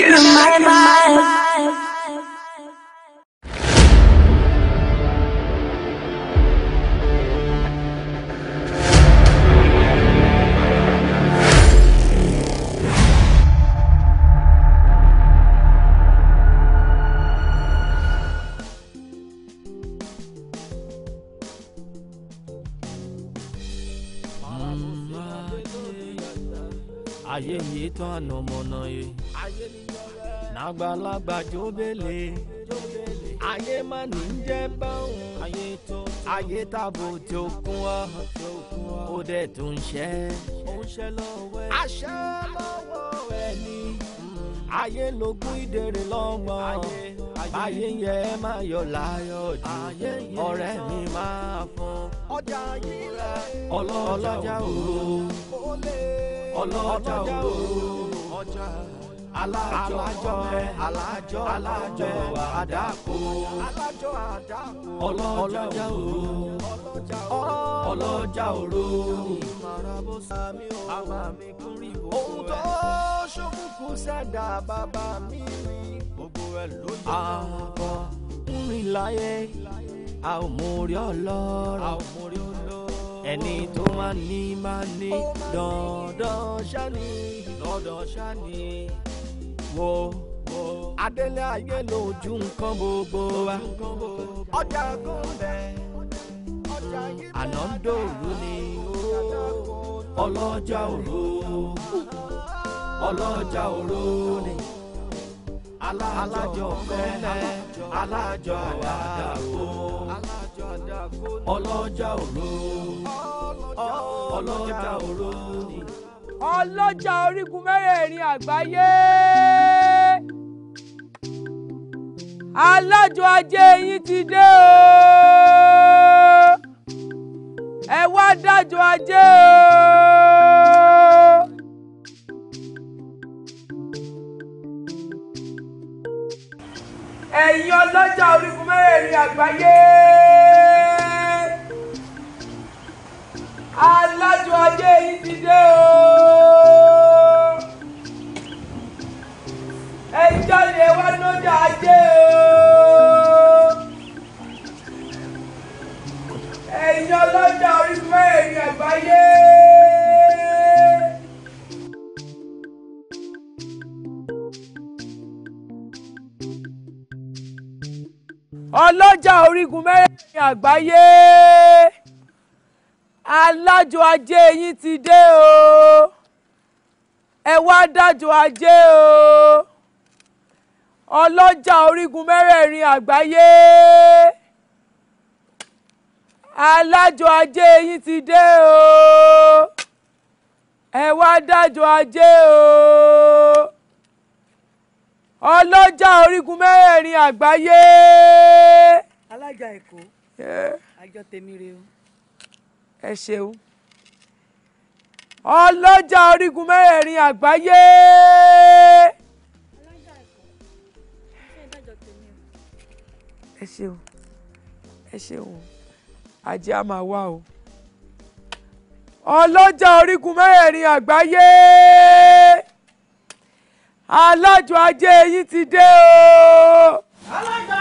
Yes. àgbàlagbà jóbélé ayé má ní jẹ́ báwọn ayé tàbó tí ó kún wa ó dẹ̀ tó ń ṣẹ́ àṣẹ lọ́wọ́ ẹni ayé lógún ìdèrè lọ́gbọ̀n ayé yẹ ẹ má yọ̀ láyọ̀ jù ọ̀rẹ́ mi máa fún ọjà yìí ọlọ́jà òru ọlọ́jà òru ọjà alájọ alájọ alájọ àdàkọ ọlọ́jà òru ọlọ́jà òru ohun tó ṣokùnkùn ṣẹ̀dá bàbá mi rí gbogbo ẹ̀ ló àbọ̀ ń rìn láyé a ò mórí ọlọ́rọ̀ ẹni tó máa ní máa ní dandan ṣáni dandan ṣáni wo adélé ayé lójú nǹkan gbogbo wa ọjà gúnlẹ̀ àná ń dòwú ni ọlọ́jà òru ọlọ́jà òru ni alájọ fẹ́lẹ́ alájọ àdàkó ọlọ́jà òru ọlọ́jà òru ni ọlọ́jà orígun mẹ́rẹ̀ẹ̀rin àgbáyé alájọ ajé yín ti dé o ẹ wá dájọ ajé o. ẹ̀yin ọlọ́jà orígun mẹ́rẹ̀ẹ̀rin àgbáyé alájọ ajé yìí ti dé o ẹ jáde wá lọ́jà ajé o ẹ̀yin ọlọ́jà orí fún ẹ̀yìn àgbáyé. ọlọ́jà orígun mẹ́rẹ̀ẹ̀rin àgbáyé alájọ ajé yín ti dé o ẹ wá dájọ ajé o ọlọ́jà orígun mẹ́rẹ̀ẹ̀rin àgbáyé alájọ ajé yín ti dé o ẹ wá dájọ ajé o ọlọ́jà orígun mẹ́rẹ̀ẹ̀rin àgbáyé. alájà èkó eh. àjọ tèmi rèé o ẹ ṣeun ọlọ́jà orígun mẹ́rẹ̀ẹ̀rin àgbáyé. ẹ ṣeun ẹ ṣeun ajé a máa wá o ọlọ́jà orígun mẹ́rẹ̀ẹ̀rin àgbáyé alájọ ajé yín ti dé o. alájọ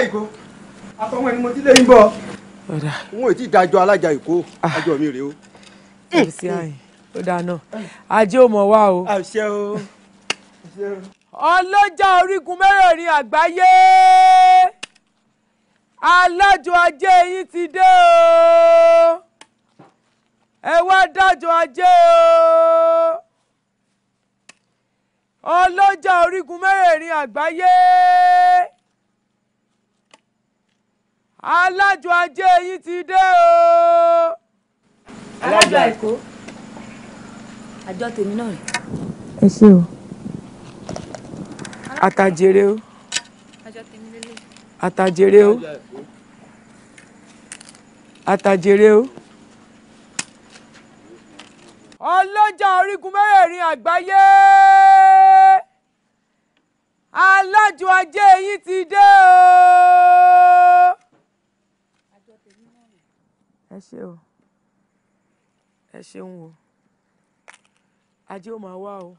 alájà ìkó àtọwọn ẹni mo ti lè ń bọ n ò tí ì dájọ alájà ìkó àjọ ah. mi rèé o. èsì àyìn ó dáná ajé ò mọ̀ wá o. àṣẹ o. ọlọ́jà orígun mẹ́rẹ̀ẹ̀rin àgbáyé alájọ ajé yín ti dé o ẹ wá dájọ ajé o ọlọ́jà orígun mẹ́rẹ̀ẹ̀rin àgbáyé alájọ ajé yín ti dé o. alájọ àìkó àjọ tèmi náà rè. ẹ ṣé o. àtàjèrè o. àjọ tèmi lélẹ̀. àtàjèrè o. àtàjèrè o. ọlọ́jà orígun mẹ́rẹ̀ẹ̀rin àgbáyé alájọ ajé yín ti dé o ẹ ṣe o ẹ ṣeun o ajé ó máa wá o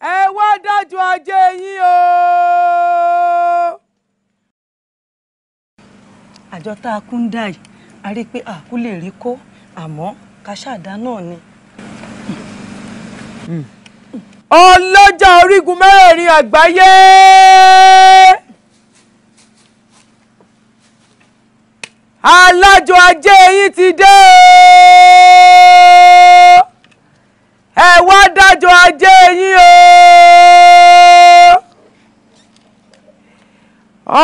ẹ wá dájú ajé yín o. àjọ tá a kún dá yìí a rí i pé àkú lè rí kó àmọ́ ká náà ni. Hmm. Hmm. ọlọ́jà orígun mẹ́rin àgbáyé. alájọ ajé yín ti dé o ẹ wá dájọ ajé yín o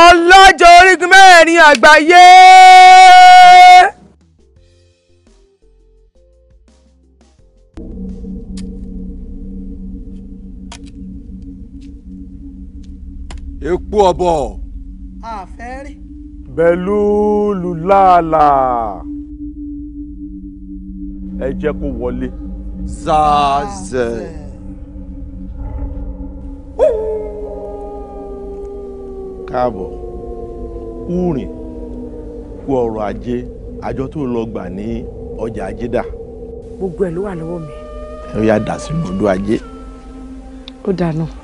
ọlọ́jọ́ orígun mẹ́rin àgbáyé. epo ọ̀bọ. àfẹ́rí. bẹ̀lúùlù láàlà ẹ jẹ́ kó wọlé. zaazẹ. káàbọ̀ kúrin kú ọrọ̀ ajé àjọ tó lọ gbà ní ọjà ajédà. gbogbo ẹ̀ ló wà lọ́wọ́ mi. ẹ yà dà sínú odò ajé. ó dáná. No.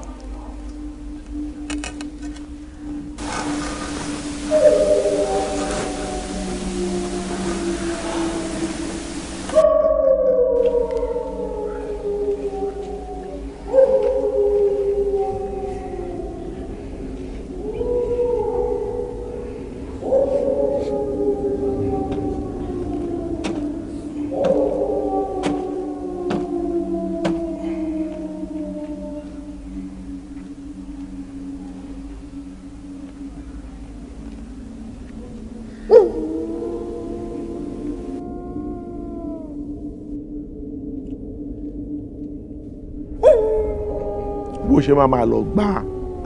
ṣe máa máa lọ gba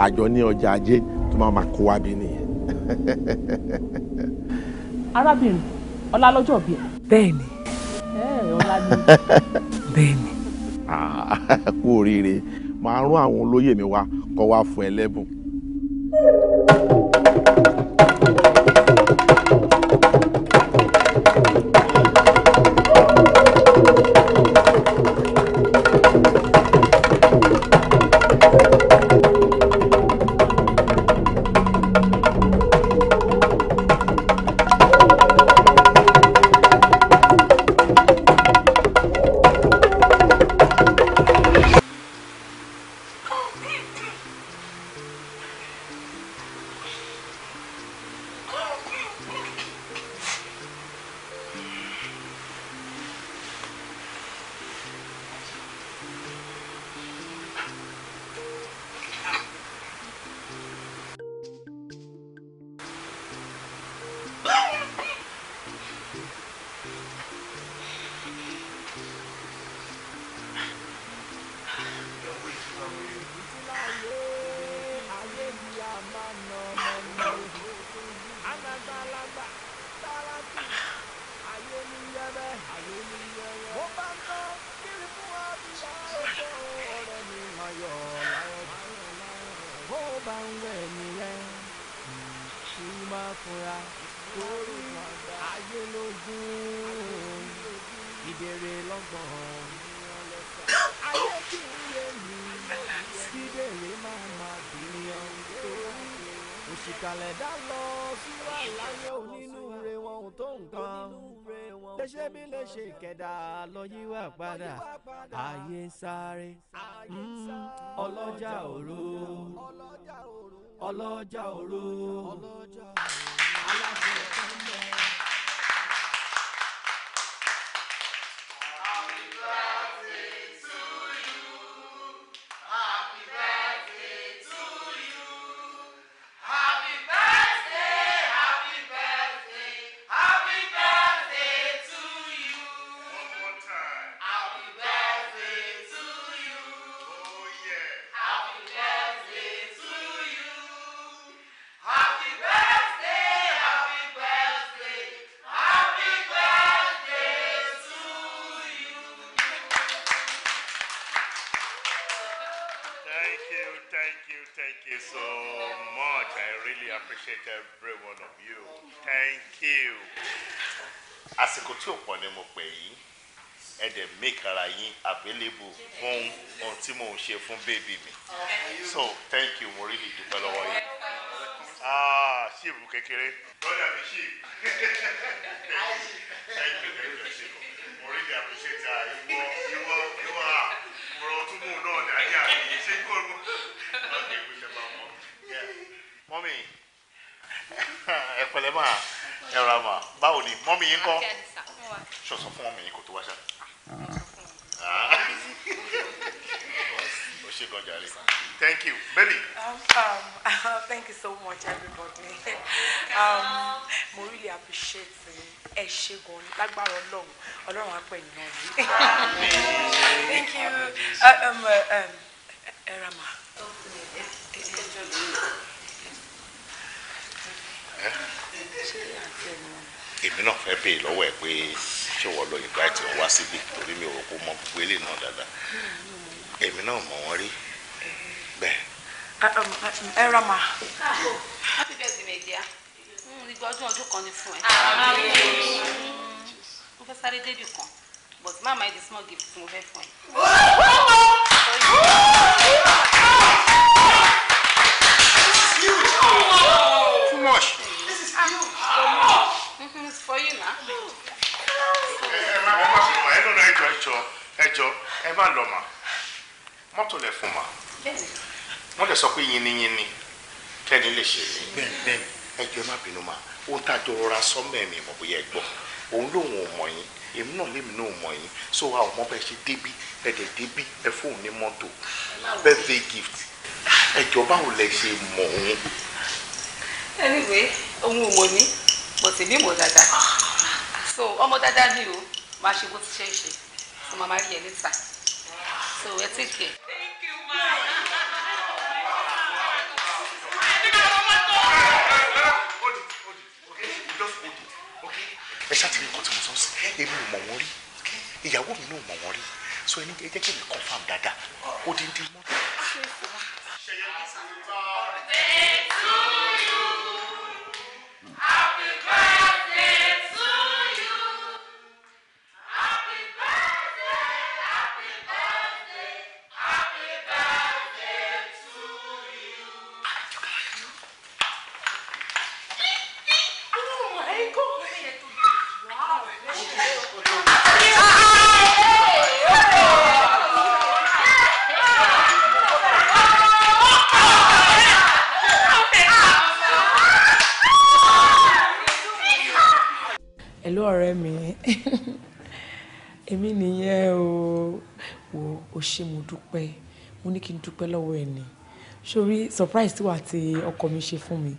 àjọ ní ọjà ajé tó máa máa kó wá bí nìyẹn. arábìnrin ọlá lọ́jọ́ bíi. bẹ́ẹ̀ni. ọlá ni. kú oríire màá rún àwọn olóyè mi wá kó wá fún ẹ lẹ́bùn. òru ọlọ́jà òru ọlọ́jà òru. so much. I really appreciate every one of you. Thank you. Àsìkò tí ò pọ̀ ni mo pè yín. Ẹ dẹ̀ make ara yín available fún ohun tí mò ń ṣe fún bébì mi. So thank you, mo really dúpẹ́ lọ́wọ́ yín. Ah, ṣíìbù kékeré. Brother mi ṣíìbù. Thank you, thank you, ṣíìbù. Mo really appreciate ah, ìwọ ìwọ ìwọ àmúrò túmù náà ní ayé àmì. Ṣé kí o mọ́mì ẹ pẹ̀lẹ́ mà ẹ rà mà báwo ni mọ́mì yín kọ́ ṣọ̀sọ̀ fún mọ́mì yín kò tó wá ṣá. Ah. thank you baby. Um, um, thank you so much everybody um, mo really appreciate the Eshigun. Like gan Long, ọlọ́run ọlọ́run apẹ̀ ìnáwó. thank you. Uh, um, uh, um, Erama. èmi náà fẹ́ béèrè lọ́wọ́ ẹ̀ pé ṣé wọ́n lọ invite wọn wá síbi torí mi ò rò kó mọ gbogbo eléyìí náà dáadáa èmi náà mọ̀ wọ́n rí bẹ́ẹ̀. ẹ um, um, ra ma. happy birthday my dear hmm, ìgbà ọdún ọdún kan ni fún ẹ. mo fẹ́ sáré débi kan but mama is the small gift mo fẹ́ fún ẹ. Too much. This is huge for you now. ẹ má ẹ má ma ẹ lọ́nà ẹjọ́ ẹjọ́ ẹjọ́ ẹ má lọ ma mọ́tò lẹ fún ma wọ́n lè sọ pé yinniyin ni kẹ́ni lè ṣe ni ẹjọ́ ẹ má bínú ma ó ń tàjọ rọra sọ́mọ̀ ẹ̀mí mọ̀ bóyá ẹ gbọ́ òun lòun ò mọ̀ yín èmi náà lèmi náà mọ̀ yín so a ò mọ bẹ́ẹ̀ ṣe débí ẹ̀dẹ̀ débí ẹ fóun ní mọ́tò birthday ẹjọ́ báwo lẹ ṣe mọ̀ òun. anyway òun ò mọ̀ mí but èmi mọ̀ dáadáa so ọmọ dáadáa ni o máa ṣe bó ti ṣe ṣe so màmá rí ẹ níta so ẹ ti kẹ. thank you ma. ẹ ṣáàtì mi nǹkan tí mo sọ sí èmi ò mọ̀ wọ́n rí ìyàwó mi náà ò mọ̀ rí so ẹni ẹ jẹ́ kí mi confam dáadáa ó dín dín mọ́. ọ̀rẹ́ mi èmi nìyẹn o wò ó ṣe mo dúpẹ́ mo ní kí n dúpẹ́ lọ́wọ́ ẹ̀ ni sórí surprise tí wàá ti ọkọ mi ṣe fún mi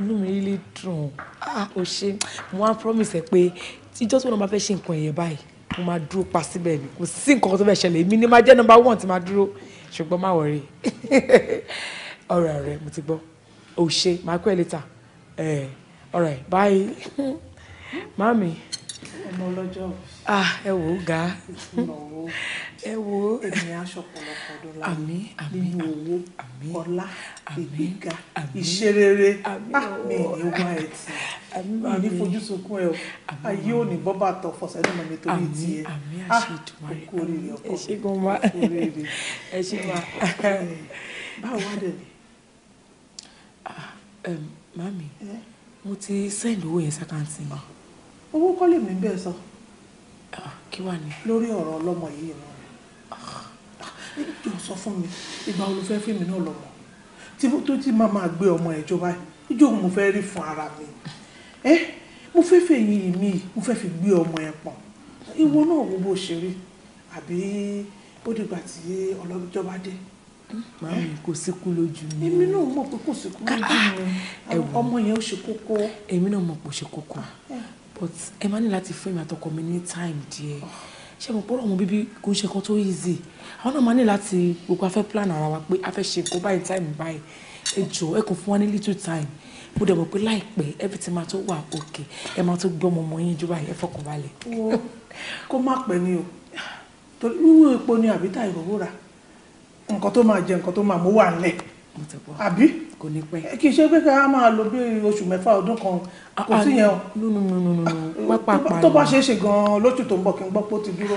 inú mi rí lè ah ó ṣe mo wá promise ẹ pé ìjọ́ tí wọn bá fẹ́ ṣe nǹkan ẹ̀yẹ báyìí mo máa dúró pa síbẹ̀ ni kò sí nǹkan tó fẹ́ ṣẹlẹ̀ èmi ni máa jẹ́ number one tí máa dúró ṣùgbọ́n má wọrí ọ̀rọ̀ rẹ mo ti gbọ́ ò ṣe máa kọ́ ẹ later eh, all right bye mami ọmọ ọlọ́jọ́ ah ẹ wò ó ga ẹ wò ó ènìyàn aṣọ pọ̀lọpọ̀ dọlà àmín àmín owó ọlá ìgbéga ìṣerere àmín ìní ah, wá ẹ ti ìní fojú sunkún ẹ o ayé òní bọ́bà tọ fọ̀sẹ̀ náà mi torí ti ẹ ah òkú oríire ọkọ ẹ ṣe gan ma ẹ ṣe ma báwo wá dẹ̀ ni. Ah, mami mo ti send owó yẹn sákàǹtì yẹn. Ah owó kọ́ lèmi bẹ́ẹ̀ san. Ah, kí wàá ní. lórí ọ̀rọ̀ ọlọ́mọ yìí mọ́ mi jọ sọ fún mi ìgbà wo ló fẹ́ fún mi náà lọ́mọ tí mo tó ti máa máa gbé ọmọ ìjọba ìjọ mo fẹ́ rí fún ara mi ẹ mo fẹ́ fẹ́ yìn mí mo fẹ́ fi gbé ọmọ ẹ pọ̀n ìwọ náà wo bó ṣe rí àbí ó dìgbà tí ọlọ́jọba dé. Màámi kò síkú lójú mi. Èmi náà mọ̀ pé kò síkú lójú mi. Ah, ọmọ yẹn ó ṣe kókó. Èmi náà mọ̀ pé ó ṣe kókó. Ah, but ẹ máa ní láti fún ìmọ̀ àtọkọ mi ní time díẹ̀ ṣé mo pọ́rọ̀ ọmọ bíbí kò ń ṣe nǹkan tó easy àwọn náà máa ní láti gbogbo afẹ́ plan ara wa pé afẹ́ ṣe nǹkan báyìí time báyìí ẹ jọ ẹ kò fún wa ní little time mo dẹ̀ mọ̀ pé láìpẹ́ everything máa tó wà ok, ẹ máa tó gbé ọmọ ọmọ yín jù báyìí ẹ fọkàn balẹ̀. kó má pẹ́ ni o torí wíwú epo ni àbí táyì kò wúra nǹkan tó máa jẹ nǹkan tó máa mú wà nílẹ̀ àbí kò ní pẹ́. kì í ṣe pé ká máa lo bí oṣù mẹ́fà ọdún kan kò sí yẹn o. tó bá ṣeé ṣe gan-an lóṣù tó ń bọ̀ kí n gbọ́ pé ó ti dúró.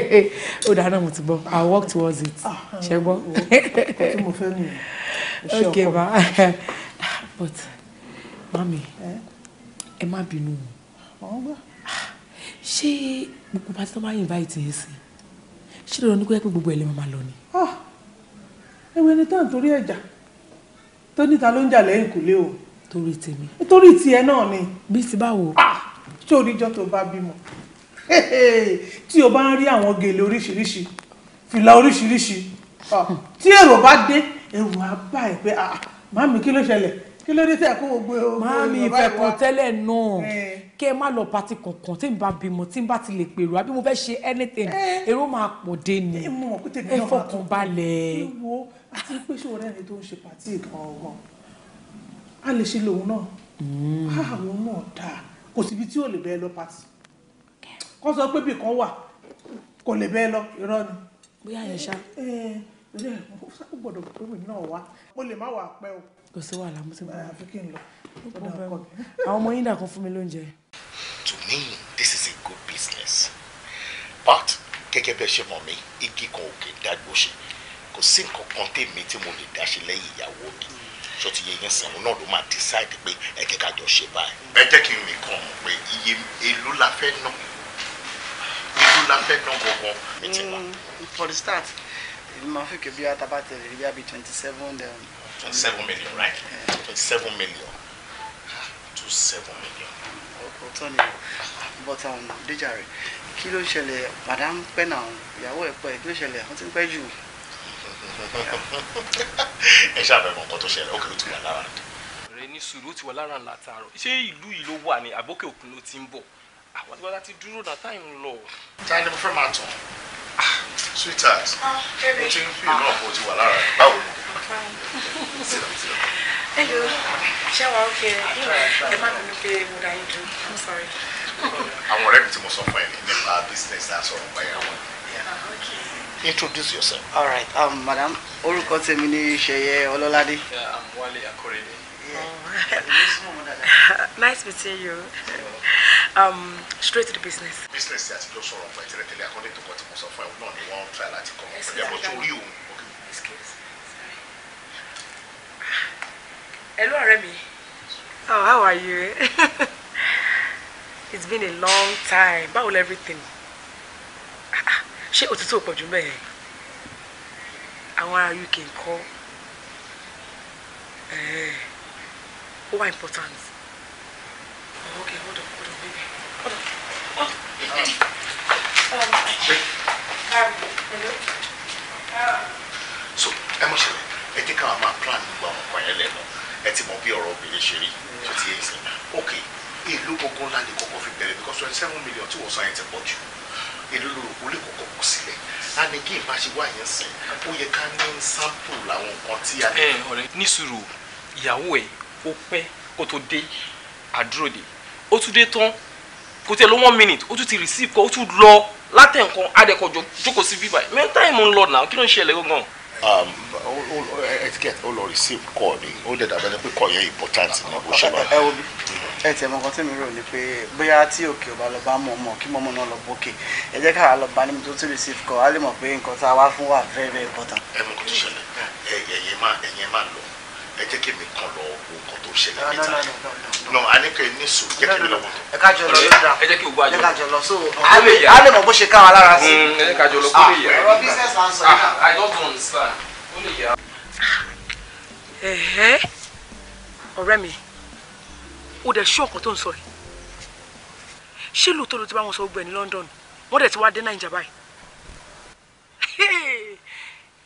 ó dáná mo ti gbọ́ i work towards it ah, ah. ṣe gbọ́. ok ba but mami ẹ má bínú o ṣé gbogbo pàtí tó bá invite yín sí ṣé lọ́dọ̀ ní kó yẹ pé gbogbo ẹ̀ lè máa lọ ni. Ah, ewé ni tán torí ẹ̀jà tó níta ló ń jà lẹ́yìn kùlé o. torí tèmi. torí tiẹ̀ náà ni. bí ti báwo. tó oníjọ́ tó bá bímọ tí o bá ń rí àwọn gèlè oríṣiríṣi fìlà oríṣiríṣi ah! hmm. tí èrò bá dé èrò á bá ẹ pé ah, màmí kí ló ṣẹlẹ̀ kí ló dé tẹ kó o gbé o. màmí ìfẹ̀kùn tẹ́lẹ̀ náà eh. kẹ́ ẹ má lọ pati kankan tí n bá bímọ tí n bá ti lè pèrò àbí mo fẹ́ ṣe anything eh. èrò máa pọ̀ dé ni eh, ẹ fọkàn balẹ̀ àti pé ṣé ọ̀rẹ́ mi tó ń ṣe pàtí gangan a lè ṣe lòun náà hmm. àwọn náà dáa kò síbi tí ò lè bẹ́ẹ̀ lọ pàtí kọ́ sọ pé bìkan wà kò lè bẹ́ẹ̀ lọ irọ́ ni. bóyá yẹn ṣá. ẹ ẹ ó gbọ́dọ̀ pé mi náà wá mo lè má wà pẹ́ o. kò sí wàhálà mo ti bọ̀. àfi kí n lọ. àwọn ọmọ yín dà fún mi lóúnjẹ. to me this is a good business but gẹ́gẹ́ bẹ́ẹ̀ ṣe mọ̀ mi igi kan òkè dágbó ṣe kò sí nǹkan kan tèmi tí mo lè dá ṣe lẹ́yìn ìyàwó mi tó ti yẹ yẹn sàn náà ló máa decide pé ẹ jẹ́ ká jọ ṣe báyìí. ẹ jẹ́ kí n nìkan mọ̀ pé iye èlò la fẹ́ ná èlò la fẹ́ ná gangan mm, for the start èmi máa fi kébí àtàbà tẹ̀lé rí bí twenty seven. twenty seven um, million right twenty seven million two seven million. ọ̀tọ̀ ni but um, dejare kí ló ń ṣẹlẹ̀ madam pẹ́ náà ìyàwó ẹ̀ pẹ́ kí ló ń ṣẹlẹ̀ wọ́n ti ń pẹ́ jù. ẹ ṣàbẹ̀wò nǹkan tó ṣẹlẹ̀ òkè ló ti wà lára rẹ̀. rẹ ní sùúrù ó ti wà lára látàárọ̀ ṣé ìlú yìí ló wà ní àbókè òkun ló ti ń bọ̀ àwọn àgbàlá ti dúró náà táì ń lọ. ta ni mo fẹ́ máa tàn ah. sweetheart ah, mo ti ń fi iná ọ̀pọ̀ ti wà lára rẹ̀ báwo ni. Hello. Ṣẹ́wà ókè ah, ẹ má bínú pé mo dá yín dúró. I'm sorry. Àwọn ọ̀rẹ́ mi tí mo sọ fún ẹ nípa business àsọ̀rọ̀ báyà wọn introduce yourself. all right um, madam orúkọ tèmi ni Ṣèyẹ Ọlọ́ládé. yeah i'm Wale Akorede. Yeah. nice meeting you. Um, straight to the business. business ti a ti jọ sọ̀rọ̀ ọ̀pọ̀ ìtẹ́lẹ̀ tẹ́lẹ̀ according to what mo sọ fún ẹ náà ni wọ́n ń try láti kọ́ ọmọ pẹ̀lú ẹ̀bọ̀ torí òun. hello ọ̀rẹ́ mi. oh how are you? it's been a long time. báwo everything? ṣé òtútù pọ̀ jù bẹ́ẹ̀ àwọn ará uk ńkọ́ ó wà important oh, okay hold on hold on baby hold on. Oh. Um, um, hello. Uh. so ẹ mọ̀ ṣẹlẹ̀ ẹ jẹ́ káwọn máa plan gbogbo àwọn ọkọ̀ yẹn lẹ́nu ẹ ti mọ bí ọ̀rọ̀ obìnrin ṣe rí tó ti yẹ ìsìn ok ìlú gbogbo ńlá ni kọ́kọ́ fi bẹ̀rẹ̀ because twenty seven million tí wọ́n sọ yẹn ti pọ̀ jù èlò lòrògbò lè kọ́kọ́ kù sílẹ̀ and again bá ṣe wá yẹn sìn ó yẹ ká ní sample làwọn nǹkan tí a. ẹ ọ̀rẹ́ ní ìyàwó ẹ̀ ó pẹ́ kó tó dé àdúrò ó tún dé tán kò tẹ̀ ló one minute ó tún ti receive kọ́ ó tún lọ látẹ̀ nǹkan jókòó sí bíbá ẹ̀ mẹ́ta ẹ̀ mú lọ nà kí ló ń ṣẹlẹ̀ gangan. Um, etiquette ó lọ receive call ni ó dẹ̀ dàbẹ́ ni pé call yẹn important náà ó ṣe máa. ẹ wo bí ẹ tiẹ̀ mọ̀ nǹkan tí mi rò ni pé bóyá tí òkè ò bá lọ bá kí mọ̀mọ́ náà lọ bókè ẹ jẹ́ káà lọ bá níbi tó ti receive call á lè mọ̀ pé nǹkan tá a wá fún wa very very important. ẹ mọ̀ nǹkan tó ṣẹlẹ̀ ẹ̀yẹ máa lọ ẹ jẹ́ kí mi kàn lọ wo nǹkan tó ṣẹlẹ̀ níta no anike ní sùúrù jẹ́ kí mi lọ wọ́n. ẹ ká jọ lọ ló dà ẹ jẹ́ kí o gbọ́ àjọ ẹ ká jọ lọ so a lè mọ bó ṣe káwa lára sí. Mm, ẹ ká jọ lọ kó lè yà. ọ̀rọ̀ business man sọ yìí. Ah, I don't understand kó lè yà. ẹ̀hẹ́ ọ̀rẹ́ mi o dẹ̀ ṣú ọ̀kan tó ń sọ yìí ṣé lóòótọ́ ló ti bá wọn sọ gbogbo ẹ̀ ní London wọ́n dẹ̀ ti wá dé Nàìjà báyìí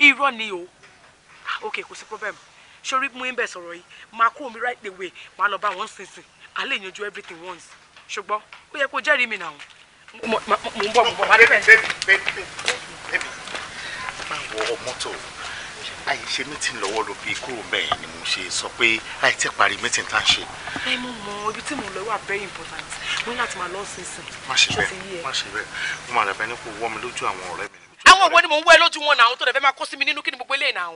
irọ́ ni o ah, ok kò sí problem sori mú ẹbẹ sọ̀rọ̀ yìí máa kúrò mi right the away máa lọ bá wọn sínsìn a lè yanjú everything once ṣùgbọ́n ó yẹ kó jẹ́rìí mi nà ó mo ń bọ̀ mo ń bọ̀ máa débẹ̀. báwo mọ́tò àyè ṣe mítìn lọ́wọ́ ló fi kúrò bẹ́ẹ̀ ni mo ṣe sọ pé àì tí parí mítìn tá à ń ṣe. ẹ mo mọ ibi tí mo lọ wà very important mo ní láti máa lọ sínsìn. má ṣe bẹ́ẹ̀ má ṣe bẹ́ẹ̀ mo máa dàbẹ́ ní kó wọ́ mi lójú àwọn ọ̀rẹ́ mi. àwọn òwò ni mò ń wẹ́ lójú wọn náà tó dẹ̀ fẹ́ máa kó sí mi nínú kí ni gbogbo eléyìí náà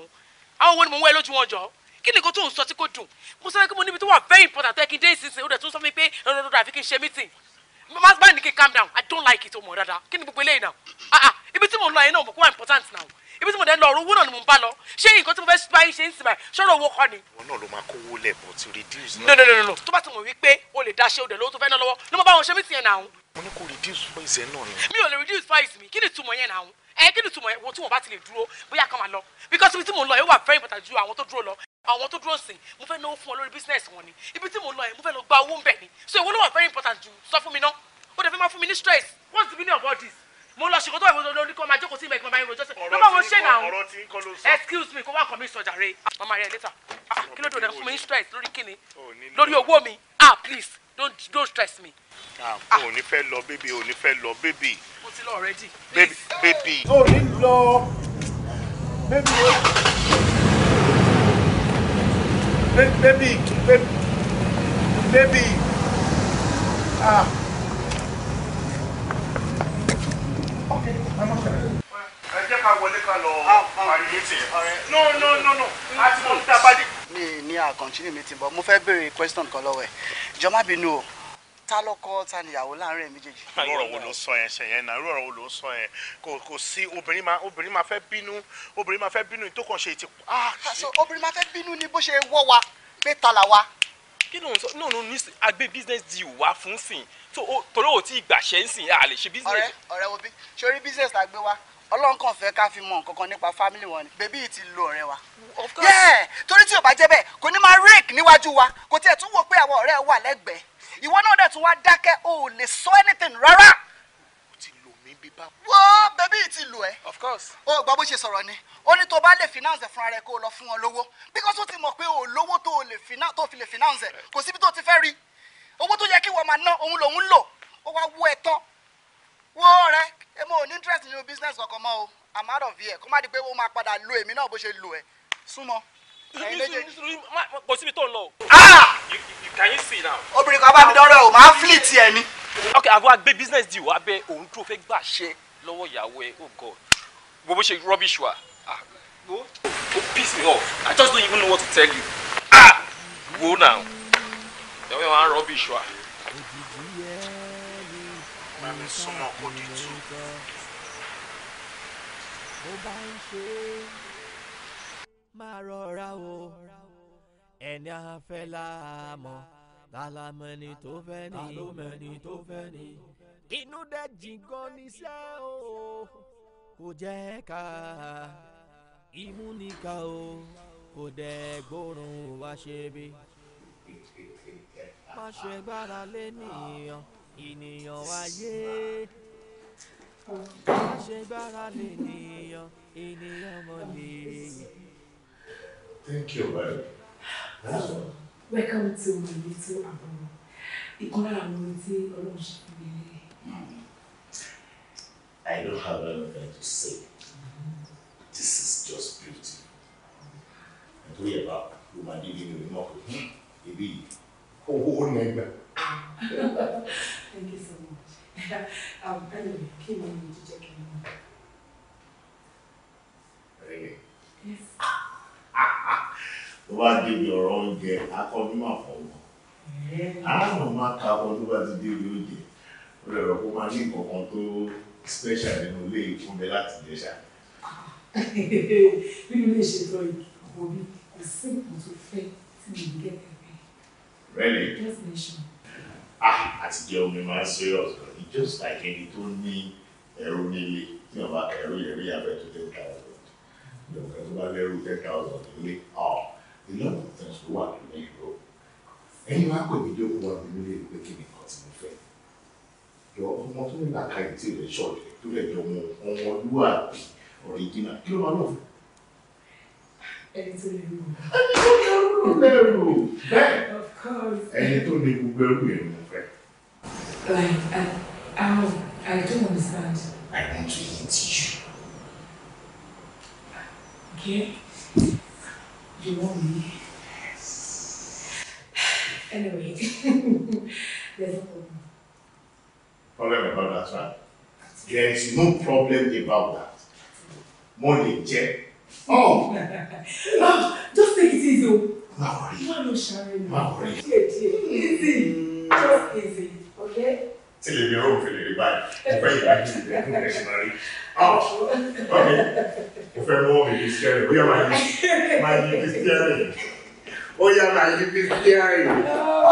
àwọn owó ni mò ń wẹ́ lójú wọn jọ kí ni nǹkan tó ń sọ tí kò dùn mo sọ pé mo níbi tó wà very important ẹ kí n dé ìsinsìnyí ó dẹ̀ tún sọ fún mi pé ọ̀rọ̀ ọ̀rọ̀ àfi kí n ṣe meeting mama báyìí ni kí n calm down i don't like it ọmọ dada kí ni gbogbo eléyìí náà ah ah ibi tí mo lọ yẹn náà mo kó wà important now ibi tí mo dẹ̀ lọ ọ̀rọ̀ owó náà ni mo ń bá lọ ṣé nǹkan tí mo fẹ́ bá yín ṣe ń sìn báyìí ṣọ́rọ̀ owó kọ́ ni. wọn náà ló máa kówó lẹ̀ bọ̀ ti reduce náà. no no no tó bá ti mọ̀ wípé o lè daṣẹ́ o dẹ̀ lówó tó fẹ́ ná lọ́wọ́ ló mọ báwọn ṣe mí tiẹ̀ náà. mo ní kó reduce price ẹ̀ náà ni. mi ò lè reduce price mi kí ni ìtumọ̀ yẹn náà ẹ kí ni tùmọ̀ ẹ wo tí wọn bá ti lè dúró bóyá kan máa lọ because ibi tí mo ń lọ yẹn wà very important ju àwọn tó dúró lọ àwọn tó dúró sìn mo fẹ́ náwó fún wọn lórí business wọn ni ibi tí mo ń lọ yẹn mo fẹ́ lọ gba owó ń bẹ̀ ni so ìwọ ló wà very important ju sọ fún mi ná ó dẹ̀ fẹ́ máa fún mi ní stress what's the meaning of all this mo lọ ṣèkótó ìwé lórí kọ́ máa jókòó sí ìmẹ̀kì màmá yẹn rojọ́ sí ló bá wọn ṣe náà ọ̀rọ̀ tí ń kọ́ excuse me kó wá kàn mí sọjà re màmá rẹ later ah, kí ló dé ọ̀dẹ̀ fún mi stress lórí kíni lórí owó mi ah please don't don't stress me. Ah, o ní fẹ́ lọ bébì o ní fẹ́ lọ bébì. mo ti lọ already. bébì o ní lọ bébì o bébì bébì ah. okay i'm okay ẹ jẹ́ ká wọlé ká lọ ah, ah. parí mítì. no no no no a ti mi ní a mi meeting, but mo fẹ́ béèrè question kan lọ́wọ́ ẹ̀ jọ má bínú o ta lọkọ ta níyàwó láàrin ẹ méjèèjì. irú ọ̀rọ̀ wo ló ń sọ yẹn ṣe yẹn náà irú ọ̀rọ̀ wo ló ń sọ yẹn kò kò sí obìnrin máa obìnrin máa fẹ́ bínú obìnrin máa fẹ́ bínú tó kàn ṣe ti. Ah, so obìnrin máa fẹ́ bínú ni bó ṣe wọ́ wa pé ta là wa. kí ló ń sọ náà ní agbe business deal wá fún sìn tó torí ò tí ì gbàṣẹ́ ń sìn a lè ṣe business. ọ̀rẹ́ ọ̀rẹ́ wo bí sori business la gbé wa ọlọ́run kàn fẹ́ ká fi mọ nǹkan nípa family wọn ni bèbí yìí ti lo ọ̀rẹ́ wa. of course yeah torí tí o bá jẹ́ bẹ́ẹ̀ kò ní máa rake níwájú wa kò tiẹ̀ tún wò pé àwọn ọ̀rẹ́ wà lẹ́gbẹ̀ẹ́ ìwọ náà dẹ̀ tún wá dákẹ́ o ò lè sọ anything rárá. o ti lò mí bí bá. wo bèbí yìí ti lò ẹ́. of course. o gbọ́ bó ṣe sọ̀rọ̀ ni ó ní tó bá lè finance fúnra rẹ kó lọ fún wọn lówó because ó ti mọ̀ pé o tó lè finance kò síbi tó ti fẹ́ rí owó tó yẹ kí wọ́n máa ná òun lòun lò ó wá wú ẹ tán wo ọ̀rẹ́ èmi ò ní interest nínú business kankan mọ́ o i'm out of here kó má di pé ó máa padà lo èmi náà bó ṣe lò ẹ́ súnmọ́ kò síbi tó ń lọ o. Ah! can you see now. obìnrin kan bá mi dánrọ o máa ń fìlì tiẹ̀ ni. ok àwọn agbé business deal wa bẹ òun tó fẹ́ gbà ṣe lọ́wọ́ ìyàwó ẹ̀ oh god wo bó ṣe rubbish wa ah wo o piss me off i just don't even know what to tell you ah wo now ìyàwó ẹ̀ wá ń rubbish wa bá mi súnmọ́ kó di tú. bó bá ń ṣe máa rọra o ẹni afẹ́ láàmọ́ lálámẹ́ni tó fẹ́ ni lálámẹ́ni tó fẹ́ ni inú dẹ̀ jìn gan níṣẹ́ o kò jẹ́ ká imú níka o kò dẹ̀ gbórùn wá ṣe bí má ṣe gbára lé nìyàn ìní ènìyàn ayé má ṣe gbára lé ènìyàn ènìyàn mọ̀lẹ́. Thank you, Mary. Wow. Welcome to my little abúlé. Ìkan lára àwọn ohun tí Ọlọ́run mi I don't have anything to say. This is just beautiful. Ẹ̀tọ́ yẹ bá ló máa débi mi mọ̀ pé ibi yìí owó ó nà ẹgbẹ́. Thank you so much anyway, kí ni mo jíjẹ kí ni Ah ah, bá débi ọ̀rọ̀ I akọ mímọ̀ àfọwọ́ àánú I ka matter what bá ti débi oúnjẹ ó lè rọ kó máa ní nǹkan tó special nínú ilé ìfúnbẹ láti jẹṣà. nínú ilé ìṣètò ìkọ̀ mi kò sí nǹkan tó fẹ́ tí mi ò gẹ́gẹ́ bẹ́ẹ̀. rẹ́lẹ̀ àtijọ́ mi máa ń serious gan just like ẹni tó ní ẹ̀rọ nílé tí wọ́n bá ẹ̀rọ yẹn rí abẹ́ tó ten thousand lọ́kàn tó bá lẹ́rù ten thousand nílé ọ̀ ìlànà ìtàn tó wà nínú ìlú ẹni wá pè mí lóko wà nínú ilé ìlú pé kí ni nǹkan tí mo fẹ́ yọ ọmọ tó ní làákàyè tí ìrẹ̀ ṣọ̀lẹ̀ tó lẹ̀ jọ ọmọ ọmọlúwàbí ọ̀rẹ́jìnà kí ló máa lọ fún ẹni tó lè rú ẹni tó lè rú bẹ́ẹ̀ ẹni tó lè gbogbo ẹrú yẹn mo fẹ́. How? Oh, I don't understand. I want to eat you. Okay? You want me? Anyway, there's no problem. Problem about that, right? There is no problem about that. Money, Jeff. Oh! no, ah, just take it easy. Don't worry. Don't sharing. No worry. Easy. Just easy. Okay? tí lè mi ọ̀hún fi lè rí báyìí mo fẹ́ yìí láti ìgbẹ́ fún ẹ̀ṣin máa rí ok mo fẹ́ mú èdè steering ó yá máa yí máa yí èdè steering ó yá máa yí èdè steering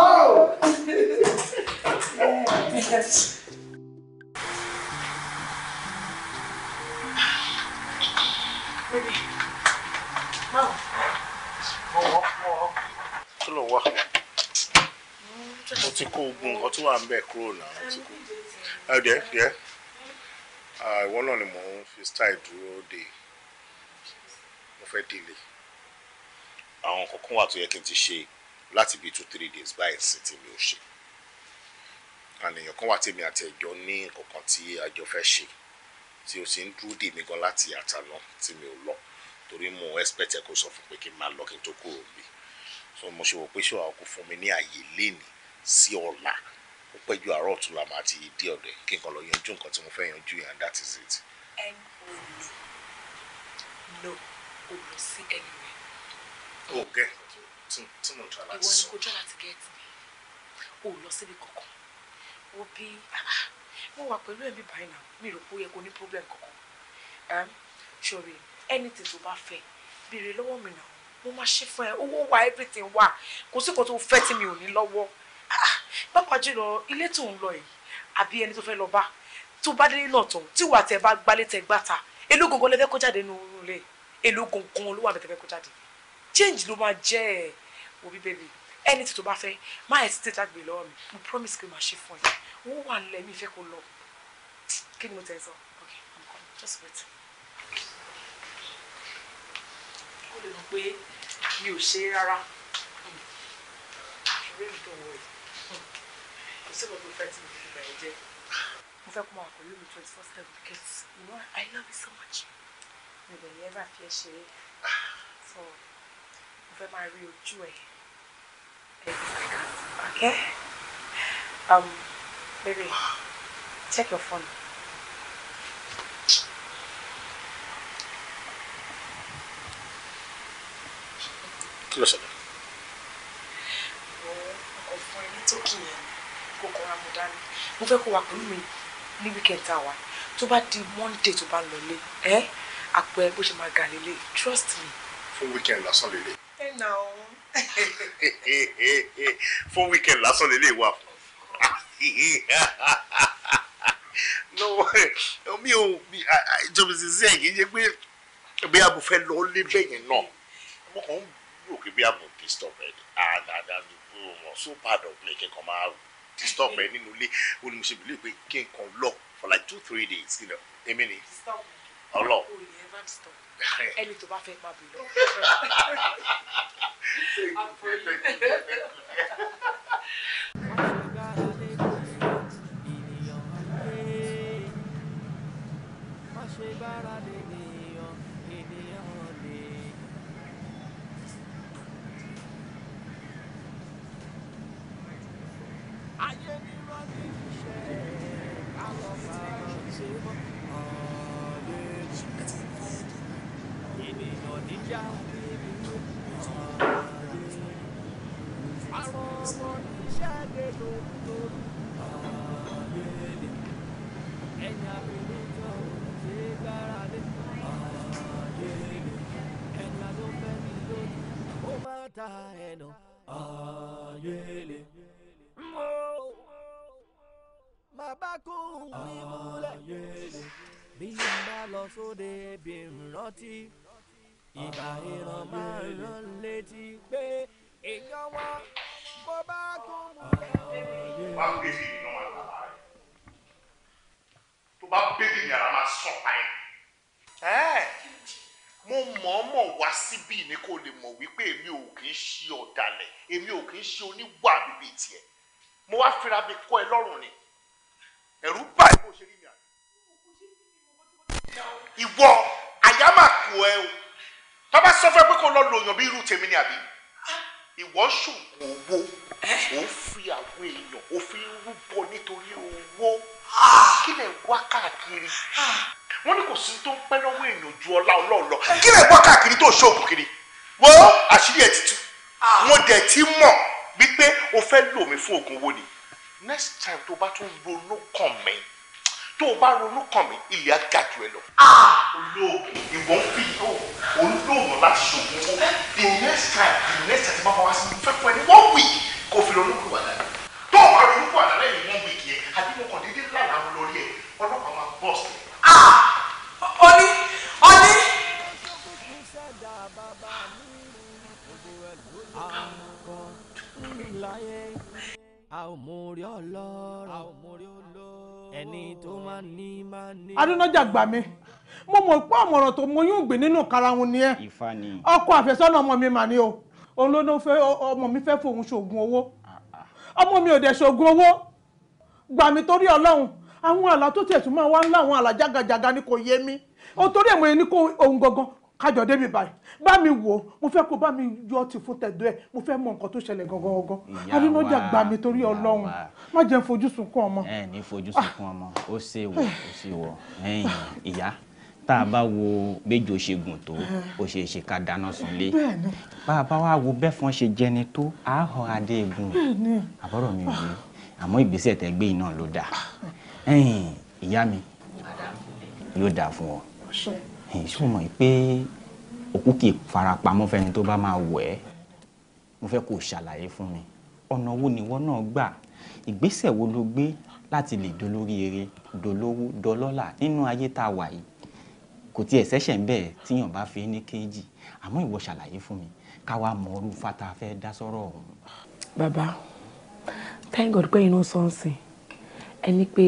oh. Baby, mom. Mo wọ́, mo wọ́. Kí ló wọ́? mo ti kó ogun nǹkan tó wà ń bẹ̀ kúrò náà mo ti kó ẹ̀dẹ̀ ẹ̀dẹ̀ ìwọ náà ni mò ń fi style dúró de mo fẹ́ délé àwọn kọ̀ọ̀kan wà tó yẹ kí n ti ṣe láti bíi two three days báyìí sí tí mi ò ṣe àníyàn kan wà tèmi àti ẹjọ ní nǹkan tí àjọ fẹ́ ṣe tí o sì ń dúró dè mí gan láti àtàná tí mi ò lọ torí mo expect ẹ kó sọ fún pé kí n máa lọ kí n tó kúrò níbí so mo ṣe wò pé ṣé wàá kó fún mi ní àyè lénìí sí ọ̀la ó pẹ́ ju àárọ̀ ọ̀tún la máa ti dé ọ̀dẹ̀ kí n kàn lọ yanjú nǹkan tí mo fẹ́ yanjú yẹn and that is it. no kò lọ sí anywhere. o gẹ tí mo jọ láti sọ. ìwọ ni kò jọ láti gẹ́ẹ̀tì mi o lọ síbi kankan o bí ah, mo wà pẹ̀lú ẹ̀mí báyìí náà mi rò pé ó yẹ kó ní problem kankan sorry anything tó bá fẹ́ béèrè lọ́wọ́ mi náà mo máa ṣe fún ẹ owó wa everything wà kò sí kò tó fẹ́ tí mi ò ní lọ́wọ́ pápá jùlọ ilé tó ń lọ yìí àbí ẹni tó fẹ́ lọ bá tó bá délé náà tán tí wàá tẹ bá gbálé tẹ gbàtà èló gangan lẹfẹ kó jáde nínú oorun rẹ èló gangan ló wà lẹfẹ kó jáde change ló máa jẹ ẹ wò bí bẹbí ẹni tó bá fẹ́ má ẹ ti tẹta gbè lọ́wọ́ mi mo promise pé màá ṣe fún ẹ wọn wà nílẹ̀ mi fẹ́ kó lọ kí ni mo tẹ sọ ok i'm coming just wait. kó lè mọ̀ pé mi ò ṣe é rárá. Hmm you know I love you so much mi ò ní ever fi so mo fẹ́ máa rí okay um baby check your phone. Close it. ṣẹlẹ̀. ọkọ̀ fún ẹ ní tókì yẹn kó kọra mo dání mo fẹ́ kó wà pẹ̀lú mi ní weekend tá a wà tó bá di monday tó bá lọ lé ẹ àpò bó ṣe máa gà lélẹ̀ trust me. fún weekend lásán lélẹ̀. ẹ nà ó. fún weekend lásán lélẹ̀ wà fún no mi ò ìjọba ìsinsìn ẹ̀ kìí ṣe pé bí abo fẹ́ lọ lé bẹ́yẹn náà mo kàn ń rò pé bí abo disturb ẹ̀ and and and mo so bad of me kí n kàn máa disturb ẹ nínú ilé ó ní mo ṣe believe pé kí n kàn lọ for like two three days you know èmi ni ọlọ. ẹni tó bá fẹ́ máa bì lọ. taeno ayele mo máa bá kóhùn mi múlẹ̀ bí n bá lọ sóde bí n rántí ìgbà ìran máa ń rán létí pé èèyàn wá bó bá kóhùn múlẹ̀. wá bèbí ní ọmọ àgbà rẹ tó bá bèbí ní ara máa sọ pa mo mọ̀ọ́mọ̀ wá síbí ni kò lè mọ̀ wípé èmi ò kì í ṣe ọ̀dàlẹ̀ èmi ò kì í ṣe oníwà bíbí tiẹ̀ mo wá fira mi kọ́ ẹ lọ́rùn ni ẹ̀rù báyìí bó ṣe rí mi àná. ìwọ àyà máa kó ẹ o tó bá sọ fẹ́ pé kó lọ lòyàn bí irú tèmi ni àbí ìwọ ṣògùn owó ó fi àwọn èèyàn ó fi ń rúbọ nítorí owó kí lè wá káàkiri wọ́n ní kò sí tó ń pẹ́ lọ́wọ́ èèyàn ju ọlá ọlọ́run kí lè gbọ́ káàkiri tó ṣóògùn kiri wọ́n àṣírí ẹ̀ ti ah. wọ́n dẹ̀ ti mọ̀ wípé o fẹ́ lò mí fún oògùn owó ni next time tó bá tún ronú kàn mí tó o bá ronú kàn mí ilé aga jù ẹ lọ. Ah. olóògùn ìwọ ń fi tó olóògùn láti ṣògùn owó the next time the next time ti máa wá sí mi fẹ́ fún ẹni one week kò fi ronú kù wà lálẹ́ tó o bá ronú kù wà lálẹ́ yìí one week yẹn àbí mo kàn déédéé lálàá lórí ẹ ọlọ́pàá máa bọ́ọ̀sì oní ọdí. adúnájà gbà mí mo mọ̀ pé ọ̀mọ̀ràn tó mo yún gbìn nínú karahun ni ẹ ọkọ àfẹ́sọ́nà ọmọ mi mà ní o òun ló fẹ́ ọmọ mi fẹ́ fòun ṣoògùn owó ọmọ mi ò dẹ̀ ṣoògùn owó gbà mí torí ọlọ́run àwọn àlá tó tẹ̀sùn máa wá ńlá àwọn àlá jágajàga ni kò yé mi torí ẹ̀ mo ní kó ohun gangan kájọ débi báyìí bá mi wò ó mo fẹ́ kó bá mi yọ ti fún tẹ̀dọ́ ẹ̀ mo fẹ́ mọ nǹkan tó ṣẹlẹ̀ gangan gangan adúnájà gbà mí torí ọlọ́run má jẹ́ fojú sunkún ọmọ. ẹ ní fojú sunkún ọmọ ó ṣe wọ ó ṣe wọ ẹ̀yin ìyá tá a bá wo béjò ṣe gùn tó ó ṣe ṣe ká dáná sunlé bá a bá wá wo bẹ́fọn ṣe jẹni tó a họ adé egun àbọ̀rọ̀ mi ò ní àmọ́ ìgbésẹ̀ gbé iná ló dáa ìyá mi yóò dáa fún ọ ṣé o mọ̀ pé òkú kì í farapamọ́ fẹ́ni tó bá máa wẹ̀ ẹ́ mo fẹ́ kó o ṣàlàyé fún mi ọ̀nà wo nìwọ náà gbà ìgbésẹ̀ wo ló gbé láti lè dolórí eré dolówó dọlọ́là nínú ayé tá a wà yìí kò tiẹ̀ ṣẹ̀ṣẹ̀ ń bẹ̀ tíyàn bá fi ní kéjì àmọ́ ìwọ ṣàlàyé fún mi ká wàá mọ irú fata fẹ́ dá sọ́rọ̀ ọ̀hún. bàbá thank God pé inú sọ́ọ̀sì ẹni pé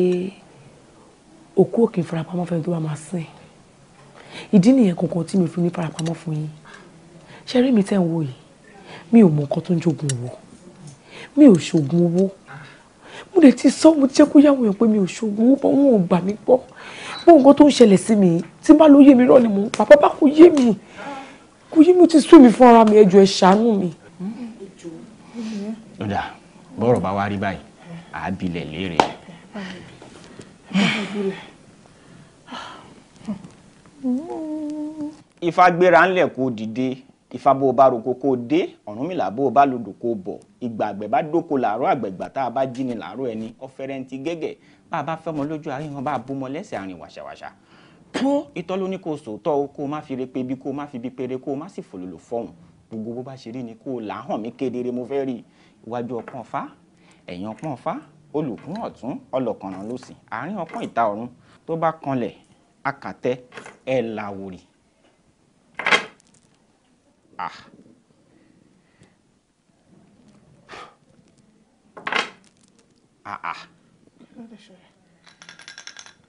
òkú òkè ìfarapamọ́ fẹ́ tó bá máa sìn ìdí nìyẹn kankan tí mi fi ní farapamọ́ fún yín ṣe rí mi tẹ́ ń wò yìí mi ò mọ nǹkan tó ń jogun owó mi ò ṣoògùn owó mo lè ti sọ mo ti jẹ́ kó yáwó yẹn pé mi ò ṣoògùn owó wọn ò gbà mí gbọ́ bó nǹkan tó ń ṣẹlẹ̀ sí mi tí bá ló yé mi rọ́ ni mo bàbá kò yé mi kò yé mi ti sú mi fún ara mi ẹjọ́ ẹ ṣàánú mi. ó bọ́rọ̀ bá wá rí báyìí àábilẹ̀ léèrè ifá gbéra ńlẹ̀ kó dìde ifá bó o bá roko kó o dé ọ̀rúnmìlà bó o bá lodò kó o bọ̀ ìgbà àgbẹ̀ bá dóko làárọ̀ àgbẹ̀gbà tá a bá jí ni làárọ̀ ẹni ọ̀fẹ́rẹ́ntì gẹ́gẹ́ bá a bá fẹ́mọ lójú àárín wọn bá a búmọ lẹ́sẹ̀ àárín wàṣàwàṣà tó ìtọ́ ló ní kó o sòótọ́ o kó o má fi re pebi kó o má fi bi pere kó o má sì fòlòlò fọ̀hún gbogbo bó bá ṣe rí ni kó o là hàn mí kedere mo fẹ́ rí iwájú ọpọ́n fá ẹ̀yìn ọpọ́n fá olùkún ọ̀tún ọlọ́kànràn lòsì àárín ọpọ́n ìta ọ̀run tó bá kanlẹ̀ akatɛ ɛlawʋlɩ ah ah ah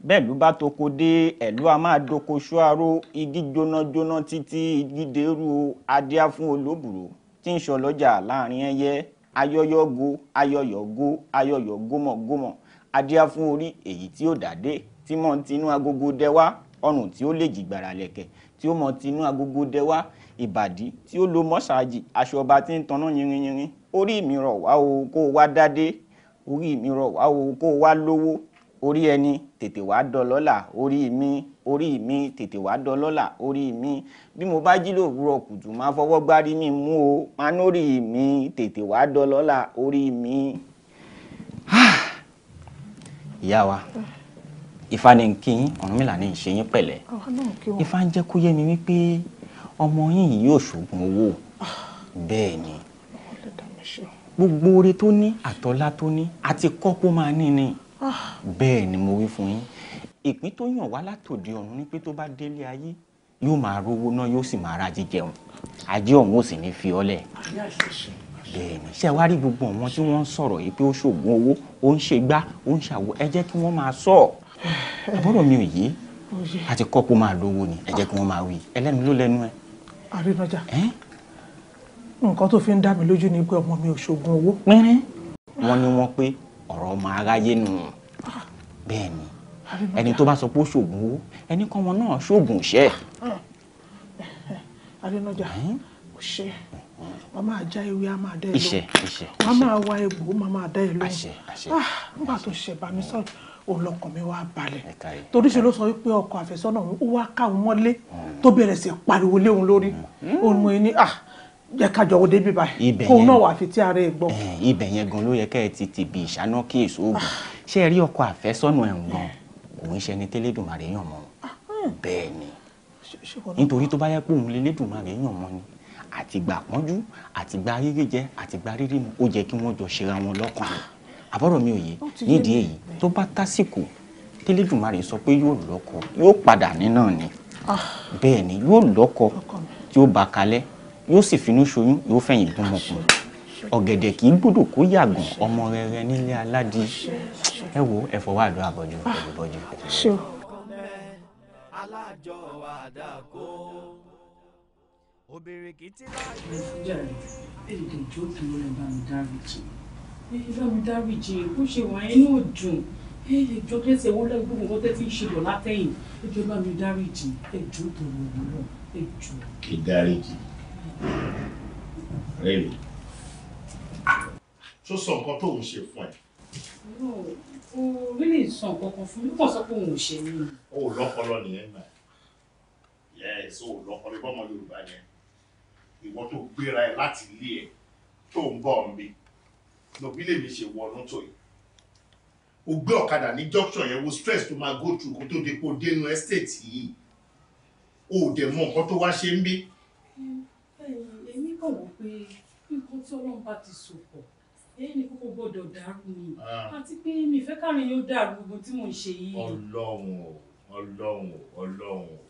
bẹ́ẹ̀lú bá toko dé ẹ̀lú a máa doko ṣọ́aró igi jónájóná títí igi dèrú adíá fún olóbùrò tí ń sọ lọ́jà láàrin ẹyẹ ayọyọgo ayọyọgo ayọyọgómọgómọ adíá fún orí èyí tí ó dà dé tí mọ̀ tinú agogo dẹwà ọrùn tí ó lè jìgbàrà lẹ̀kẹ̀ tí ó mọ̀ tinú agogo dẹwà ìbàdí tí ó lo mọ́ṣáájì aṣọ ọba tí ń tanná yinrinyinrin orí mi rọ̀ wá o kó o wá dádé orí mi rọ̀ wá o kó o wá lówó orí ẹni tètè wá dọlọ́là orí mi orí mi tètè wá dọlọ́là orí mi bí mo bá jí lòwúrọ̀ kùtù máa fọwọ́ gbárí mi mú o máa nórí mi tètè wá dọlọ́là orí mi. ìyá wa. Mm ifá ní nkín Ọ̀rúnmìlà ní ìṣe yín pẹ̀lẹ́ ifá ń jẹ́ kó yé mi wípé ọmọ yín yìí yóò ṣoògùn owó ah. bẹ́ẹ̀ ni gbogbo oore tó ní àtọ́lá tó ní àti kọ́ kó máa ní ni ah. bẹ́ẹ̀ ni mo wí fún yín ìpín tó yàn wá látòdì ọ̀run ni pé tó bá délé ayé yóò máa rówó náà yóò sì máa ra jíjẹun ajé ọ̀hún ò sì ní fi ọ́lẹ̀ bẹ́ẹ̀ ni ṣe wá rí gbogbo àwọn tí wọ́n ń sọ̀rọ̀ yìí pé ó ṣoògùn owó ó ń ṣe gbá ó ń ṣàwò ẹ jẹ́ kí wọ́n máa sọ àbúrò mi ò yí àti kọ́pọ̀ máa lówó ni ẹ jẹ́ kí wọ́n máa wí ẹlẹ́nu ló lẹ́nu ẹ. àrínájà nǹkan tó fi ń dá mi lójú ni pé ọmọ mi ò ṣoògùn owó. pínrín wọn ni wọn pé ọ̀rọ̀ ọmọ aráyé nù ah. bẹ́ẹ̀ ni ẹni tó bá sọ pé ó ṣoògùn owó ẹni kọ́ ọmọ náà ṣoògùn iṣẹ́. Ah. àrínájà ò ṣe wọn máa já ewé a máa dá ẹ lóhùn wọn máa wá egbò wọn máa dá ẹ lóhùn ah. nígbà tó ṣe bá mi sọ̀rọ̀ olọkàn mi wá balẹ̀ torí ṣe ló sọ wípé ọkọ àfẹ́sọ́nà mi ó wá káwọn mọ́lé tó bẹ̀rẹ̀ sí pariwo léun lórí òun mo ní à jẹ́ kájọ wo débi báyìí kóun náà wà fi tí ara ẹ̀ gbọ́. ibẹ̀ yẹn gan ló yẹ kẹ́ ẹ ti tìbí ìṣáná kí èso oògùn ah. ṣé ẹ rí ọkọ àfẹ́sọ́nà ẹ̀ ń gan òun ṣe ni tẹ́lẹ̀dùnmarè yàn mọ́ bẹ́ẹ̀ ni nítorí tó bá yẹ pé òun lẹ́lẹ́dùnmarè yàn mọ́ ni àtìgbà pọ́njú àtìgbà rírí jẹ àtìgbà rírí mu ó jẹ́ kí wọ́n jọ ṣera wọn lọ́kàn àbọ̀rọ̀ mi ò yé nídìí èyí tó bá tásìkò tẹ́lẹ̀dùmarè sọ pé yóò lọ́kọ yóò padà ní náà ni ah. bẹ́ẹ̀ ni yóò lọ́kọ tí ó bá kalẹ̀ yóò sì finú ṣoyún yóò fẹ̀yìn dúnmọ̀kùn ọ̀gẹ̀dẹ̀ kì í gbọ́dọ̀ kó yàgàn ọmọ rere nílé aládì ẹ wo ẹ fọwọ́ àdó àbọ̀jú àbọ̀jú. obìnrin kì í ti láàyè. ìjà ìdíje ó dúró ẹ bá mi dárí jù bá mi dáríjì bó ṣe wà inú òdùn ẹjọ kẹsẹ owó lẹgbẹ nǹkan tẹ ti ń ṣe lọ látẹ̀yìn ẹjọ bá mi dáríjì ẹjọ tó lọ lọ ẹjọ. kì í dáríjì rẹ tó sọ nǹkan tó ń ṣe fún ẹ. o rí lè sọ nǹkan kan fún mi kò sọ pé òun ò ṣe mí. o ò lọ́pọlọ nìyẹn náà yes o ò lọ́pọlọ ìbọn ọmọ Yorùbá yẹn ìwọ tó gbéra ẹ láti ilé ẹ tó ń bọ̀ ọ́n lọ́bí lèmi ṣe wọnú tó yìí o gbé ọ̀kadà ní junction yẹn wo stress tó máa go through kó tó depo dénú estate yìí o ò dẹ̀ mọ nǹkan tó wá ṣe ń bí. èmi kàn wọ́n pé nǹkan tí ọlọ́run bá ti sòpọ̀ èyí ni kókó gbọ́dọ̀ dàrú ni ah. àti pé mi fẹ́ káàrin yóò dàrú gbogbo tí mò ń ṣe yìí. ọlọ́run o ọlọ́run o ọlọ́run o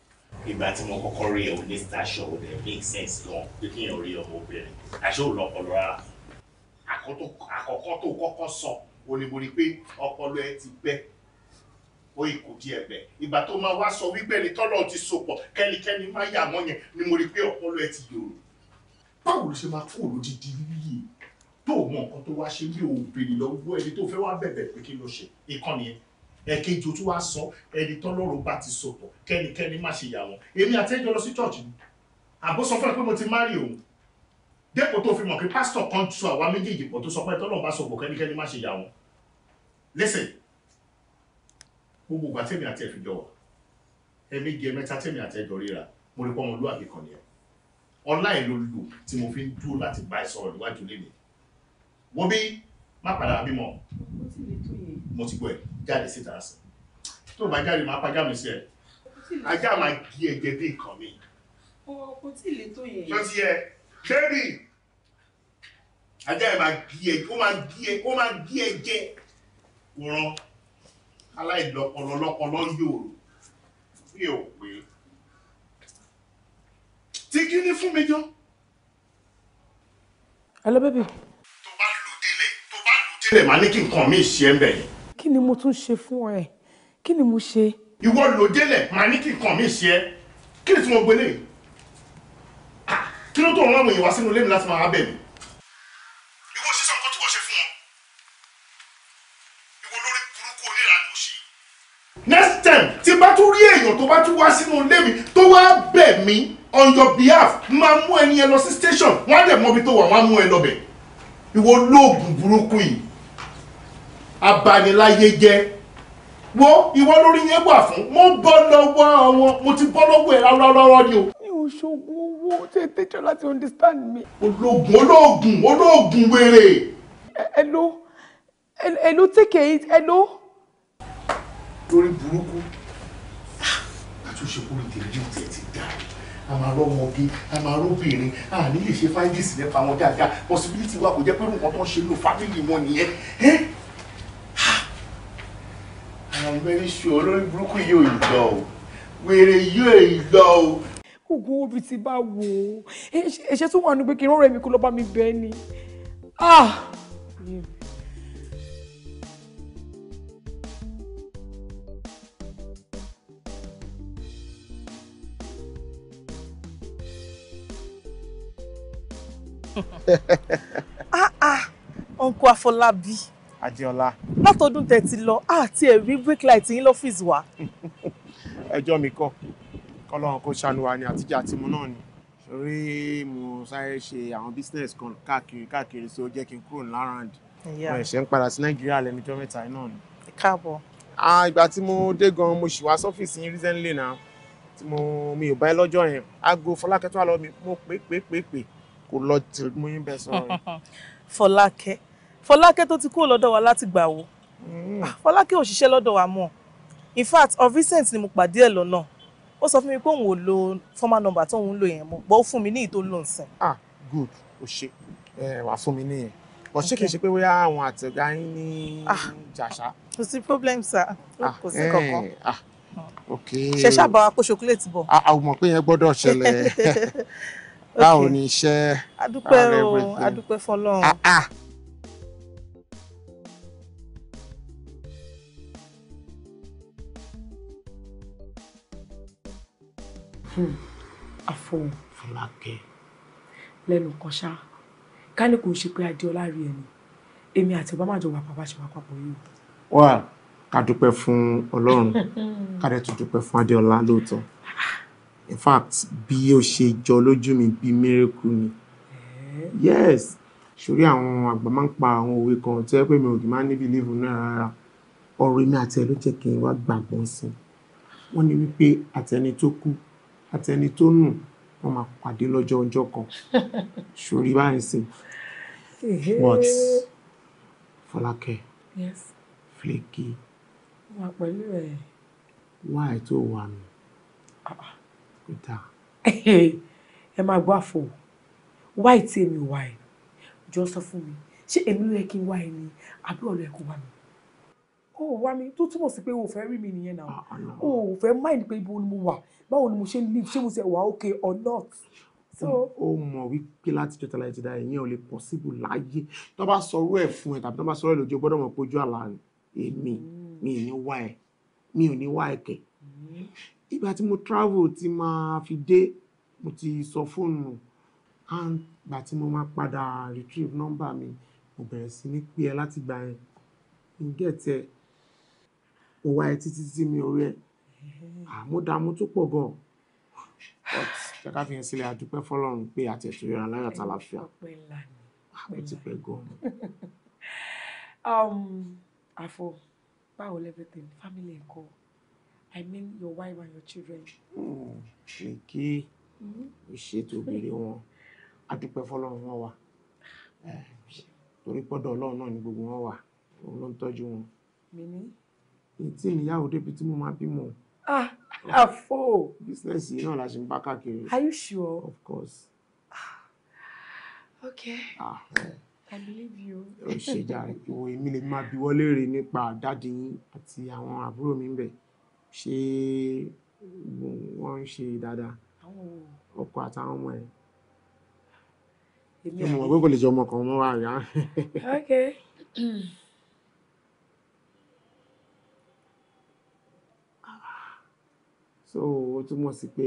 ìgbà tí mo kọ́kọ́ rí ẹ̀ ò ní station ò dẹ̀ make sense gan pé kí n rí ọmọbìnrin àṣé ò lọ́pọ̀lọ́ rárá àkọ́kọ́ tó kọ́kọ́ sọ o ní mo rí pé ọpọlọ ẹ ti bẹ́ ó ìkò díẹ̀ bẹ̀ ìgbà tó máa wá sọ wípé ẹni tọ́lọ́ ti sopọ̀ kẹ́nikẹ́ni má yà mọ́ yẹn ni mo rí pé ọpọlọ ẹ ti yòrò. báwo ló ṣe máa kúrò lójijì yìí tó mọ nǹkan tó wá ṣe bí òbèrè lọ́wọ́ ẹni tó fẹ́ wá bẹ̀bẹ̀ pé kí ló ṣe ìkànnì yẹn ẹ̀kejì tó wá sọ ẹni tọ́lọ́run bá ti sopọ̀ kẹ́nikẹ́ni má ṣe yà wọ́n dépò tó fi mọ̀ pé pásítọ̀ kan sọ àwa méjèèjì pọ̀ tó sọ pé tọ́lọ́ bá sọ ògbò kẹ́nikẹ́ni má ṣe yà wọ́n lẹ́sẹ̀ gbogbo ìgbà tẹ̀mí àti ẹ̀fìn jọ wà ẹ̀mẹ́jì ẹ̀mẹ́ta tẹ̀mí àti ẹ̀jọ̀ ríra mo rí pọ́ ọmọlúwàbí kan nìyẹn ọlá ẹ̀ ló lò tí mo fi ń dúró láti bá ẹ sọ̀rọ̀ níwájú lé mi wọ́n bí má padà bímọ mo ti gbọ́ ẹ̀ jáde síta sí tó bá jáde máa pàjá mi sí ẹ ajá máa gé ẹ̀jẹ̀ dé ìkàn mi. ọkọ tí ì ṣebí ajá ẹ̀ máa gí ẹ ó máa gí ẹ ó máa gí ẹ jẹ kò ràn aláìlọpọlọ lọpọlọ yòòrò bí ò pé tí kí ni fún mi jọ. hello baby. tó bá lò délẹ̀ tó bá lò délẹ̀ máa ní kí nǹkan mi ṣe ń bẹ̀ yẹn. kí ni mo tún ṣe fún ẹ kí ni mo ṣe. ìwọ lò délẹ̀ máa ní kí nǹkan mi ṣe ẹ kí ni tí mo gbélé yìí kí ló tó láwọn èèyàn wá sínú ilé mi láti máa bẹ̀ mí. ìwọ ṣiṣẹ́ nǹkan tí wọ́n ṣe fún wọn ìwọ lórí burúkú oníranú òṣì. next time tí bá tún rí èèyàn tó bá tún wá sínú ilé mi tó wá bẹ̀ mí on your behalf máa mú ẹni ẹ lọ sí station wọ́n á dẹ̀ mọ ibi tó wà wọ́n á mú ẹ lọ bẹ̀ ìwọ lóògùn burúkú yìí abaniláyé jẹ́ wo ìwọ lórí yẹn wà fún mo bọ́ lọ́wọ́ wọn mo ti bọ́ lọ́wọ́ ẹ̀ rárá ni o ṣoògùn owó ṣe tẹ́jọ́ láti understand mi. ológun ológun ológun wèrè. hello hello take it hello. lórí burúkú àtúnṣe kúrò tèmi yóò tẹ̀ ti dá a máa rọ ọmọge a máa rọ obìnrin a ní lè ṣe fáìlìsì nípa wọn dáadáa possibility wa kò jẹ́ pé nǹkan tó ń ṣe lò fámìlì wọn nìyẹn. àwọn mẹ́rin ṣù olórí burúkú yóò lọ o wèrè yóò lọ o oògùn obì ti bá wò ó ẹ̀ṣẹ̀ tún wà nù pé kí n rán rẹ̀ kó lọ́ọ́ bá mi bẹ́ẹ̀ ni. Ah! Yeah. ah uncle Afọlábí Adéọlá látọdún tẹ́ ti lọ àti ẹ̀rí brake light yín lọ́fíìsì wa. ẹjọ́ mi kọ́ kọ́lọ́run kó ṣàánú wa ni àtijọ́ àti mu náà ni torí mo sáré ṣe àwọn business kan káàkiri káàkiri so ó jẹ́ kí n kúrò ní lárand mo ẹ̀ṣẹ̀ ń padà sí nàìjíríà lẹ́nujọ́ mẹ́ta náà ni. káàbọ̀. ìgbà tí mo dé gan mo ṣì wá sọ́fíìsì yín recently na tí mo mi ò bá ẹ lọ́jọ́ yẹn aago fọlákẹ́ tó wà lọ́ọ́ mi mo pè pè pè pè kò lọ tí mo yín bẹ sọ̀rọ̀. fọlákẹ́ fọlákẹ́ tó ti kúrò lọ́dọ̀ wa láti gbà wo mm. ah, fọlákẹ́ ò ṣiṣẹ́ lọ́dọ̀ wa mọ́ in fact of recent ni mo pàdé ẹ̀ lọ́nà ó sọ fún mi pé òun ò lo formal number tóun ń lo yẹn mọ́ bọ́ ó fún mi ní ìtò lóun sìn. ah good o ṣe ẹ wàá fún mi nìyẹn bọ̀ ṣé kìí ṣe pé bóyá àwọn àtẹ̀gá yín ní ah. jàṣà. kò sí problem sir ah, kò sí kankan. ṣe eh, ah. ṣàbà wa kó ṣokoléètì bọ̀. a ò mọ̀ pé yẹn gbọ́dọ̀ ṣẹlẹ̀ báwo ni iṣẹ́. adúpẹ́ o adúpẹ́ fọlọ́run. àfọ̀hùn hmm. fúnlákẹ́. lẹ́nu kan ṣá ká ní kò ṣe pé adéọlá rí ẹni èmi àti ọba májọ wà pàpà ṣe wà papọ̀ yìí. wà ká dúpẹ́ fún ọlọ́run ká dẹ̀ tún dúpẹ́ fún adéọlá lóòótọ́ in fact bí ó ṣe jọ lójú mi bí miracle ni eh? yes sórí àwọn àgbà máa ń pa àwọn òwe kan tó yẹ pé mi ò kì máa ń níbi lífù náà rárá ọ̀rọ̀ èmi àti ẹ ló jẹ́ kí n wá gbàgbọ́ sí i wọ́n ní wípé àtẹni tó kú àti ẹni tó nù wọ́n máa pàdé lọ́jọ́ ọjọ́ kan ṣòrí báyìí sí but Fọlákẹ́ Flaky wà pẹ̀lú ẹ̀ wá ẹ̀ tó wà mí kò dáa. ẹ máa gbọ́ àfọ̀ wáì tí èmi wà ẹ̀ jọ sọ fún mi ṣé èmi ló yẹ kí n wá ẹ ni àbí ọ̀rọ̀ ẹ̀ kò wá mi o wá mi tó túmọ̀ sí pé o fẹ́ rí mi nìyẹn náà ah, o fẹ́ mind pé ibo ni mo wà báwo ni mo ṣe ń live ṣé mo ṣe wà okay or not ó mọ̀ wípé láti jọta láti dá ẹ̀yìn ò lè pọ̀síbù láyé tó bá sọ̀rọ̀ ẹ̀ fún ẹ tàbí tó bá sọ̀rọ̀ ẹ̀ lójú gbọ́dọ̀ mọ̀ pójú àlá èmi mm. mi ò ní wá ẹ mi ò ní wá ẹ kẹ̀. Mm. ìgbà tí mo travel ti máa fi dé mo ti sọ fóònù àgbà tí mo máa padà retrieve nọ́mbà mi mo bẹ̀rẹ̀ sí ní pé ẹ láti gbà ẹ ǹgẹ̀ tẹ mo wá ẹ títí tí mi ò rí ẹ àmúdàmú tó pọ̀ gan but jẹ́ká fi hàn sílẹ̀ àdúpẹ́ fọlọ́run pé àtẹ̀tù yọra láyà tàlàfíà ó ti pẹ́ gan. Um, àfọ báwo everything family ńkọ́ i mean your wife and your children. ṣe hmm, kí mm-hmm. ìṣètò òbèrè wọn àdúpẹ́ fọlọ́run wọn wà ah, eh, torí pọ́dọ̀ ọlọ́run náà ni gbogbo wọn wà òun ló ń tọ́jú wọn. mi ní ètí mi yàwó débi tí mo máa bímọ. ah, ah. àfọ. business yìí náà la ṣe ń bá káàkiri. are you sure. of course. Ah, okay. Ah, I believe you. O ṣe jà ìwò èmi lè máa bi wọlé rè nípa dáàdi yín àti àwọn àbúrò mi ń bẹ ṣé wọ́n ń ṣe dáadáa ọkọ àtàwọn ọmọ ẹ̀ èmi àgbẹ̀ mo mọ̀ pé kò lè jọ ọmọ kan mọ́ wa rẹ̀ á. okay. so o túmọ̀ sí pé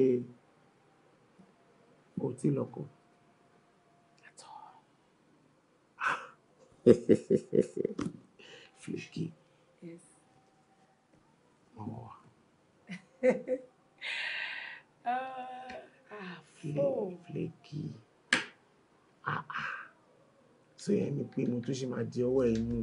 o ti lọ́kọ. Flaky. Yes. Oh. uh, ah, Flaky. Ah, ah. So yẹn ni pé mo tún ṣe máa di ọwọ́ ẹ̀ mú.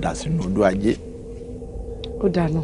dà sínú odó ajé. ó dáná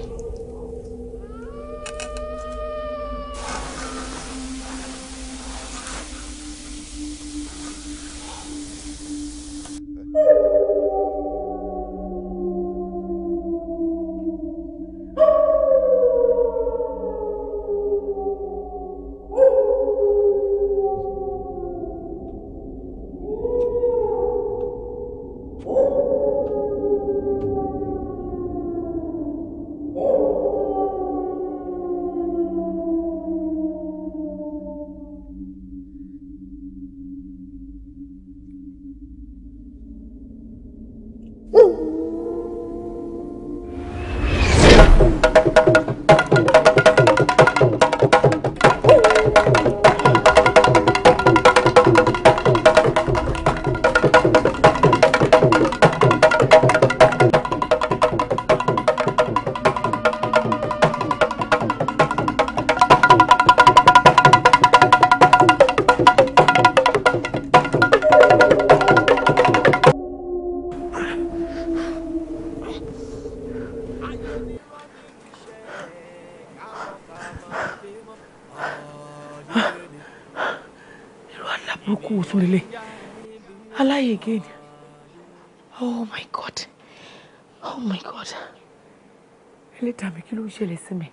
ṣẹlẹ̀ sí mi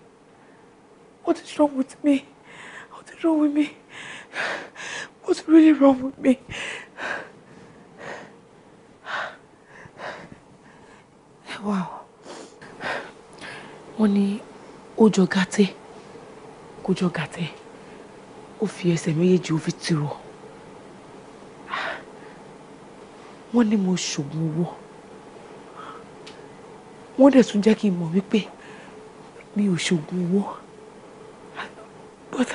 what is wrong with me what is wrong with me What's really wrong with me. wow wọ́n ní ó jọ gàtẹ́ kó jọ gàtẹ́ ó fi ẹsẹ̀ méjèèjì ó fi tìrọ̀ wọ́n ní mo ṣògùn owó wọ́n dẹ̀ tún jẹ́ kí n mọ̀ wípé mi ò ṣògùn owó but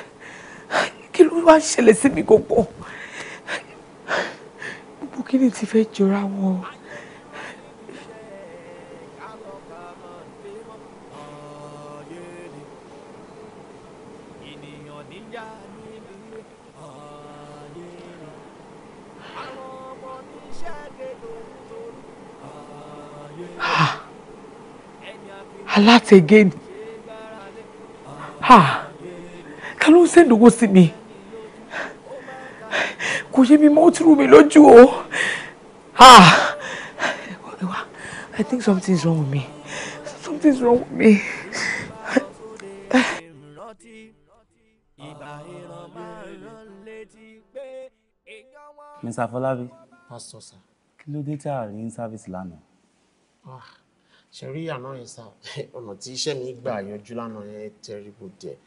kí ló wá ń ṣẹlẹ̀ sí mi gbogbo gbogbo kí ni ti fẹ́ jọra wọn. Ah, alátẹ̀gẹ́ ni. dòwó sí mi kò yé mi mọ́ ó ti rú mi lójú o ah I think something's wrong with me something's wrong with me. Mr. Afolabi. Pastor sir. Kí ló dé tá a rí ní service lánàá? Ah, Ṣé rí àná yẹn sá? Ọ̀nà tí iṣẹ́ mi gbà yanjú lánàá yẹn terrible díẹ̀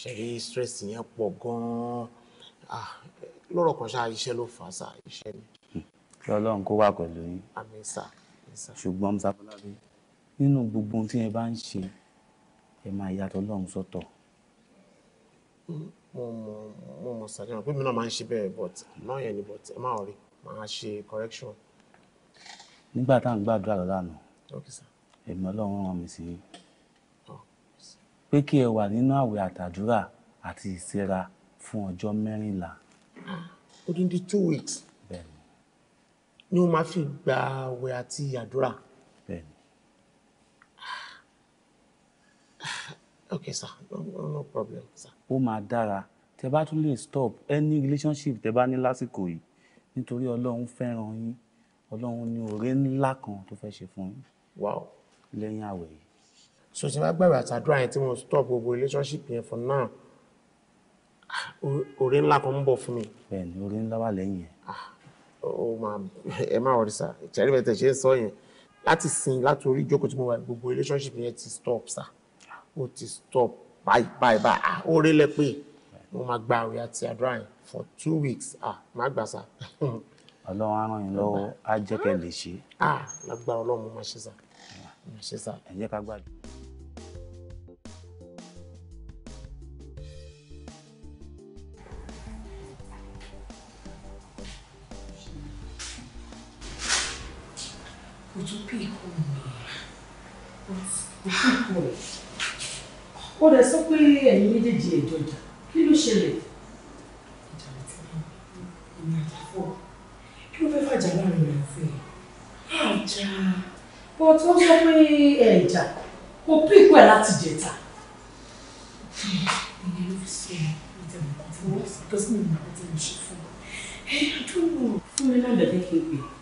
ṣẹ̀rí stress yẹn pọ̀ gan-an ah, lọ́rọ̀ kan ṣáà iṣẹ́ ló fà á sà iṣẹ́ ni. kí ọlọ́run kó wà pẹ̀lú yín. àmín sà. ṣùgbọ́n musa fọlábí nínú gbogbo ohun tí ẹ bá ń ṣe ẹ máa yàtọ̀ ọlọ́run sọ́tọ̀. Hmm, mo mọ mo mọ sàdéhà pé mi náà máa ń ṣe bẹ́ẹ̀ but náà yẹn ni but ẹ máa rí máa ṣe correction. nígbà táwọn gbàdúrà lọ́la nù ẹ̀mí ọlọ́run ràn mí sí i pé kí ẹ wà nínú àwẹ̀ àtàdúrà àti ìsẹ́ra fún ọjọ́ mẹ́rìnlá. odindi ah, two weeks ni ó máa fi gba àwẹ̀ àti àdúrà. Ah, okay sir no, no problem sir. ó máa dára tẹ bá tún lè stop any relationship tẹ bá ní lásìkò yìí nítorí ọlọ́run fẹ́ràn yín ọlọ́run ní oore ńlá kan tó fẹ́ ṣe fún yín lẹ́yìn àwẹ̀ yìí so tí n bá gbàgbé àtàdúrà yẹn tí mo stop gbogbo relationship yẹn for now ah, oore ńlá kan ń bọ̀ fún mi. bẹ́ẹ̀ni oore ńlá wà lẹ́yìn ẹ. Ah, ó máa ẹ má wọrí sá ìtẹrí bẹtẹ ṣe ń sọ yẹn láti sin láti orí ìjókòó tí mo wà gbogbo relationship yẹn ti stop sá ó ti stop báyìí báyìí báyìí ah, oore lẹ pé mo máa gba àwẹ̀ àti àdúrà yẹn for two weeks má gbà sá. Ọlọ́run á ràn yín lọ́wọ́ á jẹ́ kẹ́ lè ṣe. lágbára Ọlọ́run mo máa ṣe sá. ẹ jẹ́ ká gbàdúrà. o píìkù mi kò píìkù rẹ̀ ó dẹ̀ sọ pé ẹ̀yin méjèèjì ẹ̀jọ̀ jà kí ló ṣẹlẹ̀ ìyá àjàfọ́ kí ló fẹ́ fàjà láàrin rẹ̀ fún àjà bó tó sọ pé ẹ̀jà kò píìkù ẹ̀ láti jẹta ìyẹn ló fi sọ ìtẹ̀mọ̀kọ́ tí wọ́n sọ pé sí ìmọ̀ àti fún mi náà bẹ̀rẹ̀ kí n pè é.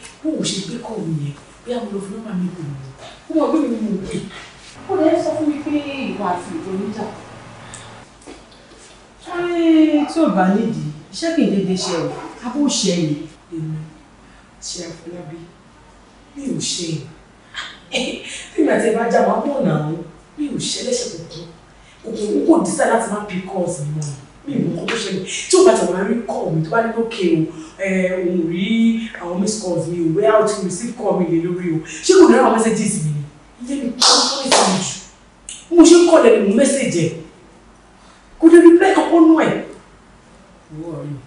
bó o ṣe gbé kọ́ òun yẹn bí àwọn olófin náà máa mi kò mú wọn gbé mi mú pé ó lè sọ fún mi pé ìwà àti ìbò níjà. tí ò bá nídìí iṣẹ́ kì í dédé ṣe o abó ṣe ni. èmi ṣe àfọlábí mi ò ṣe nígbà tí ẹ bá jáwọ́ àbọ̀ ọ̀nà àwọn mi ò ṣe ẹlẹ́ṣẹ̀ kọ̀ọ̀kan òkú kò dísà láti má pí kọ́ọ̀sì mọ́ ni ṣẹlẹ̀ tí o bá tẹ̀ wọ́n rí call mi tó bá ní lókè o òun rí àwọn miss calls mi o bóyá o ti receive call mi lè lórí o ṣé kò ní àwọn messages mi ni ilé mi kọ́ tó lè sàn jù mo ṣe ń kọ́lẹ̀ ni mo message ẹ̀ kò lè rí bẹ́ẹ̀ kọ́kọ́ nú ẹ̀. owó ọ̀rẹ́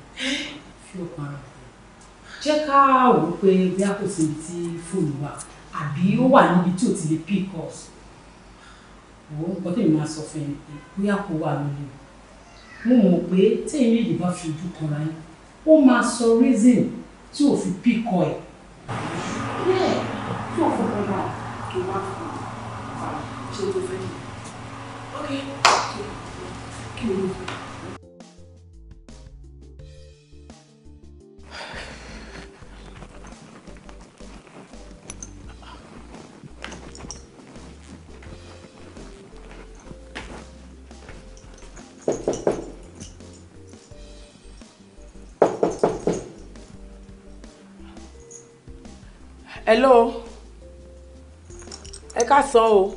fi ọkàn ara rẹ̀ jẹ́ ká wò ó pé bí a kò síbi tí fóònù wà àbí ó wà níbi tí ò ti lè pick us. òun nǹkan tó yẹ máa sọ fún ẹ bóyá kò wà lórí o mo mọ̀ pé téyìn méjì bá fi ojú kanra yín ó máa sọ reason tí ò fi píkọ ẹ̀. bẹ́ẹ̀ tí ò fọwọ́ náà kí ok kí hello ẹ ká sọ o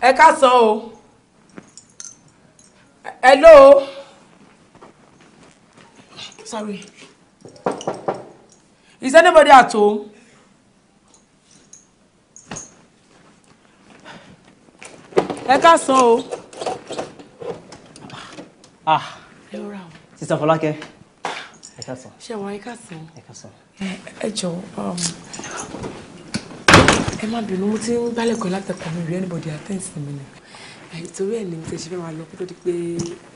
ẹ ká sọ o hello sorry is anybody at home. ẹ ká sọ o. ah sista Fọlákẹ́ ṣe wọn ẹkásán ẹ jọ um, ẹ má bínú mo ti ń gbálẹ̀kọ̀ látẹ̀kọ̀ mi rí anybody attends to me ni ìtorí ẹ̀ ni mo ti ṣe fẹ́ máa lọ kó tó di pé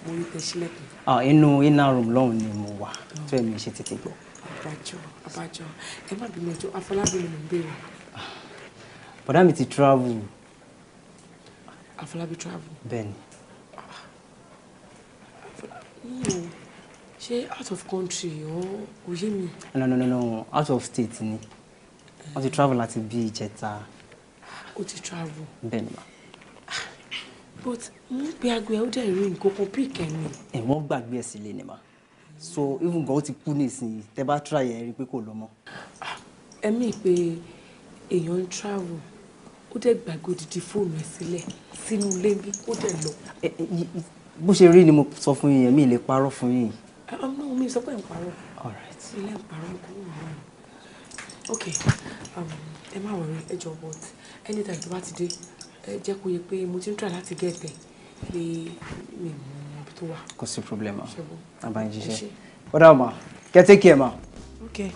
mo rí tẹ sílẹ̀kùn. inú inner room lọ́hùn ni mo wà tó ẹ̀mí ṣe tètè gbọ́. àbájọ àbájọ ẹ má bínú ẹjọ́ afọlábí ni mo ń béèrè. bọ̀dá mi ti travel. afọlábí travel. bẹ́ẹ̀ni. Ah, afọlábí ṣé out of country ó yé mi. no no no no out of state ni wọ́n ti travel láti bí ìjẹta. ó ti travel. bẹ́ẹ̀ ni ma. but mo ń pe aago ẹ ó dẹ̀ rí nǹkan kan bí ìkẹ́mi. ẹ wọ́n gbàgbé ẹ̀ sílé ni ma so even gan ó ti kú nísìnyí tẹ bá try ẹ rí i pé kò lọ mọ́. Ah, ẹ̀mí pé èèyàn ń travel ó dẹ̀ gbàgbé odidi fóònù ẹ̀ sílẹ̀ sínú ilé bí ó dẹ̀ lọ. bó ṣe rí ni mo sọ fún yín ẹ̀mí lè parọ́ fún yín i'm oh, not mi sọ pé n parọ́ all right ilé n parọ́ kò wù mí okay um, but anytime tó bá ti dé ẹ jẹ́ kó yẹ pé try láti get ẹ pé mi mọ ibi tó problem ma a bá ń jíṣẹ́ ó dà ọ okay.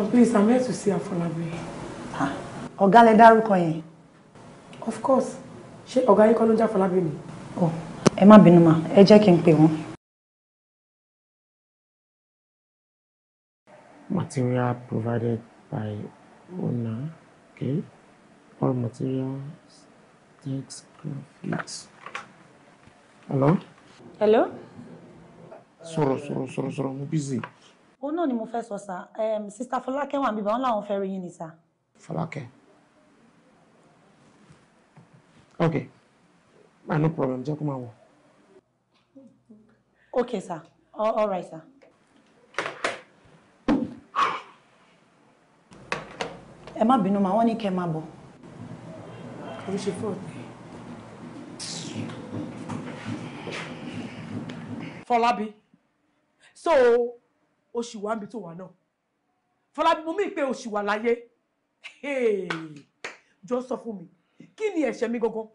Oh, please, I'm here to see Afolabi. Ah, ọ̀gá lẹ dárúkọ yẹn. Of course. She Oga, yín kọ́ ló ń jẹ́ Afolabi ni? Oh, ẹ má bínú mà, ẹ jẹ́ kí n pè Material provided by owner, okay? All materials, text, graphics. Hello? Hello? Sọ̀rọ̀ sọ̀rọ̀ sọ̀rọ̀ sọ̀rọ̀ I'm busy òun náà ni mo fẹ́ sọ sà sista fọlákẹ́ wà níbí àwọn làwọn fẹ́ rí yín ni sà. fọlákẹ́ ok ah, no problem jẹ́ kó máa wọ̀. ok sir all, all right sir. ẹ má bínú màá wọ́n ní kẹ́ ẹ máa bọ̀. kò ń ṣe fọ́ọ̀tì. fọlábí so o ṣì wà níbi tó wà náà Fọlábí mo mí pé o ṣì wà láyé jọ sọ fún mi kí ni ẹ̀ṣẹ̀ mi gangan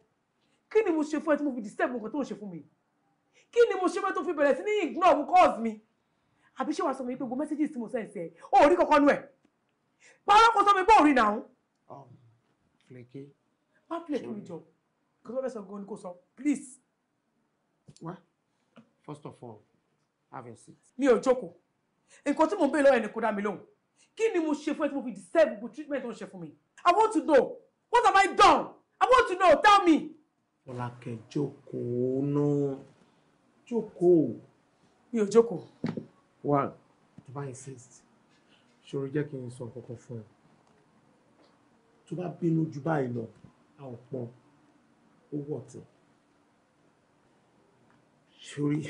kí ni mo ṣe fún ẹ tí mo fi disturb nǹkan tó ń ṣe fún mi kí ni mo ṣe fún ẹ tó fi bẹ̀rẹ̀ sí ní ignore who calls mi àbí ṣé wàá sọ mi pé gbogbo messages tí mo sẹ́ ẹ̀ sẹ́ ẹ̀ ò rí kankan nú ẹ̀ pàrọ̀ kò sọ mi bó rí nàá. Um, fleke. má fleke mi jọ kò tó bẹ́ẹ̀ sọ gan ni kò sọ please. well first of all have a seat. mi ò jókòó nǹkan tí mo ń bèèrè lọ́wọ́ ẹni kò dá mi lóhùn kí ni mo ṣe fún ẹ tí mo fi deserve gbogbo treatment tó ń ṣe fún mi i want to know what have i done i want to know tell me. ọlákẹ́ jókòó náà jókòó. mi ò jókòó. wà tó bá insist ṣòro jẹ́ kí n sọ kọ́kọ́ fún ẹ tó bá bínú ju báyìí lọ a ò pọn owó ọ̀tún. ṣòrí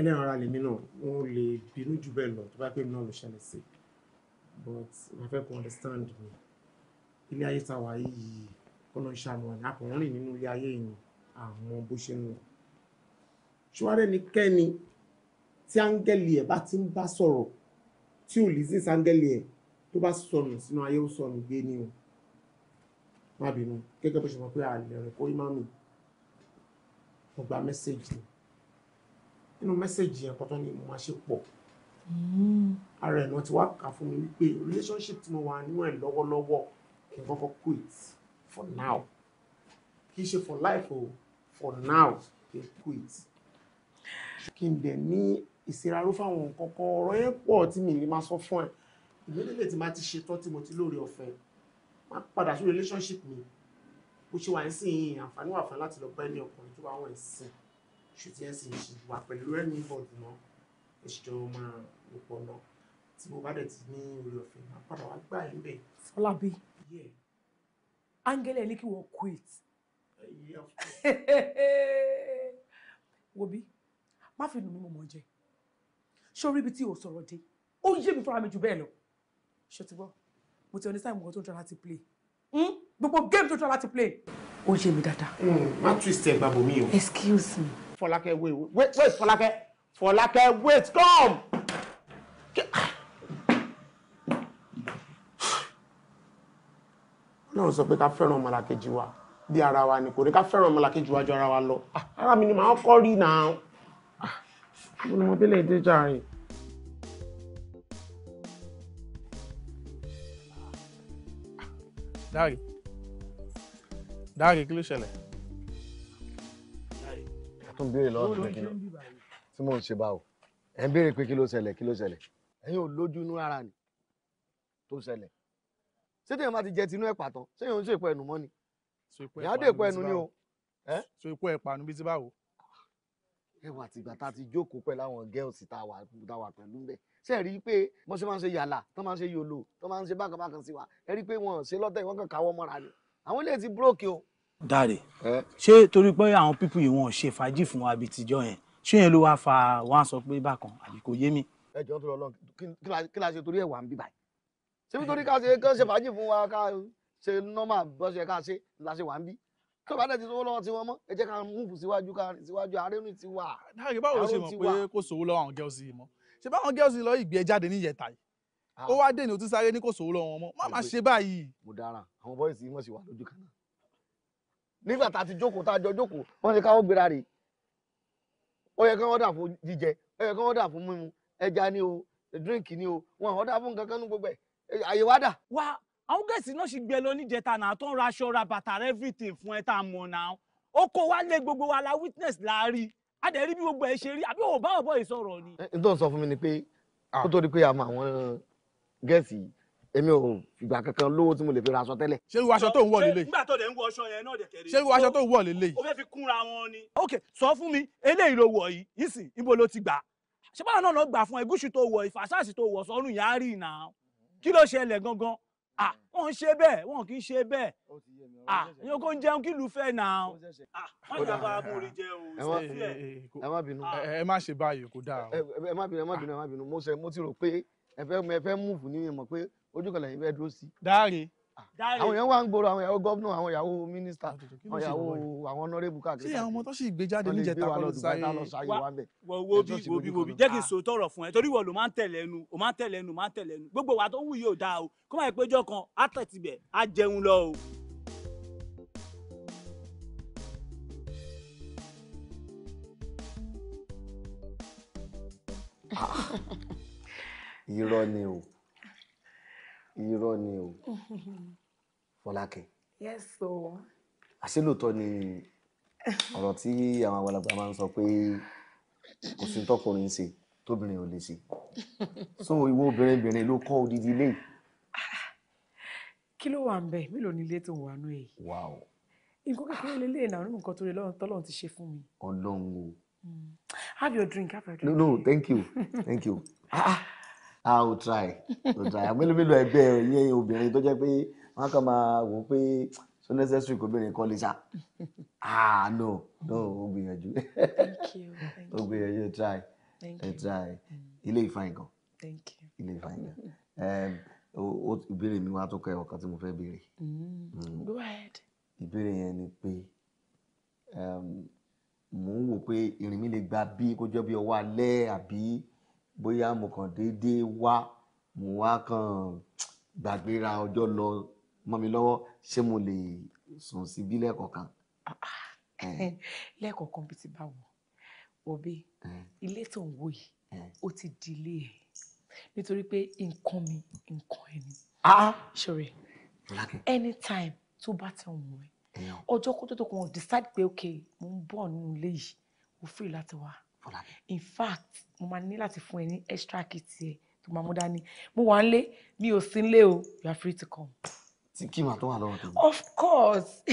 ẹlẹ́ran ara lèmi náà wọ́n lè bínú jù bẹ́ẹ̀ lọ tó bá pè mí náà ló ṣẹlẹ̀ sí but wọ́n fẹ́ kó understand mi ilé ayé ta wà yìí kọ́nà ìṣàánú àná àkùnrin nínú ilé ayé yìí àmọ́ bó ṣe ń lọ ṣùwárẹ́ ni kẹ́ni tí áńgẹ́lì ẹ̀ bá ti ń bá sọ̀rọ̀ tí ò lìsí sáńgẹ́lì ẹ̀ tó bá sọnù sínú ayé ó sọnù gbé ni o má bínú gẹ́gẹ́ bó ṣe mọ̀ pé àlẹ́ rẹ̀ kó ìmáàmù mo gba mẹ́sẹ̀gì ni nínú mẹ́sẹ̀jì yẹn kọ́tọ́ ni mo máa ṣe pọ̀ hmm. ara ẹ̀nà ti wá kà fún mi wípé relationship tí mo wà nínú ẹ̀ lọ́wọ́lọ́wọ́ kí n kọ́kọ́ quit for now kì í ṣe for life o for now kí n quit kí n dẹ̀ ní ìsiraró fáwọn nǹkan kan ọ̀rọ̀ yẹn pọ̀ tí mi ní máa sọ fún ẹ ìgbélélẹ̀ tí máa ti ṣetán tí mo ti lóore ọ̀fẹ́ máa padà sí relationship mi bó ṣe wà ń sìn yìí àǹfààní wà fún láti lọ bá ẹni ọkùnrin tó bá wọn ẹ̀ sìn ṣùtì ẹ̀sìn ìṣìwà pẹ̀lú ẹni bọ̀dù náà ìṣìjọ máa lò pọ̀ náà tí mo bá dẹ̀ ti ní orí ọ̀fẹ́ máa padà wá gbà yín bẹ̀. Fọlábí áńgẹ́lẹ̀ ní kí wọ́n quit. Eh, Wobi má fi nù mí mo mọ̀ jẹ́ sórí ibi tí o sọ̀rọ̀ dé ó yé mi fúnra mi jù bẹ́ẹ̀ lọ ṣe ti gbọ́ mo ti understand nǹkan tó ń tọ́ láti play hmm? gbogbo game tó ń tọ́ láti play ó yé mi dáadáa. Hmm, má twist ẹ̀ gbàgbọ́ mi o. excuse me. Fọlákẹ́ wait wait wait Fọlákẹ́ Fọlákẹ́ wait come. Ọlọ́run sọ pé ká fẹ́ràn ọmọlàkejì wa bí ara wa ni kò ní ká fẹ́ràn ọmọlàkejì wa ju ara wa lọ. Ah, ara mi ni màá kọ́ rí náà. Ah, mo ní mo délé dé jàre. Dáre. Dáre kí ló ṣẹlẹ̀? tún béèrè lọ́wọ́ mi kí ló tí mò ń ṣe báwo ẹ ń béèrè pé kí ló ṣẹlẹ̀ kí ló ṣẹlẹ̀ ẹ̀yin ò lójú inú ara ni tó ṣẹlẹ̀ ṣé téèyàn bá ti jẹ tinú ẹ̀ pàtọ́ ṣé èèyàn ń ṣèpọ̀ ẹnu mọ́ ni ìyá dé ìpọ̀ ẹnu ni o. so ikú ẹ̀ panu bí ti báwo. ẹ wà tìgbà tá a ti jókòó pẹ̀lú àwọn gẹ́ọ̀sì tá a wà pẹ̀lú bẹ́ẹ̀ ṣe rí i pé wọ́n ṣe máa ń ṣe yàlà tó máa ń ṣe yòlò tó máa ń ṣe bákanbákan sí wa ẹ rí i pé wọ́n ṣe lọ́tẹ̀ wọ́n kàn káwọ́ mọ́ra ni àwọn ilé ti búrókì o dáre ṣé torí pé àwọn pípù yìí wọn ò ṣe fàájì fún wa bíi tìjọ yẹn ṣé yẹn ló wáá fa wọn sọ pé bákan àbí kò yé mi. ẹ jọ tó lọ lọ kí la ṣe torí ẹ wà ń bí báyìí ṣé nítorí ká ṣe kán ṣe fàájì fún wa ká ṣe nọ́mà bọ́ ṣe ká ṣe la ṣe wà ń bí tó bá dẹ̀ ti sówó lọ́wọ́ tiwọn mọ́ ẹ jẹ́ ká múùfù síwájú ká rìn síwájú àárẹ̀rìn ti wà. dáre báwo ló ṣe mọ̀ pé kò sówó lọ́wọ́ àwọn gẹ́ọ̀sì yìí mọ́ ṣé báwọn gẹ́ọ̀sì lọ ìgbé jáde ní ìyẹ̀ta nígbà tá a ti jókòó tá a jọ jókòó wọ́n ti káwọ́ gbéra rè ó yẹ kí wọ́n dà fún jíjẹ ó yẹ kí wọ́n dà fún mímu ẹja ni o drink ni o wọn ò dà fún nǹkan kan ní gbogbo ẹ̀ àyè wá dà. wá àwọn gẹ̀ẹ́sì náà ṣì gbẹ lọ níjẹta náà tó ń ra aṣọ ra bàtà rẹ everything fún ẹ tá a mọ̀ náà ó kó wá lé gbogbo wa la witness la rí a dẹ̀ rí bí gbogbo ẹ̀ ṣe rí àbí òun bá ọ̀bọ̀ ìsọ̀rọ̀ ni. n tó ń sọ fún mi ni pé kó tó di pé a mọ àwọn gẹ̀ẹ́sì yìí èmi ò fìgbà kankan lówó tí mo lè fi ra aṣọ tẹ́lẹ̀. ṣé irú aṣọ tó ń wọ̀ lélẹ̀. nígbà tó dẹ̀ ń wọ aṣọ yẹn náà dẹ̀ kẹ́rẹ́. ṣé irú aṣọ tó ń wọ̀ lélẹ̀ yìí. o fẹ́ fi kúnra wọn ni. ok sọ fún mi eléyìí ló wọ̀ yìí nísìn ibo ló ti gbà. ṣé báwọn náà lọ gbà fún ẹgúsù tó wọ̀ ìfàsáàsì tó wọ̀ sọ́nù yàrá ìnà kí ló ṣẹlẹ̀ gangan ah wọn ń ṣe bẹ́ẹ̀ wọn kì í ṣe bẹ́ẹ̀ ah ìyẹn kò ń jẹun kí ló fẹ́ náà. wọn jà bá amúrí jẹ o sẹfílẹ. ẹ má bínú. ẹ má ṣe báyìí kò dáa. ẹ má bínú ẹ fẹ́ mú ẹ ní ìmọ̀ pé ojú kan lẹ́yìn bẹ́ẹ̀ dúró sí. Ah, dáre. àwọn èèyàn wà ń gbòòrò àwọn ìyàwó gọ́vnà àwọn ìyàwó mínísítà àwọn ìyàwó àwọn ọ̀nọ́rẹ́bù káàkiri. ṣé àwọn ọmọ tó sì gbé jáde níjẹta kọ́ ló sáyé wọ wo bí wo bí wo bí jẹ́ kí n ah. so tọrọ fún ẹ torí wọ ló máa ń tẹ̀lé ẹnu ó máa ń tẹ̀lé ẹnu máa ń tẹ̀lé ẹnu gbogbo wa tó wù yóò dáa o kó má yẹ péjọ kan á tẹ̀síbẹ̀ á jẹun lọ o. irọ́ ni o irọ́ ni o fọlákẹ́. yes o. àṣé lóòótọ́ ni ọ̀rọ̀ tí àwọn àgbàlagbà máa ń sọ pé kò sí tọkùnrin ṣe tóbìnrin ò lè ṣe so ìwọ obìnrin obìnrin ló kọ́ odidi ilé yìí. kí ló wà ń bẹ mélòó ni ilé tó wà nù èyí. wàá o nǹkan kékeré lélẹ̀ ìnáwó nínú nǹkan tó lè lọ́run tọ́lọ́run ti ṣe fún mi. ọlọ́run o. Mm. have your drink have your drink. no no thank you thank you. ah ah I will try I will try àmọ́ mélòó ẹgbẹ́ yẹn obìnrin tó jẹ́ pé wọ́n kàn máa wò ó pé so necessary kò bẹ̀rẹ̀ kọ́ lè ṣá ah no no ó gbìyànjú ó gbìyànjú ẹ try ẹ try mm. ilé ìfàyín kan ilé ìfàyín kan ó ìbéèrè mi wá tó kọ ẹ̀wọ̀n kan tí mo fẹ́ béèrè mm. Mm. ìbéèrè yẹn ni pé mò ń wò pé ìrìn mi lè gba bí kó jọ bí ọwọ́ alẹ́ àbí bóyá mo kàn déédéé wá mo wá kàn gbàgbéra ọjọ́ lọ mọ́ mi lọ́wọ́ ṣé mo lè sùn síbí lẹ́ẹ̀kọ̀kan. Eh, lẹ́ẹ̀kọ̀kan bí ti bá wọn òbí eh. ilé tó ń wò yìí eh. ó ti di ilé ẹ̀ nítorí pé nǹkan mi nǹkan ẹni. ṣòro ah! anytime tó bá ti wù ẹ́ ọjọ́ kó tó tó kàn decide pé ok mo ń bọ̀ nínú ilé yìí mo free láti wá in fact mo máa ní láti fún ẹ ní extra kit ẹ to máa mú dání mo wà ń mi ò sí ń o you are free to come tí kí màá tó wà lọ́wọ́ tèmi. of course.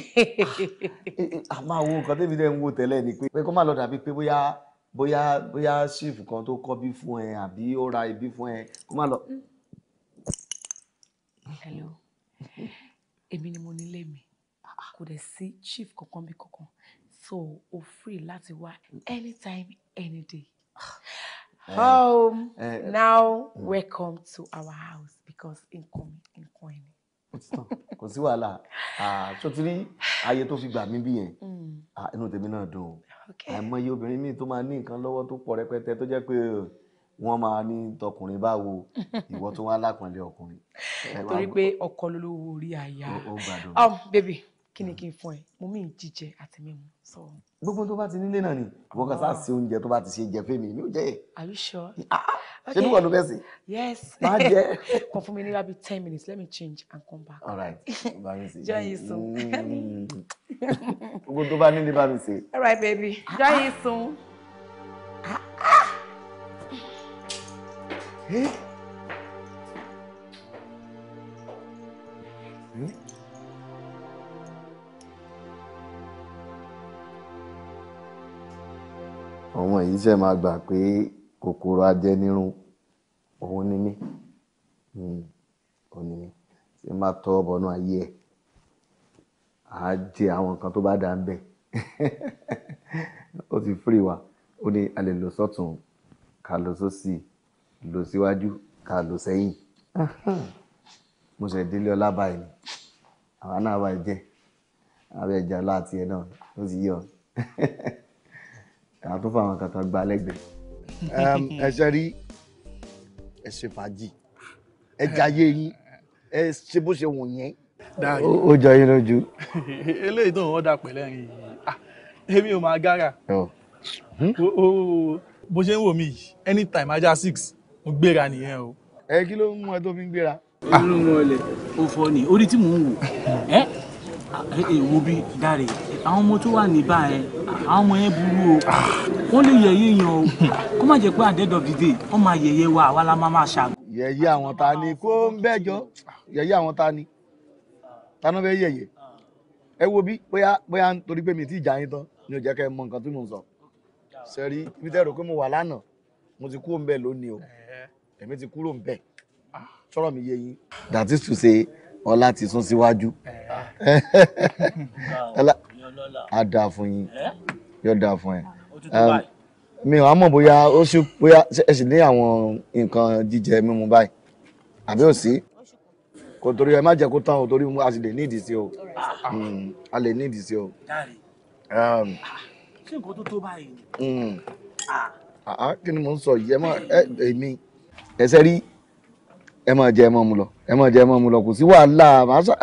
a máa wo nǹkan tẹ́mi dẹ́ ń wo tẹ́lẹ̀ ni pé kó má lọ dàbí pé bóyá bóyá bóyá chief kan tó kọ́ bí fún ẹ àbí ó ra ibi fún ẹ kó má lọ. hello èmi ni mo nílé mi kò dẹ̀ sí chief kankan bí kankan so o free láti wá anytime any day. Eh, Home uh, now, mm. welcome to our house because in coming incoming, incoming. kò sí wàhálà tó ti ní ayé tó fi gbà mí bí yẹn mm. inú tèmi náà dùn àìmọye obìnrin míì tó máa ní nǹkan lọ́wọ́ tó pọ̀ rẹpẹtẹ tó jẹ́ pé wọ́n máa ní tọkùnrin báwo ìwọ tó wá lápọ̀nlé ọkùnrin. torí pé ọkọ lolówó orí àyà um baby kí ni kí n fún ẹ mo mí jíjẹ àti mímu. gbogbo tó bá ti nílé náà ni àwọn kan sáà sí oúnjẹ tó bá ti ṣe jẹ fèmí ni ó jẹ yẹ. are you sure. Ah, ah. ṣé bí wọn ló bẹ́ẹ̀ sè. yes máa jẹ. kàn fún mi ní rabi ten minutes let me change and come back. all right bá mi sè. join you soon. Mm. gbogbo tó bá nílé bá mi sè. all right baby ah, join you soon. Hey. Eh? ọmọ yìí ṣe máa gbà pé kòkòrò ajẹnirun òun ni mí hmm, òun ni mí ṣe máa tọ́ bọnú ayé ẹ̀ á jẹ àwọn nǹkan tó bá dà ń bẹ̀ ó ti fúri wa ó ní a lè lọ sọ́tún ká lọ sósì lọ síwájú ká lọ sẹ́yìn mo ṣe délé ọlá báyìí ni àwa náà wà jẹ́ àbẹ̀jà láti ẹ̀ náà ó ti yọ. àwọn tó fàwọn kankan gba lẹ́gbẹ̀ẹ́. ẹ ṣe rí ẹ ṣe fàájì ẹ jayé yín ẹ ṣe bó ṣe wù yẹn. ó jọ yín lójú. eléyìí tó ń wọ́dà pẹ̀lẹ́ rìn yìí ah, èmi ò máa gára hmm? bó ṣe ń wò mí yìí anytime ajá six mo gbéra nìyẹn o. ẹ kí ló ń mú ẹ tó fi ń gbéra. Ah. olórí wọn lẹ ó ni orí tí mò ń wò ah, ẹ ẹ wo bí dáre àwọn ọmọ tó wà níbà ẹ àwọn ọmọ yẹn burú o wọ́n lè yẹ̀yẹ́ yẹn o kó má jẹ́ pé at the end máa yẹ̀yẹ́ wa àwa la máa máa ṣàgùn. àwọn ta ni kó ń bẹ́jọ yẹ̀yẹ́ àwọn ta ni tanu bẹ yẹ̀yẹ́ ẹ wo bí bóyá bóyá torí pé mi ti jà yín tán ni ò jẹ́ kẹ́ mọ nǹkan tí mò sọ sẹ́rí ibi tẹ́ rò pé mo wà lánàá mo ti kúrò ń bẹ̀ lónìí o èmi ti kúrò ń bẹ̀ sọ̀rọ̀ mi yé yín that is to say ọlá ti sún síwájú a da fún yín yóò dáa fún ẹ ah, mi ò á mọ̀ bóyá ó sì bóyá ẹ sì ní àwọn nǹkan jíjẹ mímu báyìí àbí ò sí kò torí ẹ má jẹ kó tán o torí a sì lè ní ìdí sí o ah. hmm, a lè ní ìdí sí o. ṣé nǹkan tó tó báyìí. Hmm. Ah. kí ni mò ń sọ yìí ẹ má èmi ẹsẹ rí ẹ má jẹ ẹ má mu lọ ẹ má jẹ ẹ má mu lọ kò sí wàhálà màá sà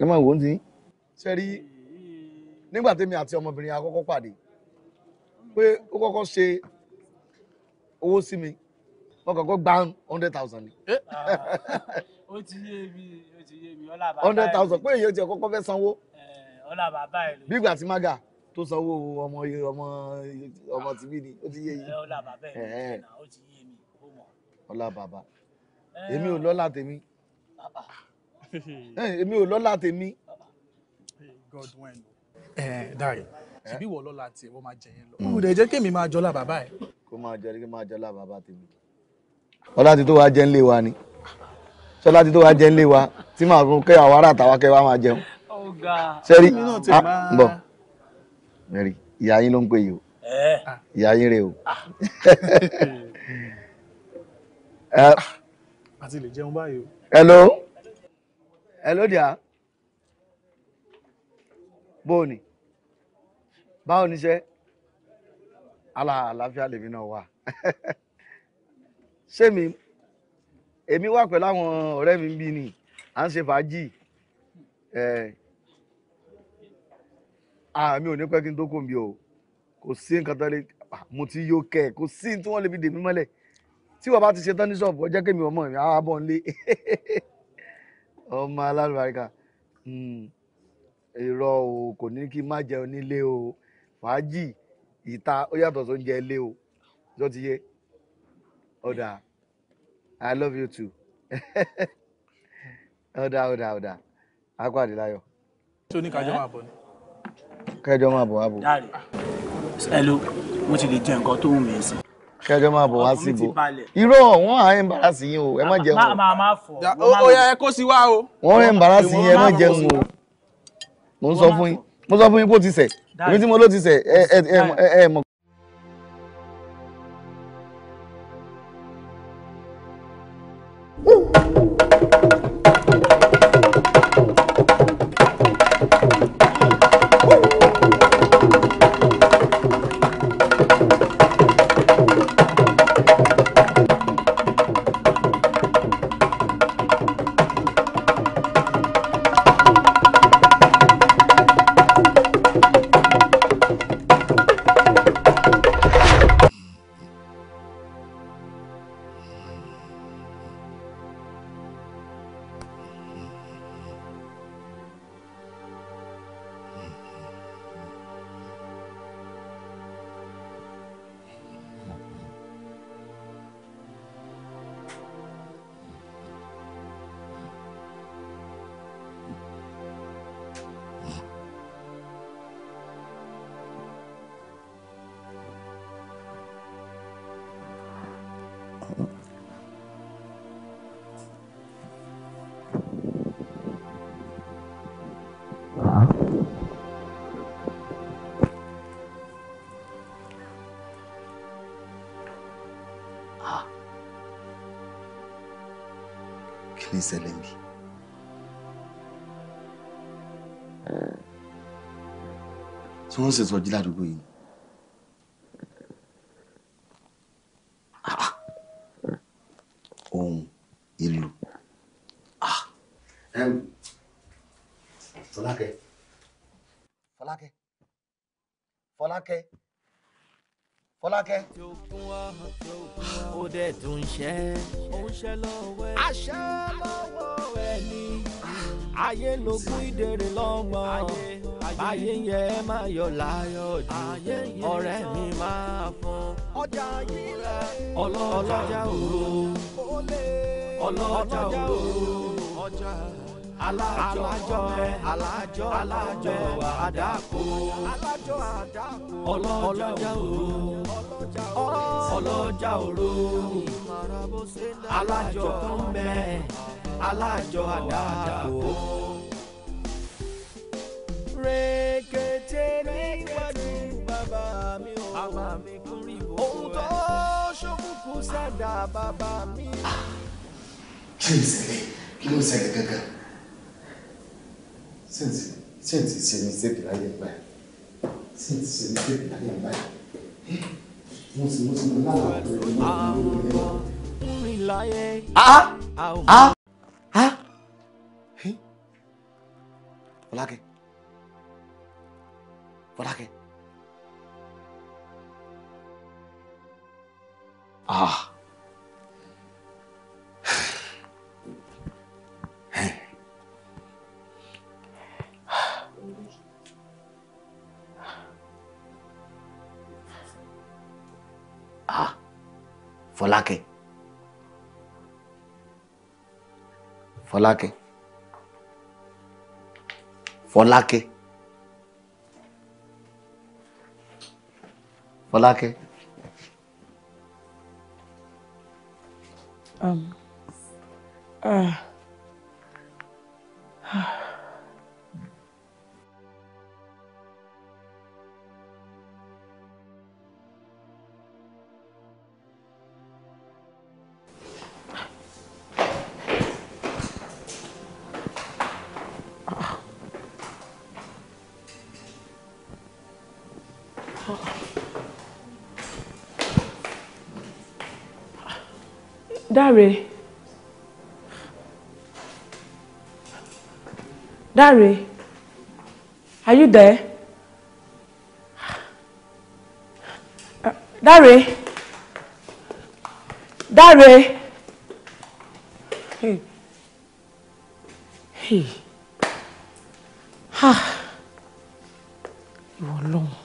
ẹ má wò ó ti. ṣé rí nígbà tèmi àti ọmọbìnrin àkọ́kọ́ pàdé pé ó kọ́kọ́ ṣe owó sí mi wọ́n kọ́kọ́ gbá hundred thousand eh, ó ti yé mi ó ti yé mi ọlá bàbá ẹ̀ hundred thousand pé èyí ó ti ẹ̀ kọ́kọ́ fẹ́ sanwó. Eh, ọlá bàbá ẹ̀ ló. bí ìgbà tí maga tó sanwó ọmọ ọmọ ọmọ tìbí ni ó ti yé yìí. Eh, ọlá bàbá ẹ̀ ló ó ti yé mi ó mọ̀. ọlá bàbá èmi ò lọ́lá tèmi èmi ò lọ́lá tèmi. Godwin Eh, dáre eh? ṣebí wọ lọ́la tiẹ̀ wọ́n máa jẹ yẹn lọ. mo hmm. dẹ̀ jẹ́ kémi máa jọlá bàbá ẹ̀. kó máa jẹ kí máa jọlá bàbá tèmi. ọlá ti tó wá jẹ ńlé wa ni ṣọlá ti tó wá jẹ ńlé wa tí màá fún kẹ́ àwọn ará àtàwọn kẹ́ wa máa jẹun. sẹ́rí ah, bọ̀ mẹ́rin ìyá yín ló ń pè yìí o eh? ah. ìyá yín rè o. àti ah. lè jẹun báyìí o. hello hello dear bóòní báwo níṣẹ́ aláàlàáfíà lèmi náà wà sẹ́mi èmi wà pẹ̀lú àwọn ọ̀rẹ́ mi ń bí ni à ń ṣe fàájì àmì ò ní pẹ́ kí n tó kò mí o kò sí nǹkan tó lè mo ti yóò kẹ́ kò sí tí wọ́n lè fi dèmí mọ́lẹ̀ tí wọ́n bá ti ṣe tán ní ṣọ́ọ̀bù ọjọ́ kémi ọmọ mi àwa bọ̀ ń lé ọmọ alálùbáríkà. Hmm irọ́ o kò ní kí n má jẹun nílé o fàájì ìta ó yàtọ̀ tó ń jẹ ilé o tó ti yé ọ̀dà i love you too ọ̀dà ọ̀dà ọ̀dà akpàdé láyọ̀. tí o ní kájọ máa bọ̀ ni. kẹjọ máa bọ̀ wá bọ̀. ẹ ló mo ti lè jẹ nǹkan tó wù mí sí kẹjọ máa bọ̀ wá síbò irọ́ wọn à ń bára sí yín o ẹ má jẹun o. ó yẹ kó sí wá o. wọ́n ń bára sí yín ẹ má jẹun o mo ń sọ fún yín mo sọ fún yín pé ó ti ṣẹ̀ èmi tí mo ló ti ṣẹ̀ ẹ ẹ ẹ mọ nonsense lọ jí ládùúgbò yìí. ohun ìlú. fọlákẹ́ fọlákẹ́ fọlákẹ́ fọlákẹ́. ó dẹ̀ tún ṣẹ́ àṣẹ lọ́wọ́ ẹni ayé lógún ìdèrè lọ́gbọ̀n báyé yẹ máa yọ̀ láyọ̀ jù ọ̀rẹ́ mi máa fún ọjà yìí rẹ ọlọ́jà òru ọlọ́jà òru ọjà alájọ alájọ alájọ àdàkọ ọlọ́jà òru ọlọ́jà òru alájọ tó ń bẹ alájọ àdàkọ rèkété níwájú bàbá mi ò ohun tó ṣokùnkùn sẹ́dá bàbá mi. kí ló ṣẹlẹ̀ kí ló ṣẹlẹ̀ gangan sẹ́ǹtì sẹ́ǹtì ṣe ní sẹ́ǹtì láyé ìgbà sẹ́ǹtì ṣe ní láyé ìgbà mo sì mo sì mo lálàá pé mo máa ń lò ó láyé. a ah! Ah! a a Coraje. Ah. Ah, Fọlákẹ́. Fọlákẹ́. Fọlákẹ́. Fọlákẹ́. Um, uh, uh. Dare, Dare, Are you there? Uh, Dare, Dáre. Hey. Hey. Ha. You are lọ́hùn.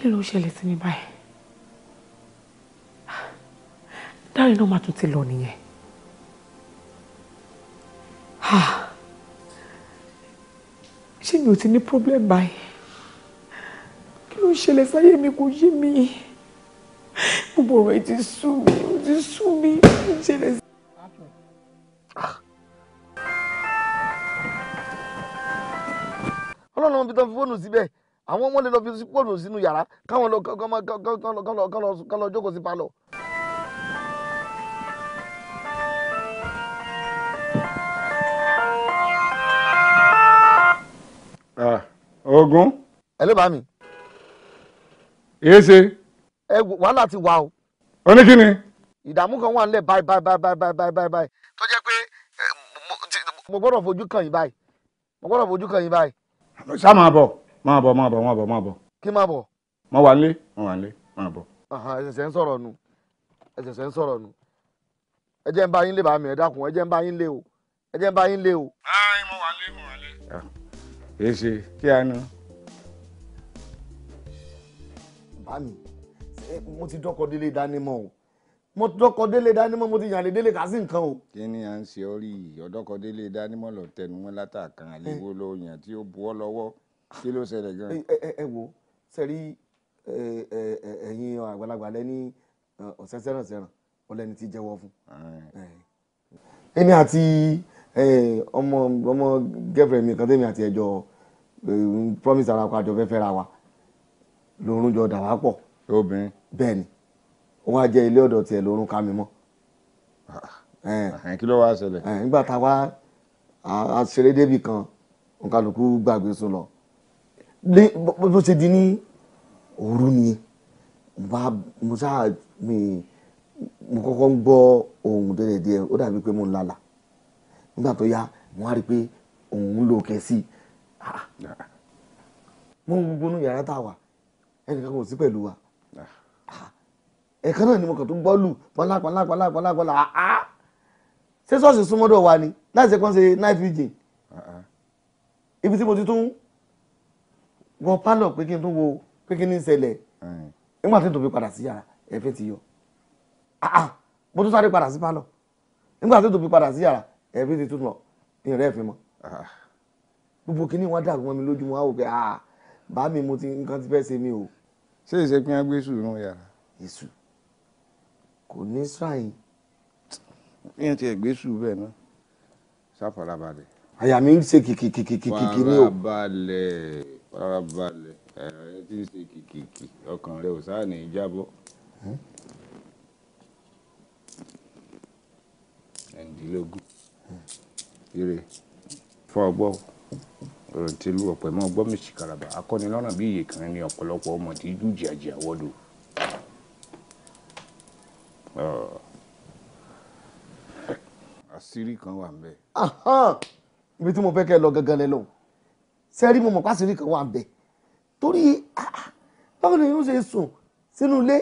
kí ló ṣẹlẹ̀ sí mi báyìí dáre náà máa tún ti lọ nìyẹn ṣé mi ò ti ní problem báyìí kí ló ṣẹlẹ̀ sáyé mi kò yé mi gbogbo ọ̀rọ̀ yìí ti sú mi ó ti sú mi kí ló ṣẹlẹ̀ sí. ọlọ́run ibi tó ń fi fóònù síbẹ̀ àwọn ọmọ lè lọ fi pọ́ọ̀lù sínú yàrá káwọn lọ kán lọ jókòó sí palọ̀. ogun. ẹ ló bá mi. èé ṣe. ẹ wàhálà ti wà o. ó ní kí ni. ìdààmú kan wà nílẹ̀ báyìí báyìí báyìí báyìí báyìí báyìí tó jẹ́ pé eh, mo gbọ́dọ̀ fojú kàn yín báyìí mo gbọ́dọ̀ fojú kàn yín báyìí. ṣá máa bọ̀ máa bọ̀ máa bọ̀ máa bọ̀ máa bọ̀. kí máa bọ̀. má wà nílé má wà nílé máa bọ̀. ẹsẹsẹ ń sọ̀rọ̀ nu ẹsẹsẹ ń sọ̀rọ̀ nu ẹ jẹ́ ń bá yín lé bàá mi ẹ dákun ẹ ń bá yín lé o ẹ jẹ́ ń bá yín lé o. ayi mo wà nílé mo wà nílé. èyí ah, ṣe kí a nu. bá mi mo ti dọ́kọ̀ délé dánimọ̀ o mo dọ́kọ̀ délé dánimọ̀ mo ti yànlẹ̀ délé kà sí nǹkan o. kí ni à ń ṣe ọ rí ọ̀dọ́kọ̀ délé dánimọ̀ lọ tẹnu wọn látàkàn eh. àléwọ́ lọ́ọ̀yàn tí ó bu ọ lọ́wọ́ kí ló ṣẹlẹ̀ gan. ẹ wo sẹ́rí ẹ̀yin àgbàlagbà lẹ́ni ọ̀sẹ̀ sẹ́ràn sẹ́ràn ọlẹ́ni ti jẹ́wọ́ fún. èmi àti ọmọ ọmọ girlfriend mi kan tẹ́mi àti ẹjọ́ promise ara pàjọ fẹ́ fẹ́ra wa lòrùn jọ dàwà pọ̀. obìnrin. bẹ́ẹ̀ ni ó wá jẹ́ ilé ọ̀dọ̀ tiẹ̀ lòrùn ká mi mọ́. Ah, ah, kí ló wá ṣẹlẹ̀. Eh, nígbà tá a wá a ṣeré gbàgbé sùn lọ lé bó ṣe di ní òru ni mo sáà mi mo kọ́kọ́ ń gbọ́ ohun dẹ́dẹ̀dẹ́ ó dàbí pé mo ń lálà nígbà tó yá mo wá rí i pé òun ń lo òkè sí i ah, mo ń gbónú yàrá tá a wà ẹnìkan kò sí pẹ̀lú wa ah, ẹ̀kan náà ni mo kàn tó gbọ́ lù pọ́nlá pọ́nlá pọ́nlá pọ́nlá pọ́nlá àá ah, ṣé ṣọ́ọ̀ṣì súnmọ́dọ̀ wa ni láti ṣe ṣe night vigil ibi tí mo ti tún wọ pálọ̀ pé kí n tó wo pé kí n ní ṣẹlẹ̀ nígbà tí n tòbi padà sí yàrá ẹ̀fẹ́ ti yọ mo tún sáré padà sí pálọ̀ nígbà tí n tòbi padà sí yàrá ẹ̀fẹ́ ti tún lọ ìrẹ́ ẹ̀fẹ́ mọ́ ah. gbogbo kí ni wọ́n dàgbọ́n mọ́ mi lójú wọn á wò pé bá mi mo ti nǹkan ti fẹ́ ṣe mi o. ṣé ìṣe pín agbé èṣù nù yàrá. èṣù kò ní sàn yín ti ẹgbẹ́ sùn bẹ́ẹ̀ náà ṣàfàlàbalẹ̀. àyà mi ń ṣe kìkìkìkìkì ni o. farabalẹ̀ fara balẹ̀ ẹ̀rọ rẹ tí ń ṣe kìkìkì ọkàn rẹ ò sáà ní í jábọ́. ẹ̀ǹdínlógún ire fún ọgbọ́ ọ̀rọ̀ tí lu ọ̀pẹ̀ mọ́ ọgbọ́ mèsì kàràbà akọ́nilọ́rùn bí iye kan ní ọ̀pọ̀lọpọ̀ ọmọ tí jújì àjẹ́ àwọ́dò. àṣírí kan wà ń bẹ. ibi tí mo fẹ́ kẹ́ lọ gangan lẹ sẹ́rí mo mọ̀ pàṣírí kan wà bẹ̀ torí ah, ah, báwo ni yóò ṣe sùn sínú ilé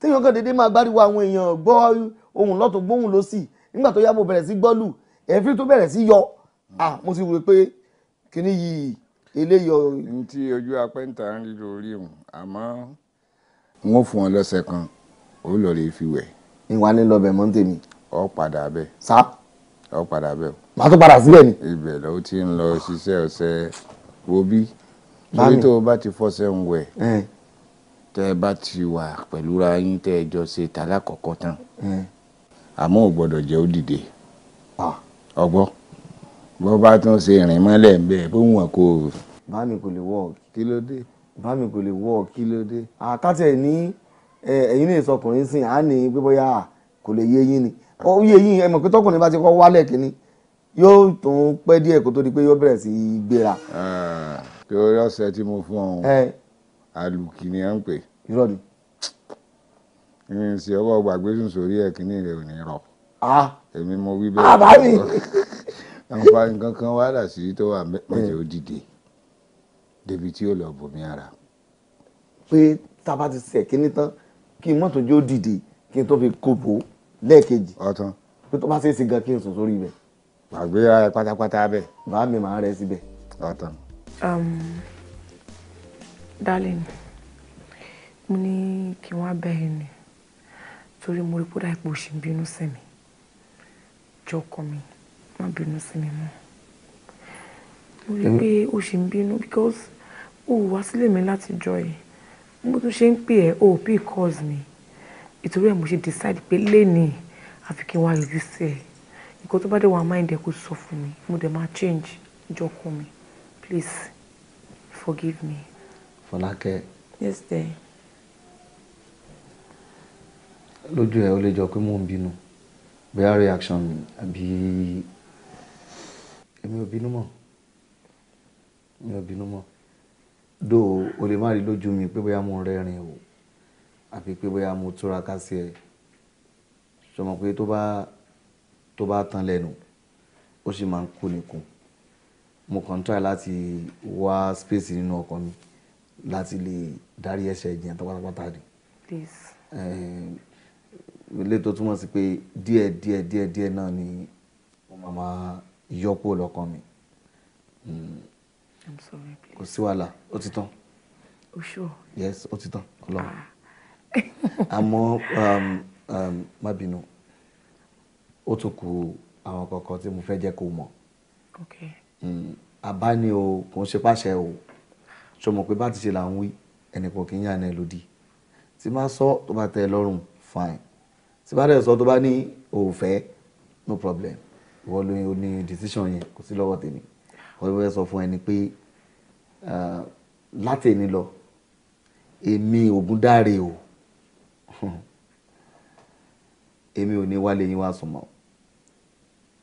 téèyàn kan dédé máa gbáriwo àwọn èèyàn gbọ́ ohun lọ́tún gbóhùn ló sì nígbà tó yá mo bẹ̀rẹ̀ sí gbọ́lù ẹ̀fín tó bẹ̀rẹ̀ sí yọ ah, mo sì wò pé kíní yìí eléyìí ọ. n tí ojú apẹ́ǹtà ń rí lórí òun àmọ́ n ó fún ọ lọ́sẹ̀ kan ó lọ rí fi wẹ̀. ìwà ni lọ bẹ̀ mọ́ tèmi. ọ padà bẹ. sá. ọ padà bẹ. màá tó padà síbẹ̀ ni. ibẹ̀ ló ti ń lọ ṣiṣẹ́ ọ̀sẹ̀ wo bí torí tó o bá ti fọṣẹ ń wẹ̀ tẹ́ ẹ bá ti wà pẹ̀lú ra yín tẹ́ ẹ jọ ṣe tàlá kọ̀ọ̀kan tán àmọ́ ò gbọ́dọ̀ jẹ́ ó dìde ọgbọ́ bó bá tún ṣe rìn mọ́lẹ̀ ń bẹ́ẹ̀ bó wọ̀n kó o. bá mi kò lè wọ̀ kí ló dé bá mi kò lè wọ̀ kí ló dé. àkàtẹ̀ ní ẹ̀yin lè sọkùnrin sìn á ní pé kò lè yé yín ni ó yé yín ẹ mọ̀ pé tọkùnrin bá ti kọ́ wálẹ̀ kínní yóò tún pẹ́ díẹ̀ kó tó di pé yóò bẹ̀rẹ̀ sí í gbéra. Ah, kí o yọ ọsẹ tí mo fún ọ alùkì ni à ń pè. irọ́ ni. ìrìn sí ọwọ́ gbàgbé sùn sórí ẹ̀ kí rẹ̀ ò ní rọ̀. Ah. èmi mo wí bẹ́ẹ̀. àbá ah, mi. àǹfààní kankan wà dà sí tó wà mẹ́jẹ̀ ó dìde débi tí ó lọ bomi ara. pé tá a bá ti sẹ̀ kí ní tán kí mọ́tò jó dìde kí n tó fi kó bò lẹ́ẹ̀kejì. ọ̀tán. pé tó bá ṣe é ṣe gan kí n sùn sórí ibẹ̀ gbàgbé ara pátápátá bẹ́ẹ̀. bàá mi màá rẹ síbẹ̀. ọ̀tàn. Um, darling mo ní kí wọ́n á bẹ̀ ẹ́ ni torí mo rí kódà ipò òsì ń bínú sí mi jọ ọkọ mi má bínú sí mi mọ́ mo rí pé ó ṣì ń bínú because ó wá sílé mi láti jọ yìí mo tún ṣe ń pè ẹ́ ó pè calls mi ìtorí ẹ̀ mo ṣe decide pé lénìí àfi kí n wá yọjú sí ẹ nǹkan tó bá dé wà mind ẹ kò sọ fún mi mo dẹ̀ máa change jọkọ mi please forgive me. Fọlákẹ́. yes dear. lójú ẹ o lè jọ pé mò ń bínú bóyá reaction mi àbí èmi ò bínú mọ́ mi ò bínú mọ́ dó o lè má rí lójú mi pé bóyá mo rẹ́rìn o àbí pé bóyá mo túraká sí ẹ ṣọmọ pé tó bá tó bá tán lẹ́nu ó sì máa ń kó ni kún mo kàn ń try láti wá space nínú ọkọ mi láti lè darí ẹsẹ̀ ìjìyàn tó pátápátá ni ilé ehm, tó túmọ̀ sí pé díẹ̀ díẹ̀ díẹ̀ díẹ̀ náà ni mo máa máa yọ kúrò lọ́kàn mi hmm. kò sí wàhálà ó ti tán yes ó ti tán ọlọ́run ah. àmọ́ um, um, má bínú ó tún kù àwọn kankan tí mo fẹ́ jẹ́ kó mọ̀ hmm, àbá ni o kò ń ṣe pàṣẹ o ṣo mọ̀ pé bá ti ṣe là ń wí ẹnìkan kì í yàn án lòdì tí má sọ tó bá tẹ́ ẹ lọ́rùn fine tí bá dẹ̀ sọ tó bá ní òòfẹ́ no problem ìwọ ló ní decision yẹn kò sí lọ́wọ́ tèmi ọdún fẹ́ sọ fún ẹni pé látẹ̀ni lọ èmi Ògúndáre o èmi ò ní wálé yín wá sùn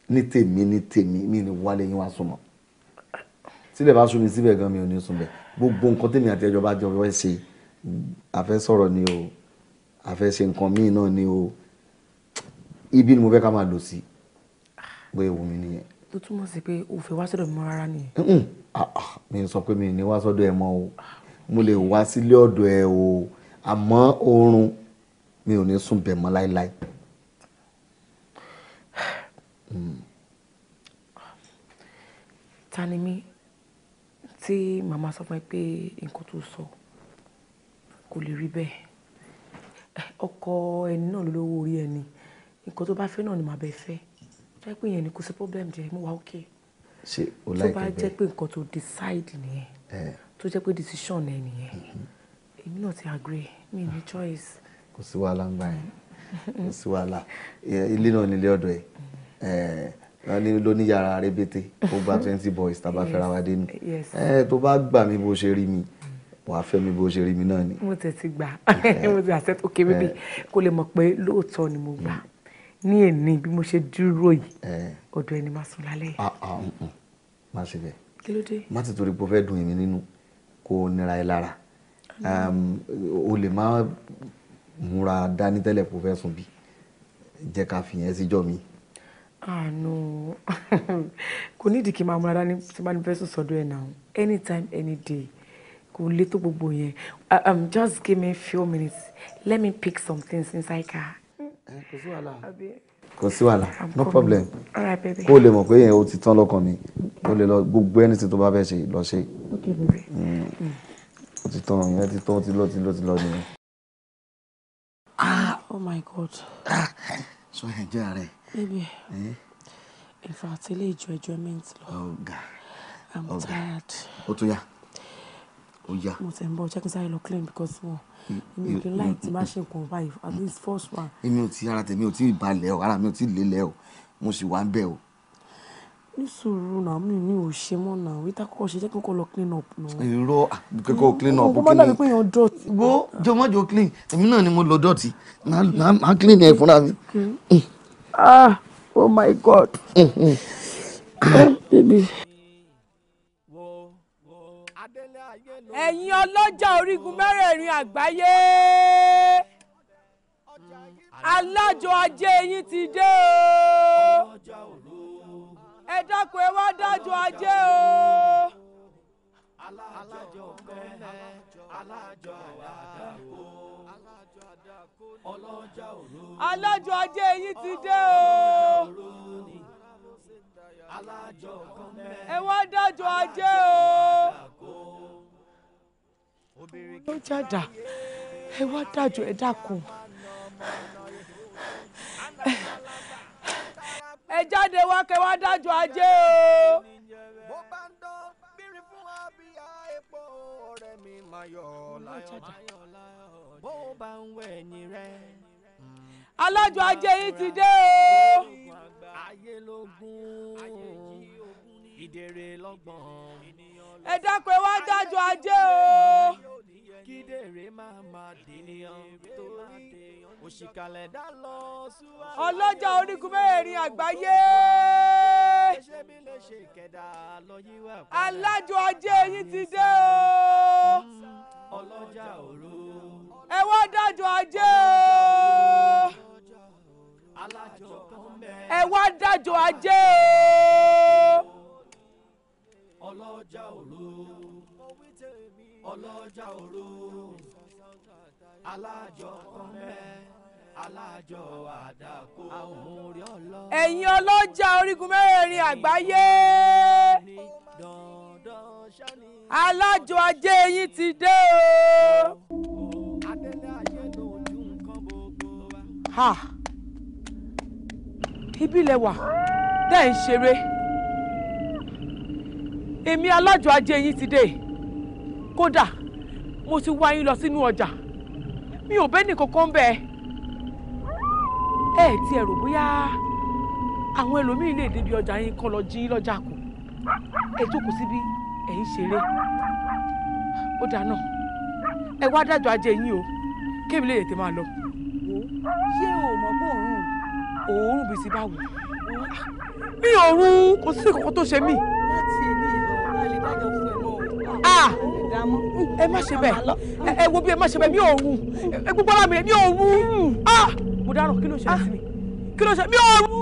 ní tèmi ní tèmi mi ní wálé yín wá súnmọ́ síbẹ̀ bá sún mi síbẹ̀ gan mi ò ní sùn bẹ̀ gbogbo nǹkan tèmi àti ẹjọ́ bá jọ fẹ́ ṣe àfẹ́ sọ̀rọ̀ ni o àfẹ́ ṣe nǹkan míì náà ni o ibi ni mo fẹ́ ká máa lò sí bóyá ewu mi nìyẹn. tó túmọ̀ sí pé o fẹ́ wá sọ́dọ̀ mi mọ́ rárá nìyẹn. Ah, ah, mi sọ pé mi ní wá sọ́dọ̀ ẹ mọ́ o mo lè wá sílé ọ̀dọ̀ ẹ o àmọ́ oorun mi ò ní sùn bẹ̀ mọ́ láéláé. Ta ni mí tí màá máa sọ fún ẹ pé nǹkan tó sọ kò lè rí bẹ́ẹ̀. Ọkọ ẹni náà ló lówó orí ẹni. Ǹkan tó bá fẹ́ náà ni màá bá ẹ fẹ́. To pé ìyẹn ni kò sí problem jẹ́, mo wà okay. Ṣé o like bẹ́ẹ̀? Tó bá jẹ́ pé nǹkan tó decide nìyẹn, tó jẹ́ pé decision ẹ nìyẹn, mm-hmm. èmi náà ti agree. Mi ò ní choice. Kò sí wàhálà ńgbà yẹn. Kò sí wàhálà. Ilé náà ni ilé ọ̀dọ̀ ẹ. Mm wọ́n ní lóníyàrá rẹ́bẹ́tẹ́ ó gba twenty boys tàbá fẹ́ra wa dé ni tó bá gbà mí bó ṣe rí mi wàá fẹ́ mi bó ṣe rí mi náà ni. mo tẹ̀ ti gbà mo ti àṣẹ òkè bíbí kó lè mọ̀ pé lóòótọ́ ni mo gbà mm. ní èní bí mo ṣe dúró yìí ọ̀dọ̀ ẹni máa sùn lálẹ́ yìí. Ah, ah, mm, mm. má ṣe bẹ́ẹ̀ kí ló dé má ti torí pé o fẹ́ dùn èmi nínú kó nira ẹ lára o lè má múra dání tẹ́lẹ̀ kó fẹ́ sùn bí jẹ́ ká fi yẹn síjọ́ mi àánú kò nídìí kí n máa múra dání tí bá ní fẹ́ sùn ẹ̀ náà anytime any day kò lè tó gbogbo yẹn um, just give me few minutes let me pick some things inside car. kò sí wàhálà kò sí wàhálà no problem kó o lè mọ̀ pé yẹn o ti tán lọ́kàn mi o lè lọ gbogbo anything tó bá fẹ́ ṣe lọ ṣe mm. o ti tán yẹn ti tán o ti lọ ti lọ ti lọ nìyẹn. ah oh my god. ah eh, sọ yẹn jẹ́ àárẹ̀. Baby, eh? in fact, ilé ìjọ ẹjọ́ mẹ́ǹtì Oh God, I'm Ọ̀gá. tired. Ó tún yá. Ó yá. Mo tẹ̀ ń bọ̀ check inside lọ clean because wọn. Èmi mm, ò mm, kí láì mm, tí bá ṣe at least first one. Èmi ò to ara tèmi ò tí to balẹ̀ o, ara mi to tí ì lélẹ̀ o, to sì wá ń bẹ̀ o. Ní sùúrù náà mi mi ò ṣe mọ́ náà, wíta kọ́kọ́ ṣe jẹ́ kí n kọ́ lọ clean up náà. Irọ́ ah, kẹ́kọ̀ọ́ clean up kí ni. Mo máa dàbí pé èèyàn dọ̀tí. Wo jọmọ́jọ clean, èmi náà ni mo lọ dọ̀tí, máa clean ẹ̀ fúnra mi. Ah, oh my God. Mm-hmm. Eh, baby. Ẹ̀yin ọlọ́jà orígun mẹ́rẹ̀ẹ̀rin àgbáyé. Alájọ ajé yín ti dé o. Ẹ dákun ẹ wá dájọ ajé o. Alájọ ọ̀fẹ́, alájọ àwàdà o. alájọ ajé yín ti dé o ẹ wá dájọ ajé o ló jàdá ẹ wá dájọ ẹ dákun ẹ jáde wá kẹ wá dájọ ajé o. ló jàdá bó bá ń wẹ̀ ní rẹ̀. alájọ ajé yìí ti dé o. ayé lógún ìdèrè lọ́gbọ̀n. ẹ dákun ẹ wá dájú ajé o. kídèrè máa ma dènìyàn torí òṣìkàlẹ̀ dá lọ síwá. ọlọ́jà orígun mẹ́rin àgbáyé. alájọ ajé yín ti dé o. ọlọ́jà òru. ẹ wá dájú ajé o ẹ wá dájọ́ ajé o ọlọ́jà òru ọlọ́jà òru alájọ kọ́mẹ́ alájọ àdàkọ àwòrán ọlọ́. ẹ̀yin ọlọ́jà orígun mẹ́rẹ̀ẹ̀rin àgbáyé alájọ ajé yín ti dé o. ibi lẹ wà dẹ́ ń ṣeré èmi alájọ ajé yín ti dé kódà mo ti wá yín lọ sínú ọjà mi ò bẹ́ẹ̀ nìkankan bẹ́ẹ̀ ẹ ti ẹ̀rù bóyá àwọn ẹlòmíín lè débi ọjà yín kan lọ jí lọ́jà kù ẹ jókòó síbi ẹ̀ ń ṣeré ó dáná ẹ wá dájọ́ ajé yín o kébì lè tètè máa lọ. ṣé o mọ̀ pé òórùn òórùn bíi ti bá wù. mi ò rú kò sí nǹkan tó ṣe mí. láti Ah! ẹ má ṣe bẹ́ẹ̀ ẹ wo bí ẹ má ṣe bẹ́ẹ̀ mi ò wù ẹ gbogbo ara mi mi ò wù ah! mo dáràn kí ló ṣe sí mi ah! kí ló ṣe mi ò wù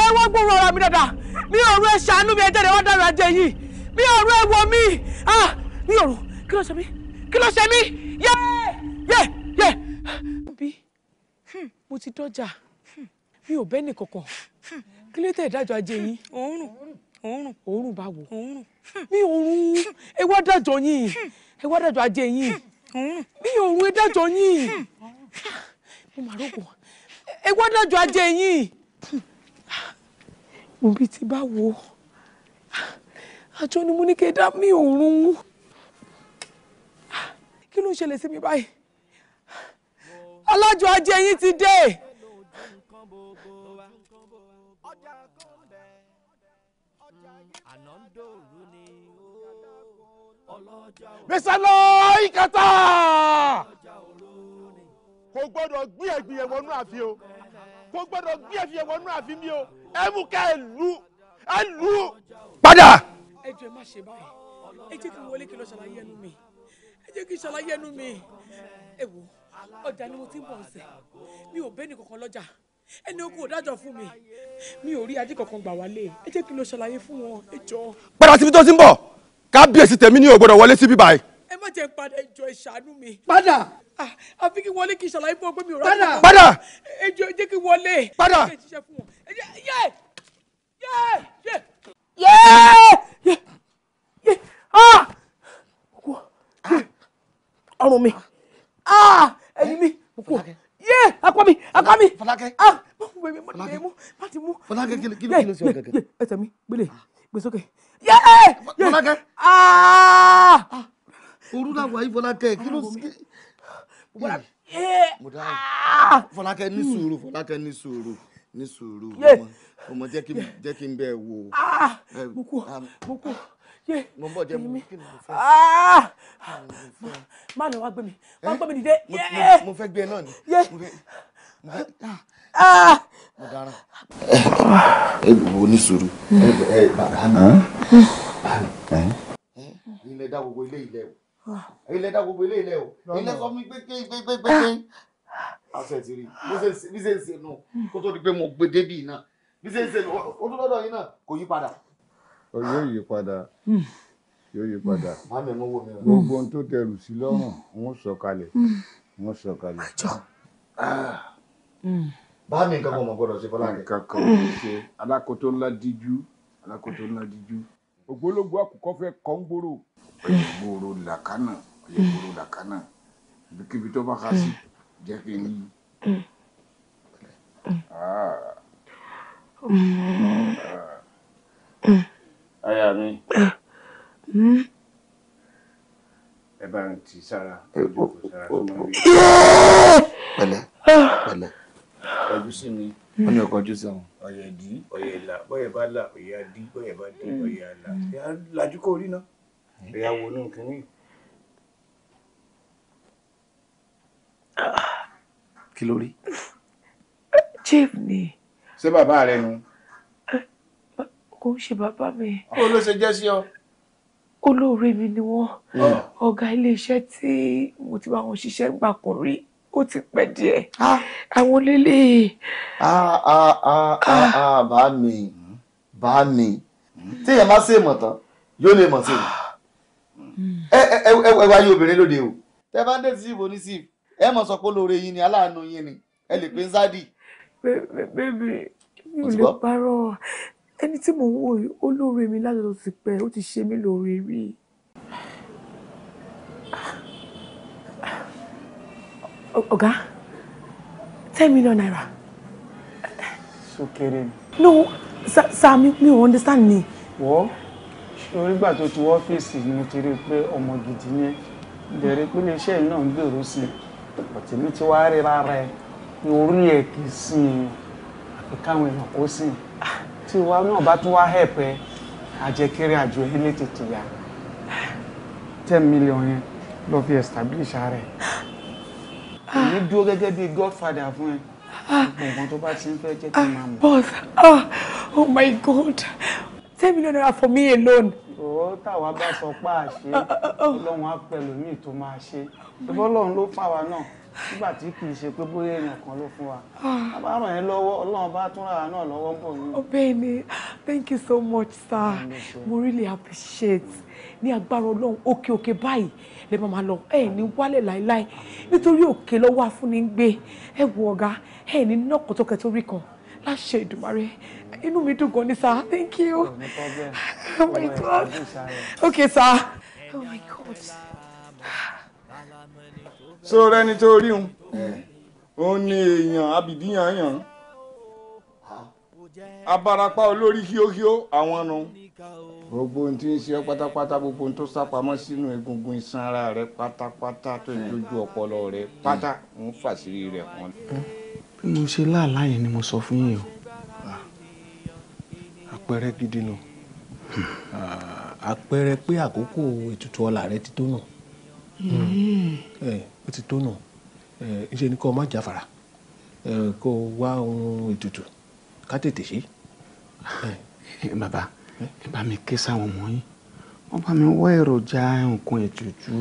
ẹ wọ́n gbòòrò ara mi dáadáa mi ò rú ẹ ṣàánú mi ẹ jáde wọ́n dára jẹ yìí mi ò rú ẹ wọ mi mi ò rú kí ló ṣe mi kí ló ṣe mi yẹ yẹ yẹ. bí hmm, mo ti dọ́jà hmm, mi ò bẹ́ẹ̀ nìkankan hmm. kí ló tẹ̀ dájọ́ ajé yìí. òórùn òórùn òórùn báwo òórùn mi òórùn ẹ wá dájọ́ yín ẹ wá dájọ́ ajé yín mi òórùn ẹ dájọ́ yín mo mà rògbò ẹ wá dájọ́ ajé yín òbí ti báwo àjọ ni mo ní kí ẹ dá mi òórùn kí ló ń ṣẹlẹ̀ sí mi báyìí alájọ ajé yín ti dé. mísàlọ́ ìkàtà kò gbọ́dọ̀ gbé yẹn wọnú àfi o kò gbọ́dọ̀ gbé yẹn wọnú àfi mi o ẹ mú ká ẹ lù ẹ lù. padà. ẹ jọ̀ọ́ ẹ ṣe báyìí ẹ jẹ́ kí n wọlé kí n lọ ṣàlàyé ẹnu mi ẹ jẹ́ kí n ṣàlàyé ẹnu mi ẹ wò ọjà ni mo ti ń bọ̀ ọ̀sẹ̀ mi ò bẹ́ẹ̀ ní kankan lọ́jà ẹni okùn ò dájọ́ fún mi mi ò rí ajé kankan gbà wálé ẹ jẹ́ kí n lọ ṣàlàyé fún wọn ẹ jọ̀ọ́. padà síbi tó ti ń bọ̀ kábíyèsí tèmi ní o gbọ́dọ̀ wọlé síbí báyìí. ẹ má jẹ́ padà ìjọ ìṣàánú mi. padà. Ah, àfi kí wọlé kí n ṣàlàyé fún ọ pé mi ò padà padà. ẹjọ jẹ́ kí wọlé. padà. ọrùn mi ah! ẹyin mi yé akọ mi akọ mi. Fọlákẹ́ Fọlákẹ́ kí ló ń ṣe ọ gẹ́gẹ́. ẹsẹ̀ mi gbélé. Ah gbé sókè. Fọlákẹ́. Ah! Orú náà wà yí Fọlákẹ́ kí ló sì. Ah, ah! Fọlákẹ́ ní hmm. sùúrù Fọlákẹ́ ní sùúrù ní sùúrù ọmọ jẹ́ kí n bẹ́ẹ̀ wò. Mo kú mo kú mo bọ̀ jẹ́ mo kí ni mo fẹ́. Má lọ wá gbé mi, wá gbé mi dìde. Mo fẹ́ gbé náà ni ẹ wo ní sùúrù ẹ bàbá mi ilẹ̀ dá gbogbo ilé ilẹ̀ o ilẹ̀ dá gbogbo ilé ilẹ̀ o ilẹ̀ sọ mi pépépépépé àṣẹ ti rí bí ṣe ń ṣe nù kó tó di pé mo gbé débì náà bí ṣe ń ṣe nù ó tún lọ́dọ̀ yín náà kò yí padà. yóò yí padà yóò yí padà gbogbo ohun tó tẹrù sí lọ́rùn wọn sọ kalẹ̀ wọn sọ kalẹ̀ bá mi nǹkan kan mọ̀ gbọ́dọ̀ ṣe fọlákẹ́. nǹkan kan ṣe alákòótó ńlá díjú alákòótó ńlá díjú ògbólógbò àkùkọ fẹ́ kọ́ ń gbòòrò ọ̀yẹ̀ gbòòrò làkánà ọ̀yẹ̀ gbòòrò làkánà ibikíbi tó bá ká sí jẹ́ kí n yí. aya mi ẹ bá ń tì sára ojú kò ń rí. pẹ̀lẹ́ ọjú sí mi. Hmm. wọ́n ní ọkọ̀ ojú sí wọn. ọ̀yẹ̀ ìdí ọ̀yẹ̀ ìlà bọ́yẹ̀ bá là ọ̀yẹ̀ adí bọ́yẹ̀ bá dé hmm. ọ̀yẹ̀ àlà ẹ̀yà hmm. lajú kò rí náà ẹ̀yà wo ní nǹkan yìí. kí ló rí. chief ni. ṣé bàbá rẹ nu. kò ń ṣe bàbá mi. kó ló ṣe jẹ́ sí ọ. olóore mi ni wọ́n ọ̀gá ilé iṣẹ́ tí mo ti bá wọn ṣiṣẹ́ gbà kàn rí ó ti pẹ́ díẹ̀ ah. àwọn lélẹ̀. Ah, ah, bá mi bá mi tí èèyàn bá ṣe mọ̀ tán yóò lè mọ̀ sí i hmm. ẹ wáyé obìnrin lóde o tẹ bá ń dé sí ìbò ní sí ẹ mọ̀ sọ pé lóore yín ni aláàánú yín ni ẹ lè pè ń sádì. mi ò lè parọ́ ẹni tí mò ń wò yìí ó mi láti lọ sí ó ti ṣe mí lóore rí i. ọ̀gá ten million naira. so kéré no sir mi mi ò understand me. What? orígbà tó to ọ́fíìsì office, you ti rí i pé ọmọ gidi ni bẹ̀rẹ̀ pé iléeṣẹ́ yìí náà ń gbèrú sí need to mi ti wá rí rárá ẹ ní orí ẹ̀ kì í sìn ẹ̀ àfi káwọn èèyàn náà bá tún wá hẹ̀pẹ́ àjẹkẹ́rẹ́ àjọ ilé tètè yá ten million yẹn lọ fi establish ara ẹ̀ èmi dúró gẹ́gẹ́ bíi godfather fún ẹ gbọ̀ngàn tó bá ti ń fẹ́ jẹ́ kí n máa mọ̀. boss ah, oh my god ten million naira for me alone. ọ̀ọ́ táwa bá sọ pa àṣẹ ah, ah, ọlọ́run á pẹ̀lú mi tó máa ṣe ìbọ́lọ́run ló fà wá náà nígbà tí kì í ṣe pé bóyá èèyàn kan ló fún wa a bá ràn yín lọ́wọ́ ọlọ́run bá tún ra náà lọ́wọ́ ń bọ̀ yín. ọbẹ̀ mi thank you so much sir mo really appreciate ní agbára ọlọ́run òkè òkè báyìí lè máa lọ ẹ ní wálẹ̀ láéláé nítorí òkè lọ́wọ́ afúnni ń gbé ẹ wo ọ̀gá ẹ ní nọ́kọ̀tọ́kẹ́ tó rí kan láṣẹ ìdùmarè inú mi dùn gan ni sir thank you oh, oh my god okay sir oh my god. so rẹni tó rí un òun ni èèyàn abìdíyàn yàn án abarapa olórí híóhíó àwọn nu gbogbo ohun tí ń ṣe pátápátá gbogbo ohun tó sápamọ́ sínú egungun iṣan ara rẹ pátápátá tó ń dojú ọpọlọ rẹ pátá ń fàṣírí rẹ kan. bí mo ṣe láàlá yẹn ni mo sọ fún yín o àpẹẹrẹ gidi nù. àpẹẹrẹ pé àkókò ètùtù ọlà rẹ ti tó nù ó ti tó nù ṣe ni kó o má jáfara kó o wá ohun ètùtù ká tètè ṣe. bàbá ẹ bá mi ké sáwọn ọmọ yín wọ́n bá mi wọ èròjà nǹkan ètùtù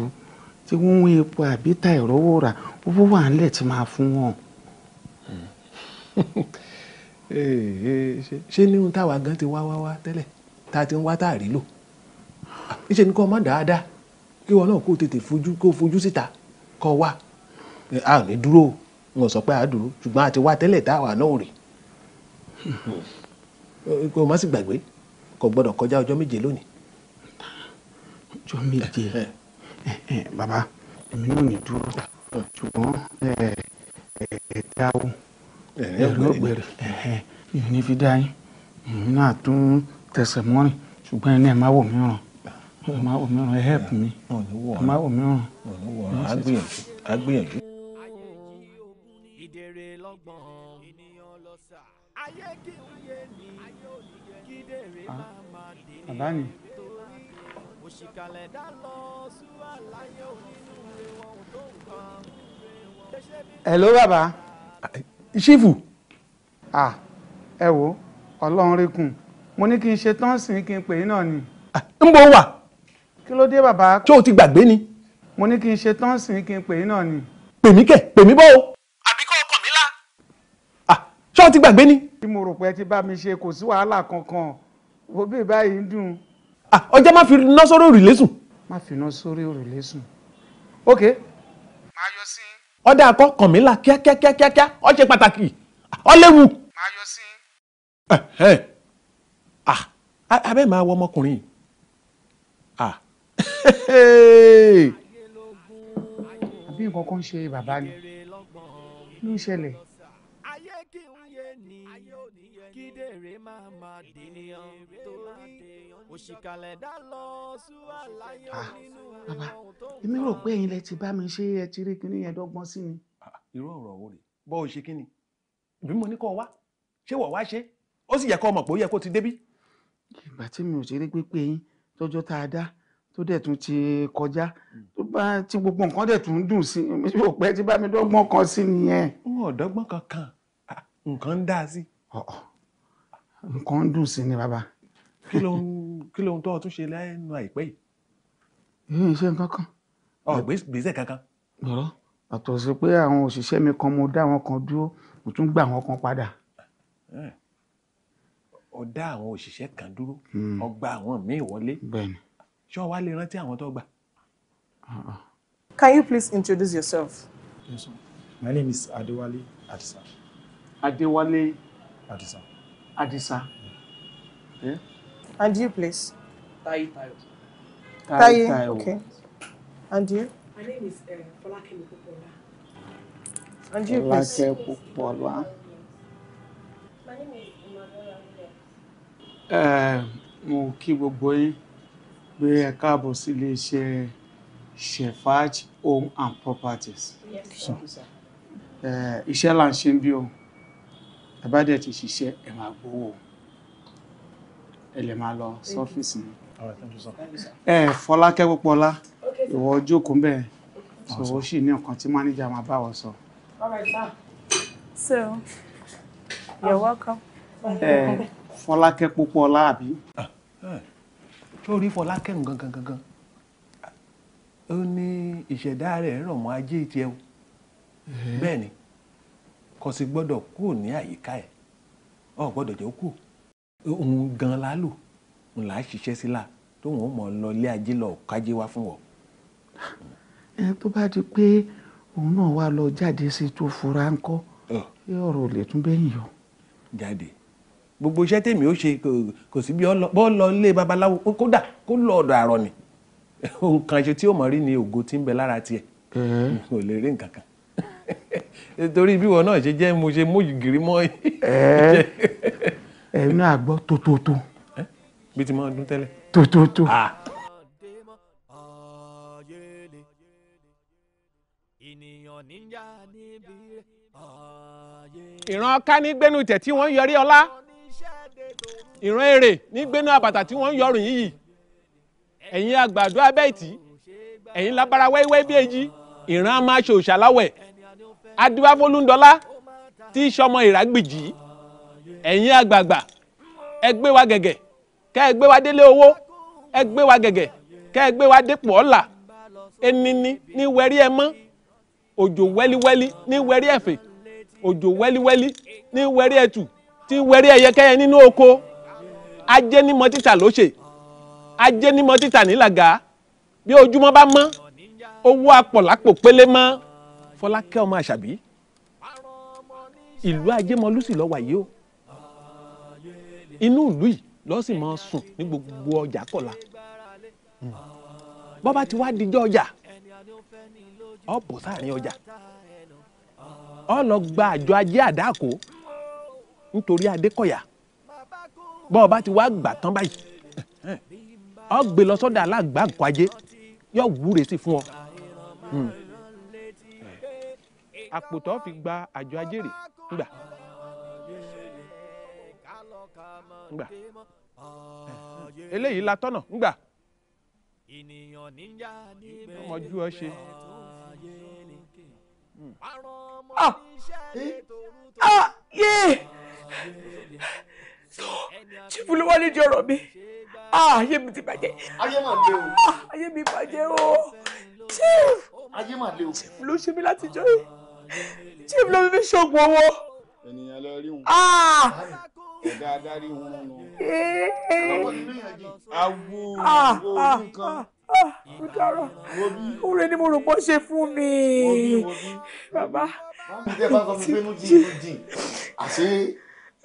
tí wọ́n ń epo àbí ta ìrọ́wọ́ rà owó wà nílẹ̀ tí máa fún wọn. ṣé ní ohun táwa gan ti wá wá wá tẹ́lẹ̀ tá a ti ń wá tá a rí lò níṣẹ́ ni kò má dáadáa kí wọn náà kó tètè fojú kó fojú síta kó wá a ò ní dúró n ò sọ pé a dúró ṣùgbọ́n a ti wá tẹ́lẹ̀ táwa náà rí kò má sì gbàgbé kò gbọdọ̀ kọjá ọjọ́ méje lónìí. ọjọ́ méje bàbá èmi náà ní dúró ṣùgbọ́n ẹ̀ẹ́dá o ẹ̀rọ gbèrè èmi ní fi dá yín èmi náà tún tẹsẹ̀ mọ́rin ṣùgbọ́n ẹni ẹ̀ má wò mí ràn ẹ̀ má wò mí ràn ẹ̀ help mi ẹ̀ má wò mí ràn. a gbìyànjú bàbá ah, mi. hello bàbá. ṣífù. à ah, ẹ wo ọlọ́run rékùn mo ní kí n ṣe tán sí kí n pè é náà ni. Ah, ń bọ̀ wà. kí ló dé bàbá. ṣé o ti gbàgbé ni. mo ní kí n ṣe tán sí kí n pè é náà ni. pè mí kẹ̀ pè mí bọ́ o. àbí kọ́ ọkàn mi lá. ṣé o ti gbàgbé ni. bí mo rò pé ẹ ti bá mi ṣe kò sí wàhálà kankan wo bí báyìí ń dùn. Ah, ọjà má fi ná sórí òrùlé sùn. má fi ná sórí òrùlé sùn. ok. máa yọ sí. ọdẹ akọ kàn mí là kíákíákíákíá ó ṣe pàtàkì ó léwu. máa yọ sí. abẹ́ máa wọ ọmọkùnrin ah. àbí nǹkan kan ń ṣe bàbá ni ló ń ṣẹlẹ̀. èrè máa ma dèèyàn torí òṣìkàlẹ̀ dá lọ sún àlàyé nínú ohun tó ń bọ̀. èmi rò pé ẹ̀yin lẹ ti bá mi ṣe ẹ ti rí kinní yẹn dọ́gbọ́n sí ni. Ah, ah, irú ọ̀rọ̀ wo rè bó o ṣe kí ni bí mo ní kó o wá ṣé wọ̀ wá ṣe ó sì yẹ kó o mọ̀ pé ó yẹ kó ti débí. ìgbà tí mi ò ṣe rí pípé yín tọ́jọ́ tá a dá tó dẹ̀ tún ti kọjá tó bá ti gbogbo nǹkan dẹ̀ tún dùn sí mi ò pẹ́ tí bá mi dọ́gbọ́n kan sí nìyẹn. ó ọ̀dọ́gbọ́n kankan ah, nǹkan ń dá sí nǹkan dùn sí ni bàbá. kí ló ń tọ́ ọ tún ṣe lẹ́nu àìpẹ́ yìí. èyí ṣe nǹkan kan. ọ gbèsè kankan. ọ̀rọ̀ àtọ̀ sí pé àwọn òṣìṣẹ́ mi kan mo dá wọn kan dúró mo tún gbà wọn kan padà. ọ dá àwọn òṣìṣẹ́ kan dúró ọ hmm. gba àwọn míì wọlé. ṣé ọ wá lè rántí àwọn tó gbà. Ah, ah. Can you please introduce yourself? My name is Adewale Adisa. Adewale Adisa. Adisa. Yeah? And you, please? Tai Tayo. Tai Tayo. okay. And you? My name is uh, eh, Folakemi Popola. And you, please? Folake Popola. My name is Imadola. Eh, mo kí gbogbo yín pé ẹ káàbọ̀ sí Shefaj Home and Properties. Yes, sir. Eh, iṣẹ́ là ń ṣe bí o ẹ bá dẹ̀ ti ṣiṣẹ́ ẹ máa gbowó ẹ lè máa lọ sọ́fíìsì mi. ẹ Fọlákẹ́ Pópọ́lá ìwọ jókòó bẹ́ẹ̀ ṣòwò sì ní nǹkan tí mánéjà máa bá wọ sọ. so you're welcome. ẹ Fọlákẹ́ Pópọ́lá àbí. lórí ah, eh. Fọlákẹ́ gangan gangan ó ní ìṣẹ̀dá rẹ̀ rọ̀ mọ́ ajé tiẹ̀ o eh. bẹ́ẹ̀ ni kò sì gbọ́dọ̀ kúrò ní àyíká ẹ̀ ò gbọ́dọ̀ jẹ́ kú òun gan la lò òun là á ṣiṣẹ́ sí la tóun ó mọ̀ lọ ilé ajé lọ kájé wá fún wọn. ẹ tó bá di pé òun náà wá lọ jáde sí tó fura ńkọ́ ṣé ọ̀rọ̀ ò lè tún bẹ́yìn yọ. jáde gbogbo iṣẹ́ tèmi ó ṣe kò sí bí bọ́ ilé babaláwo kódà kó lọ ọ̀dọ̀ àrọ̀ ni nǹkan ṣe tí ó mọ̀ rí ni ògo tí ń bẹ lára tiẹ̀ kò lè rí nǹkan kan. torí bí wọn náà ṣe jẹ́ mo ṣe mójìgìrì mọ́ yìí. ẹ ẹ náà gbọ́ tótótó. bí ti máa dún tẹ́lẹ̀. tótótó. ìran ká ní gbénu tẹ̀ tí wọ́n ń yọrí ọlá ìran èrè ní gbénu àbàtà tí wọ́n ń yọrùn yìí ẹ̀yin àgbàdo abẹ́ẹ̀tì ẹ̀yin labara wẹ́wẹ́ bí èjì ìran máa ṣòṣàláwẹ̀ adúbáfólúndọ́lá tí í sọmọ ìrágbìjì ẹ̀yin agbagba ẹ gbé wa gẹ̀gẹ̀ kẹ́ ẹ gbé wa délé owó ẹ gbé wa gẹ̀gẹ̀ kẹ́ ẹ gbé wa dépò ọ̀la ẹnini ní wẹ́rí ẹ mọ́ òjò wẹ́líwẹ́lí ní wẹ́rí ẹ̀fẹ̀ òjò wẹ́líwẹ́lí ní wẹ́rí ẹ̀tù tí wẹ́rí ẹ̀yẹkẹ́yẹ nínú oko ajé ní mọ́títà ló ṣe ajé ní mọ́títà nílàgà bí ojúmọ́ bá mọ́ owó apọ̀ pélé mọ́ fọlákẹ́ ọmọ àṣàbí ìlú ajémọlúsì ló wà yìí o inú ìlú yìí ló sì máa sùn ní gbogbo ọjà kọ̀la hmm. bọ́ba ti wá dijọ́ ọjà ọ bò sáàrin ọjà ọ lọ gba àjọ ajé àdáàkó nítorí adékọ̀yà bọ́ọ̀bá ti wá gbà tán báyìí ọ gbé lọ sọ́dọ̀ alágbàǹkọ ajé yóò wúre sí fún ọ. Hmm àpò tó fi gba àjọ ajérè ńgbà ńgbà eh. eléyìí la tọ́nà ńgbà ọmọjú ọ ṣe. Hmm. ah ah yé chifu ló wá nídìí ọ̀rọ̀ mi ah! ayé mi ti bàjẹ́. ayé mà le o. Ah! ayé mi bàjẹ́ o chief. ayé mà le o. chifu ló ṣe mí látijọ́ yìí chief ló fi ṣoògùn owó. ènìyàn lọ rí wọn. Ah! ẹ̀dá adarí wọn nù. Eh! awo ah! awo nǹkan. mo dárò oore ni mo rò pé ó ṣe fún mi bàbá. bí ẹ bá sọ fún pé inú jìn jìn àṣé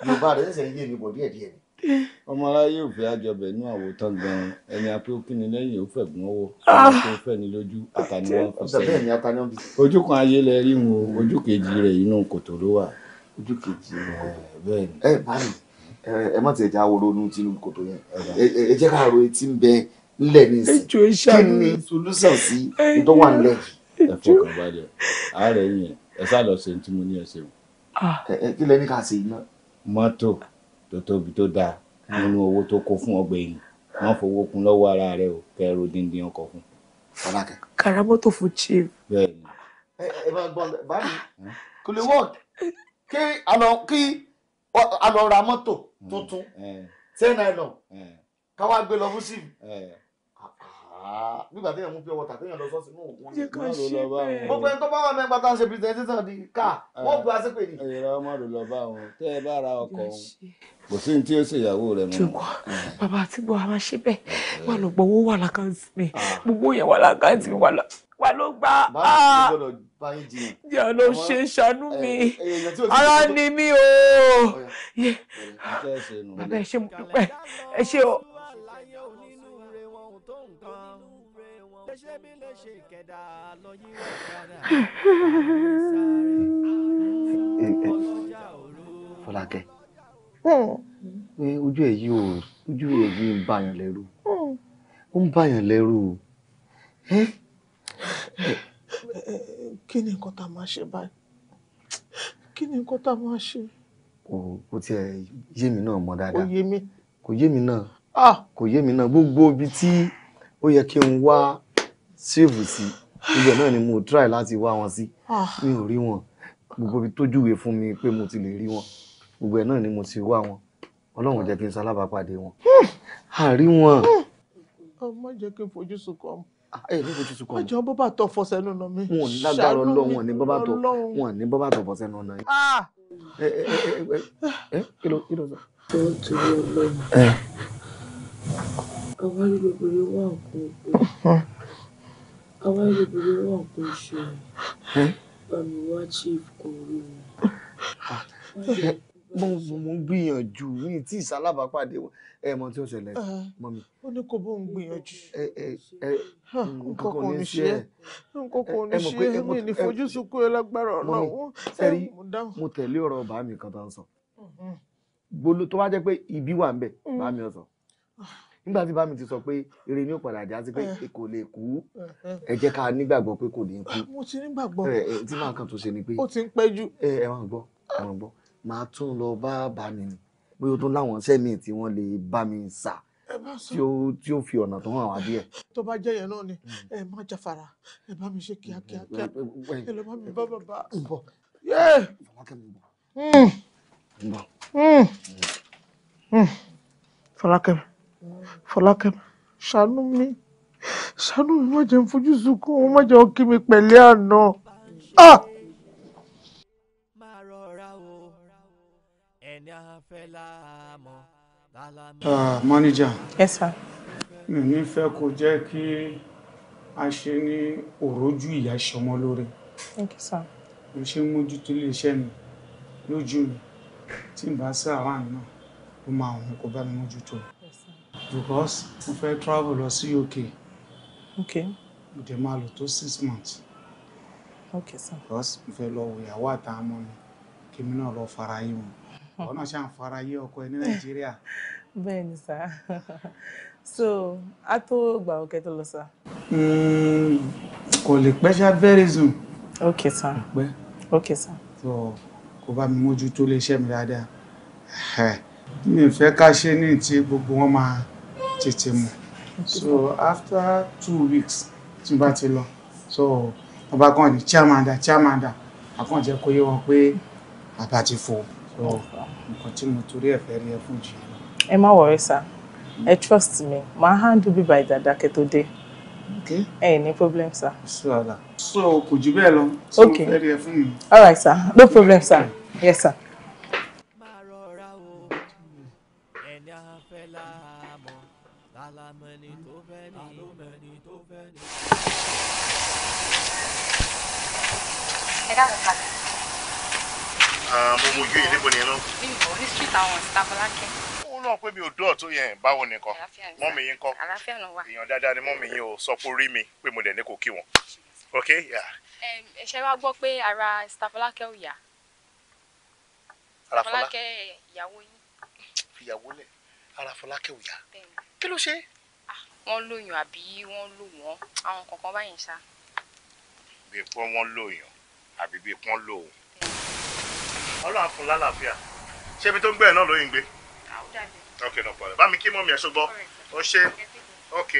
yorùbá rẹ̀ ṣẹ̀ṣẹ̀ ń yé mi bọ̀ díẹ̀díẹ̀ ni ọmọ aráyé ò fẹ́ àjọbẹ̀ inú àwò tán gan-an ẹni apé ó kíni lẹ́yìn ó fẹ̀gùn ọwọ́ ah! ẹni tó fẹ́ ni lójú àtàní wọn fi sẹ́yìn ojú kan ayé lẹ rí wọn ojú kejì rẹ̀ inú kòtò ló wà. ojú kejì rẹ̀ eh, bẹ́ẹ̀ ni. ẹ báyìí eh, ẹ má tiẹ̀ já ronú tinubu kòtò yẹn ẹ jẹ́ ká ro etí ń bẹ ńlẹ̀ ní ìsìn kí ni solution sí tó wà ńlẹ̀. ẹ fọkàn balẹ̀ àárẹ̀ yẹn ẹ sá lọ ṣe ní tí mo ní ẹ ṣe. Ah. kí lẹ ní ká ṣe iná. mọ́tò tó tóbi tó dáa nínú owó tó kó fún ọgbẹ̀yìn wọ́n fowó kún lọ́wọ́ ara rẹ o kẹrò díndín ọkọ̀ fún. Fọlákẹ́. Karamoto fún chief. Bẹ́ẹ̀ni. Ẹ ẹ bá gbọ́n báyìí kò lè wọ́ọ̀kì kí alọ kí alọ ra mọ́tò tuntun ten nine ká wá gbé lọ fún síbi. Ah, nígbà tí èèyàn mú pure water téèyàn lọ sọ́ọ̀sì inú òògùn ọ̀sẹ̀ kan ṣe bẹ́ẹ̀. gbogbo ẹni tó bá wà mẹ́gbà tá à ń ṣe presentation di car wọ́n eh, gba sípè ní. ẹ̀yẹ̀rọ ọmọ rẹ̀ lọ bá wọn tẹ́ ẹ bá ra ọkọ̀ wọn kò sí ní tí ó ṣe ìyàwó rẹ̀ mọ́. jùgbọ́ eh. bàbá àti bọ̀ a máa ṣe bẹ́ẹ̀ eh. wà ló gbọ́ owó wà lákàntì mi ah. gbogbo yẹn wà lákàntì mi wà ló gbà á yà ló ṣe ah. ṣàánú mi ara ni mi o bàbá ẹ ṣe mo dúpẹ́ ẹ ṣe o. Fọlákẹ́ hmm. pé ojú ẹ̀ yìí ò ojú ẹ̀ yìí ń bàyàn lẹ́rù hmm. ó ń bàyàn lẹ́rù kí ni nǹkan tá a máa ṣe báyìí kí ni nǹkan tá a máa ṣe. kò tiẹ̀ yé mi náà mọ́ dáadáa kò yé mi náà ah! kò yé mi náà gbogbo ibi tí ó yẹ kí n wá síìfù sí ibẹ̀ náà ni mo try láti wá wọn sí ah. mi ò rí wọn gbogbo ibi tó júwe fún mi pé mo ti lè rí wọn gbogbo ẹ̀ náà ni mo ti wá wọn ọlọ́run jẹ́ kí n ṣalábàápàdé wọn àrí hmm. wọn. ọmọ hmm. jẹ́ kí n fojú sunkún ọmọ ẹ ní fojú sunkún. ọjọ́ bọ́bà tọ̀ fọ́ sẹ́nu ọ̀nà mi. wọn ò ní lágbára ọlọ́run wọn ní bọ́bà tọ̀ wọn ní bọ́bà tọ̀ fọ́ sẹ́nu ọ̀nà yìí. Ah! ẹ ẹ kí ló kí ló sọ. tó ń gbogbo yóò wà òkú òkú àwa ẹlòmíràn wà nǹkan oṣù rẹ̀ àmì wá chief kò rí wọn. mo ń gbìyànjú ní tí ìsálábàápàdé ẹ mọ tí ó ṣẹlẹ̀ ah, mọ mi. ó ní kò bóun gbìyànjú. Ah, nǹkan kan ní ṣe é nǹkan kan ní ṣe é mi ní fojú sunkún ẹ lágbára ọlọ́wọ́. sẹ́rí mo tẹ̀lé ọ̀rọ̀ bàá mi kan tó ń sọ gbolo mm-hmm. tó bá jẹ́ pé ibi wà ń bẹ̀ mm-hmm. bàá mi ọ̀ sọ nígbà tí bámi ti sọ pé eré ni ó padà já sí pé eh. e kò lè kú eh, eh. ẹ jẹ́ ká nígbàgbọ́ pé kò ní kú. Ah, mo ti nígbàgbọ́. ẹ ẹ tí màá kàn tó ṣe ni pé. ó ti ń pẹ́ jù. ẹ ẹ wọn gbọ́ wọn gbọ́ màá tún lọ bá bá mi ni bóyá ó tún láwọn iṣẹ́ míì tí wọ́n lè bá mi sà tí ó fi ọ̀nà tó hàn wá díẹ̀. tó bá jẹ́ yẹn náà ni hmm. ẹ má jàfàrà ẹ bá mi ṣe kíákíá hmm, hmm, ẹ lọ bá mi bá bàbá. n bọ Fọlákẹ́ ṣàánú mi ṣàánú mi má jẹ́ fojú sunkún wọn má jẹ́ wọn kí mi pẹ̀lẹ́ àná. mọ́níjà yes sir mi ò ní fẹ́ kó jẹ́ kí a ṣe ní òrójú ìyá ṣọmọ lóore thank you sir mo ṣe ń mójútó iléeṣẹ́ mi lójú mi tí n bá sáà wà náà ló máa hùn kó bá mi mójútó because mo fẹ́ travel lọ sí UK. okay. mo dẹ̀ máa lò tó six months. okay sir. because mo fẹ́ lọ wo ìyàwó àtàwọn ọmọ mi kí mi náà lọ fara yé wọn ọ̀hún náà ṣe à ń fara yé ọkọ ẹ ní nàìjíríà. bẹ́ẹ̀ sá so a tó gbà ọkẹ tó lọ sá. Hmm, kò lè pẹ́ ṣá very soon. ok sá pẹ́. ok sá. so kò bá mi mójútó lè ṣe mi dáadáa mi ò fẹ́ ká ṣe ní ti gbogbo wọn máa tètè mọ̀ so after two weeks tí n bá ti lọ so ọba kan ní chairman da chairman da àkànjẹ kó yé wọn pé bàbá ti fò so nǹkan tí mo torí ẹ̀ fẹ́ rí ẹ fún jù. ẹ má wọrí sá ẹ trust me màá handle bíbá ìdàdà kẹtó dé okay ẹ ní problem sir. so kò jù bẹ́ẹ̀ lọ tí mo fẹ́ rí ẹ fún mi. all right sir no problem sir yes sir. ẹ ká kọ̀ọ̀kan lẹ̀. mo ni ẹ náà. mi street àwọn ìsìtàbọ̀lákẹ́. ó náà pé mi ò dúró tó yẹn báwo nìkan mọ́mì yín kọ́ èèyàn dáadáa ni mọ́mì yín ò sọ pé ó rí mi pé mo dẹ̀ ní kò kí wọn. ok ẹ ṣe wá gbọ́ ara ìsìtàbọ̀lákẹ́ ò yá. ara fọlákẹ́ ìyàwó yín. ìyàwó lẹ̀ ara fọlákẹ́ ò yá kí ló ṣe. Ah, wọ́n lóyún àbí wọ́n lò wọ́n àwọn kọ̀ọ̀kan báyìí ṣá. bí wọ́n lóyún àbí bíi pọ́n lò ó. ọlọ́run fún lálàáfíà ṣé ibi tó ń gbẹ̀yìn náà ló yìn gbé. ok no problem bá mi kí mọ́mí ẹ̀ ṣùgbọ́n ó ṣe ok.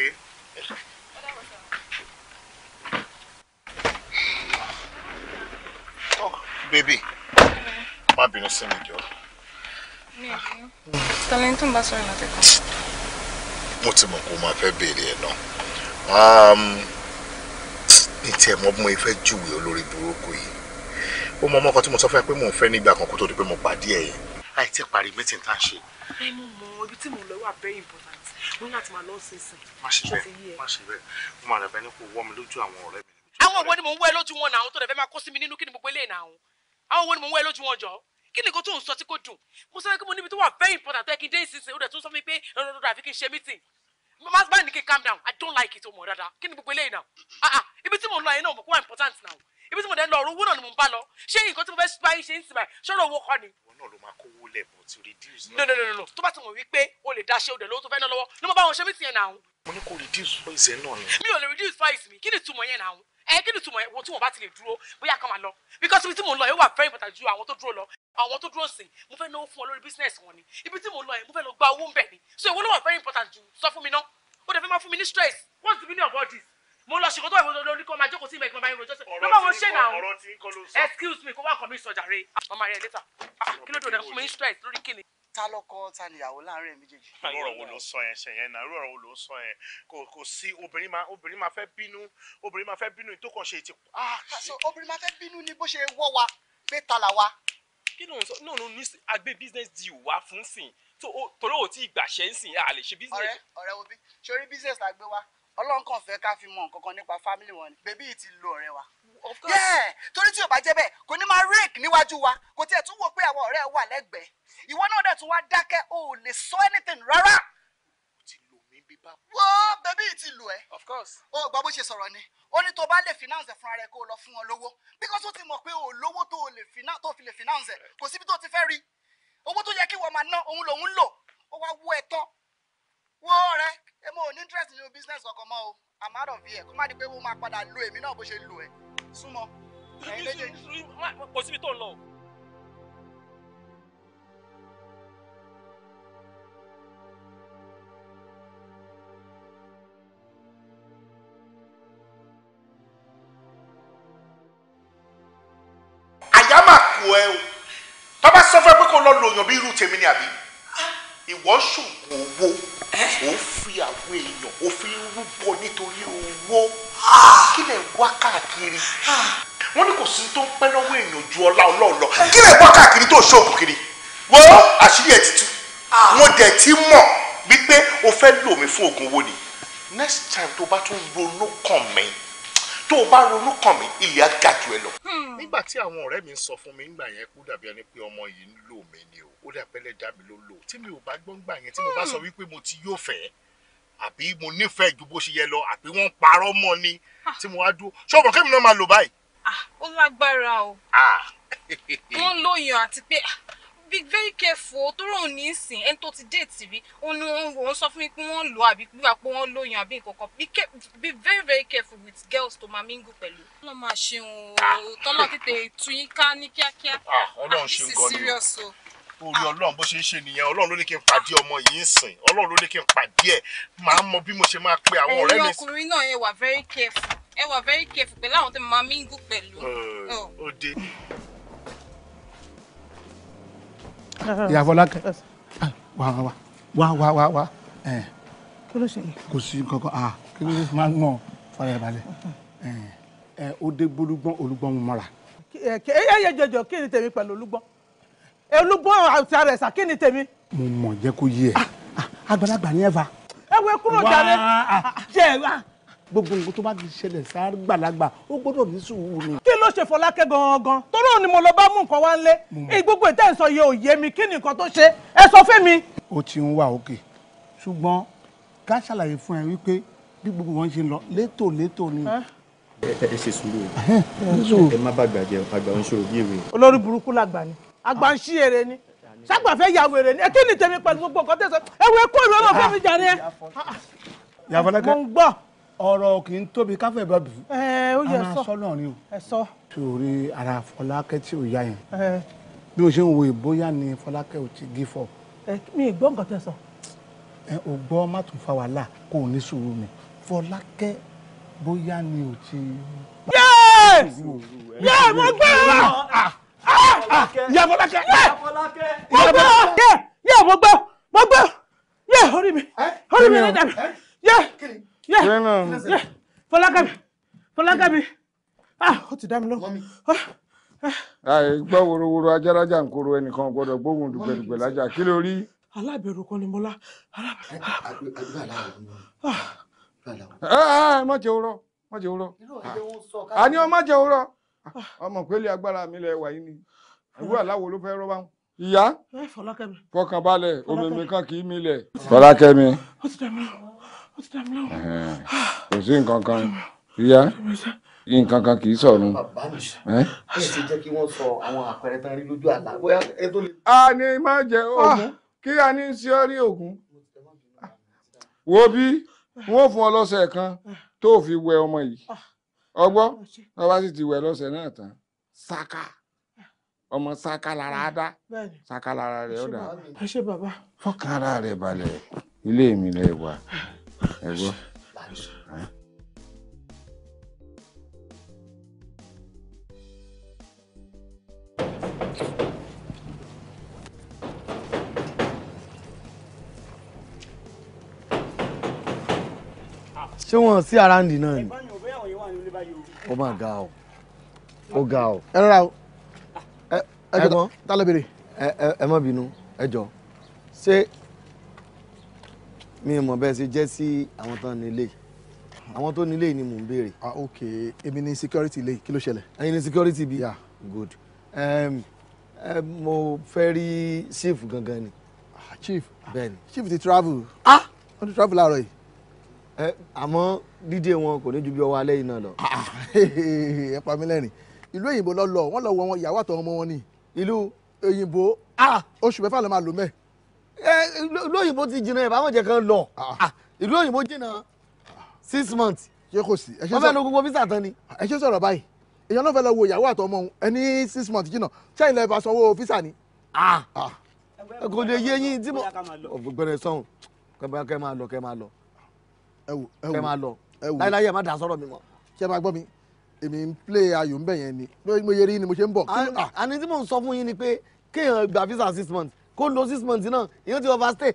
oh baby má bínú sí mi jọ. Stalin tó ń bá sọ̀rọ̀ ìlàtẹ̀kọ́. Mo ti mọ̀ kó máa fẹ́ béèrè ẹ̀ náà. Um, ní tiẹ̀ mọ́ bí mo fẹ́ júwe olórí burúkú yìí ó mọ ọmọkan tí mo sọ fún ẹ pé mò ń fẹ́ nígbà kan kó tó di pé mo pàdé ẹ yẹn láì tí parí mítìn tá à ń ṣe. ẹ mú mọ ibi tí mo lọ wà very important mo ní láti máa lọ sínsìn. má ṣe bẹ́ẹ̀ má ṣe bẹ́ẹ̀ mo máa rẹ̀bẹ̀ ní kò wọ́ mi lójú àwọn ọ̀rẹ́ mi. àwọn òwò ni mò ń wẹ́ lójú wọn náà tó dẹ̀ fẹ́ máa kó sí mi nínú kí ni gbogbo eléyìí náà àwọn òwò ni mò ń wẹ́ lójú wọn jọ kí ni nǹkan tó ń sọ tí kò dùn mo sọ pé mo níbi tó wà very important tó yẹ kí dé ìsinsìn ó dẹ̀ tún sọ mi pé rọrọrọ àfi kí n ṣe mítìn mama báyìí ní calm down i don't like it ọmọ dada kí ni gbogbo eléyìí náà ah ah ibi tí mo lọ yẹn náà mo kó wà important now ibi tí mo dẹ̀ lọ ọ̀rọ̀ owó náà ni mo ń bá lọ ṣé nǹkan tí mo fẹ́ bá yín ṣe ń sìn báyìí ṣọ́rọ̀ owó kọ́ ni. ìwọ náà ló máa kówó lẹ̀ mọ́ ti reduce. no no no no tó bá ti mọ̀ wípé o lè daṣẹ́ o dẹ̀ lówó tó fẹ́ ná lọ́wọ́ ni mo bá wọn ṣe mí tiẹ̀ náà. mo ní kó reduce price náà ni. mi ò lè reduce price mi kí ni ìtumọ̀ yẹn náà ẹ kí ni ìtumọ̀ yẹn wo tí wọn bá ti lè dúró bóyá kan máa lọ because ibi tí mo lọ yóò wà very important ju àwọn tó dúró lọ àwọn tó dúró sìn mo fẹ́ náwó fún ọ lórí business wọn ni ibi tí mo lọ yẹn mo fẹ́ lọ gba owó ń bẹ̀ ni so ìwọ ló wà very important jù sọ fún mi ná ó dẹ̀ fẹ́ máa fún mi ní stress what's the meaning of all this mo lọ ṣèkọ́tọ̀ ìwé lórí kọ́ máa jókòó sí ìmẹ̀kùn báyìí rojọ́ sí ló bá wọn ṣe náà ọ̀rọ̀ tí ń excuse me kó wá kàn mí sọjà rẹ ọmọ rẹ létà kí ló dé fún mi ní stress lórí kíni. ta lọkọ ta níyàwó láàárín ẹ méjèèjì. ọ̀rọ̀ wo ló sọ yẹn ṣe yẹn náà ọ̀rọ̀ wo ló sọ yẹn kò sí obìnrin máa obìnrin máa fẹ́ bínú obìnrin máa fẹ́ bínú ìtókànṣe ti. Ah, obìnrin máa fẹ́ bínú ni bó ṣe wọ́ wa pé ta wa kí ló ń sọ náà ní agbé business deal wá fún sìn tó torí ò tí ì gbàṣẹ ń sìn a lè ṣe business. ọ̀rẹ́ ọ̀rẹ́ wo bí sori business la gbé wa Ọlọ́run kàn fẹ́ ká fi mọ nǹkan nípa family wọn ni bèbí yìí ti lo ọ̀rẹ́ wa. of course yeah torí tí o bá jẹ́ bẹ́ẹ̀ kò ní máa rake níwájú wa kò tiẹ̀ tún wò pé àwọn ọ̀rẹ́ wà lẹ́gbẹ̀ẹ́ ìwọ náà dẹ̀ tún wá dákẹ́ o ò lè sọ anything rárá. serious. ó gbọ́ bó ṣe sọ̀rọ̀ ni ó ní tó bá lè finance fúnra rẹ̀ kó o lọ fún wọn lówó because ó ti mọ̀ pé o lówó tó o lè finance tó o fi lè finance kò síbi tó o ti fẹ́ rí owó tó yẹ kí wọ́n máa ná òun lòun lò ó wá wú ẹ wó ọ̀rẹ́ èmi ò ní interest nínú business kankan mọ́ o I'm out of here kó má di pé wọ́n máa padà lo èmi náà bó ṣe lò ẹ̀ súnmọ́ ẹ̀yin méjèèjì. kò síbi tó ń lọ o. kó lọ lòyàn bí irú tèmi ni àbí ìwọ ṣùgbọ́n owó ó fi àwọn èèyàn ó fi rúbọ nítorí owó ah! kí lè wá káàkiri ah! wọ́n ní kò sí tó ń pẹ́ lọ́wọ́ èèyàn ju ọlá Ọlọ́run lọ kí lè wá káàkiri tó ṣòògùn kiri wo àṣírí ẹ̀ ti tú wọ́n ah! dẹ̀ ti mọ̀ wípé o fẹ́ lò mí fún oògùn owó ni next time tó bá tún ronú kàn mí tó o bá ronú kàn mí ilé á ga jù ẹ lọ. Hmm. nígbà tí àwọn ọ̀rẹ́ mi ń sọ fún mi ńgbà yẹn kú dàbí ẹni pé ọmọ yìí ń lò mí ni o ó dàbẹ́lẹ̀ dá mi ló lò tí mi ò bá gbọ́ ńgbà yẹn tí mo bá sọ hmm. wípé mo ti yóò fẹ́ àbí mo nífẹ̀ẹ́ ju bó ṣe yẹ lọ àbí wọ́n parọ́ mọ́ ni ah. tí mo wá dúró ṣọ́ọ̀bù kémi náà máa lò báyìí. Ah, ó lágbára o wọ́n ah. lóyún àti pé be very careful tó rò ní sìn ẹni tó ti déètì rí òun ni wọn wọn sọ fún mi pé wọn lò àbí pé àpò wọn lóyún àbí nǹkan be very very careful with girls tó máa mingle pẹ̀lú. tọ́lọ́ máa ṣeun o tọ́lọ́ tètè tún yín ká ní kíákíá ah, ọlọ́run ah, ṣe ń gan ni orí ọlọ́run bó ṣe ń ṣe nìyẹn ọlọ́run ló ní kí n pàdé ọmọ yìí ń sìn ọlọ́run ló ní kí n pàdé ẹ̀ máa mọ bí mo ṣe máa pe àwọn ọ̀rẹ́ mi. ẹ̀yin ọkùnrin náà ẹ wà very careful ẹ wà very careful pẹ̀lú àwọn tó máa mingle pẹ̀lú. Oh. ó dé ìyá Fọlákẹ́ ah, wá wá wá wá wá wá eh. kí ló ṣẹlẹ̀. kò sí kankan ah kí ló máa ń nà fara balẹ̀ eh, ẹ ó dé gbólúgbọ́n olúgbọ́n mu mọ́ra. ẹ ẹ yẹ jọjọ kí ni tèmi pẹ̀lú olúgbọ́n eh, olúgbọ́n àti ara ẹ̀sà kí ni tèmi. mo mọ̀ jẹ́ kó yé ẹ. Ah, ah, àgbàlagbà ni ẹ fa. ẹ wo kúrò jáde. ṣe wa gbogbo nǹkan tó bá ti ṣẹlẹ̀ sáà gbàlagbà ó gbọ́dọ̀ ní sùúrù ni. kí ló ṣe Fọlákẹ́ gangan torí òun ni mo lọ bá mú nǹkan wá ń lé ìgbógun ètò ẹ̀sọ́ yẹ òye mi kí ni nǹkan tó ṣe ẹ sọ fún mi. O ti ń wà òkè ṣùgbọ́n ká ṣàlàyé fún ẹ wípé bí gbogbo wọn ṣe ń lọ létò létò ni ẹ ṣe sùúrù ẹ má bàgbà jẹ àgbà ń ṣòro bí èrè. olórí burúkú làgbà ni àgbà ń ṣí èrè ni ṣàgbàfẹ́ ya wèrè ni ẹ kí ni tèmi pẹ̀lú gbogbo nǹkan tẹ̀sán ẹ wo ẹ kó ìlú ọmọ fẹ́mi jàre. yàfọlẹ́kẹ́ mo ń gbọ́ ọ̀rọ̀ kì í tóbi káfẹ́ bá bù. ẹ ó yẹ sọ ara sọ́nà ni o. ẹ ara fọlákẹ́ tí ò yá yẹn. bí o ṣe ń wo ìbóyá ni fọlákẹ́ ò ti gí fọ. ẹ mi ì gbọ́ nǹkan tẹ sọ. ẹ o gbọ́ má tún fa wàhálà kó ní sùúrù mi fọlákẹ́ bóyá ni ò ti. yéé yéé mo gbé e. Ah! Ah! ìyá fọlákẹ́ ìyá fọlákẹ́ mo gbé yéé mo gbé mo gbé yéé orí mi orí mi ní dàbí yéé. Fọlákàbí Fọlákàbí ah, ó ti dá mi lọ́wọ́. Ah, ah. Gbọ́ worowóró ajárájà ń koro ẹnìkan gbọ́dọ̀ gbóhùn dùgbẹ̀dùgbẹ̀ lájà kí ló rí. Alábẹ̀rù kan ni mo lá. Má jẹ́ òrọ̀, má jẹ́ òrọ̀. Àní ọ má jẹ́ òrọ̀. Ọmọ pélé agbára mi lẹ wà yìí ni. Ìwé aláwo ló fẹ́ rọ́ báwọn ìyá eh, fọkànbalẹ̀ omi mi kan kì í milẹ̀. fọlákẹ́mi kò sí nǹkan kan ìyá nǹkan kan kì í sọ̀run. bàbá mi ẹ ti jẹ́ kí wọ́n sọ àwọn àpẹẹrẹ tán rí lójú àlá bóyá ẹ tó a ní má jẹ oògùn ah. kí a ní sí ọ ní oògùn wo bí wọn ò fún ọ lọ́sẹ̀ kan tó fi wẹ ọmọ yìí ah. ọgbọ́ wọn bá sì ti wẹ lọ́sẹ̀ náà tán ṣáká ọmọ ṣáká lára dá ṣáká lára rẹ̀ ọ̀dà fọkàn ara rẹ̀ balẹ̀ ilé mi lè wà ẹ gbọ́. ṣé wọn sí aráàndì náà ni ó máa ga ọ ó ga ọ. ẹ rárá o ẹ jọ tán tá ló béèrè. ẹ ẹ má bínú ẹ jọ ṣé mi mọ̀ bẹ́ẹ̀ ṣe jẹ́ sí àwọn tó nílé àwọn tó nílé ni mò ń béèrè. ah ok èmi ni security ilé kí ló ṣẹlẹ̀. ẹ̀yin ni security bi. yeah good. Um, um, mo fẹ́ rí chief gangan ni. Ah, chief ah, bẹ́ẹ̀ni. chief ti travel. ah wọ́n ti travel láàárọ̀ yìí. ẹ àmọ́ dídé wọn kò ní ju bí ọwọ́ alẹ́ yìí náà lọ. Ah, ah, ẹ pa mí lẹ́rìn ìlú òyìnbó lọ lọ wọ́n lọ wọ wọn ìyàwó àtọwọn ọmọ wọn ni. ìlú òyìnbó oṣù mẹ́fà ló máa lò mẹ́ẹ̀. Eh, ìlú òyìnbó ti jìnnà ìbáwọn jẹ kan lọ ah, ah. Ah, ìlú òyìnbó jìnnà six months. ṣé kò sí. wọ́n fẹ́ lọ gbogbo visa tán ni. ẹ ṣe sọ̀rọ̀ báyìí èèyàn náà fẹ́ lọ wo ìyàwó àtọmọ òun ẹni six months jìnnà ṣé ilẹ̀ ìbá sanwó visa ni. kò lè yé yín tí mo. gbẹ̀rẹ̀ sọ̀hún kẹ́ máa lọ kẹ́ máa lọ. ẹ wò ẹ wò kẹ́ máa lọ láíláí ẹ má dà sọ̀rọ̀ mi mọ́. ṣé máa gbọ́ mi èmi ń play ayò ń bẹ̀yẹn ni mo yẹ rí ni mo ṣe ń bọ̀. àní tí mò ń sọ fún yín ni pé kéèyàn gba visa six months kó lo six months náà ìyẹn ti overstay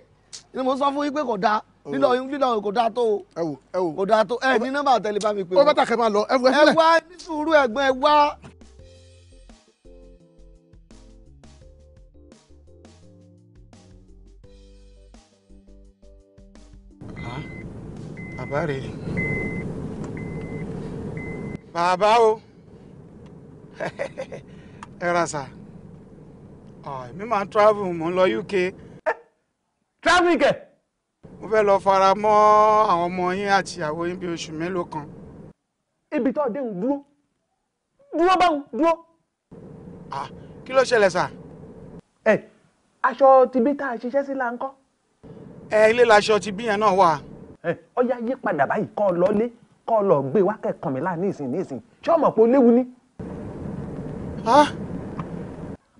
ni mo sọ fún yín pé kò dáa lílọ lílọ kò dáa tó o ẹ wò ẹ wò kò dáa tó ẹ ní nọ́mbà tẹlẹ bá mi pè o. ó bá tàkẹ́ máa lọ ẹ wò ẹ sílẹ̀. ẹ wá ní sùúrù ẹ̀gbọ́n ẹ wá. bàbá rè bàbá o ẹ ra sa. Ah, mi máa travel mo ń lọ UK. Eh, travel kẹ. mo fẹ́ lọ fara mọ́ àwọn ọmọ yín àti ìyàwó yín bíi oṣù mélòó kan. ibi tó dé ń dúró dúró báwọn dúró. Ah, kí ló ṣẹlẹ̀ sà. ẹ eh, aṣọ ti bí tá a ṣiṣẹ́ sí la ń kọ́. ẹ eh, ilé laṣọ ti bí yẹn náà wà. ẹ ọyá yí padà báyìí kọ́ ọ lọ lé kọ́ ọ lọ gbé wákẹ́kàn mi láàánú ìsìn ní ìsìn ṣé ọmọ pé ó léwu ni. Ah!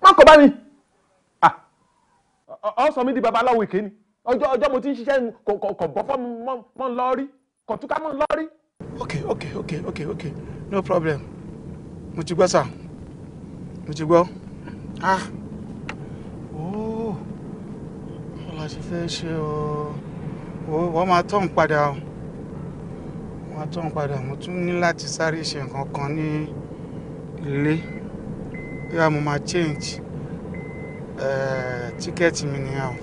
má kọ bá mi ọ sọ mí di babaláwo èké ni ọjọ́ ọjọ́ mo ti ń ṣiṣẹ́ kò bọ́fọ́ mọ́ ń lọ rí kò túká mọ́ ń lọ rí. ok ok ok ok ok no problem mo ti gbọ́ sà mo ti gbọ́ ah ooo oh. wọ́n la ṣe fẹ́ ṣe ooo wọ́n máa tọ̀ ń padà o wọ́n máa tọ̀ ń padà mo tún ní láti sáré ṣe nǹkan kan ní ilé bí a mo máa change. Ticket, mi nìyà o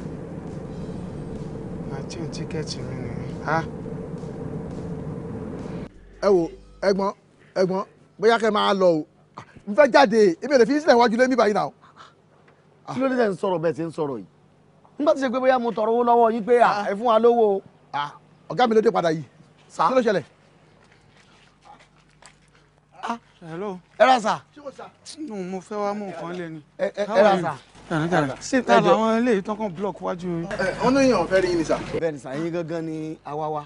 nineteen tíkẹ́ẹ̀tì mi nìyà. ẹ wo ẹ̀gbọ́n ẹ̀gbọ́n bóyá kẹ́ máa lọ o n fẹ́ jáde èmi ò lè fi sílẹ̀ wájú lẹ́mí báyìí náà. kí ló dé tẹ̀ ń sọ̀rọ̀ bẹ́ẹ̀ tí ń sọ̀rọ̀ yìí nígbà tí ṣe pé bóyá mo tọrọ owó lọ́wọ́ yín pé ẹ fún wa lówó. ọ̀gá mi ló dé padà yìí kí ló ṣẹlẹ̀. hello. ẹ ra sà. mo fẹ́ wá mú nǹkan lé ni. ẹ ra sà. Ah, ṣé ta ló àwọn eléyìí tán kan block wájú yín. Eh, wọn ní èèyàn fẹ́ rí yín ni sà. bẹ́ẹ̀ni sà yín gangan ni àwa wa.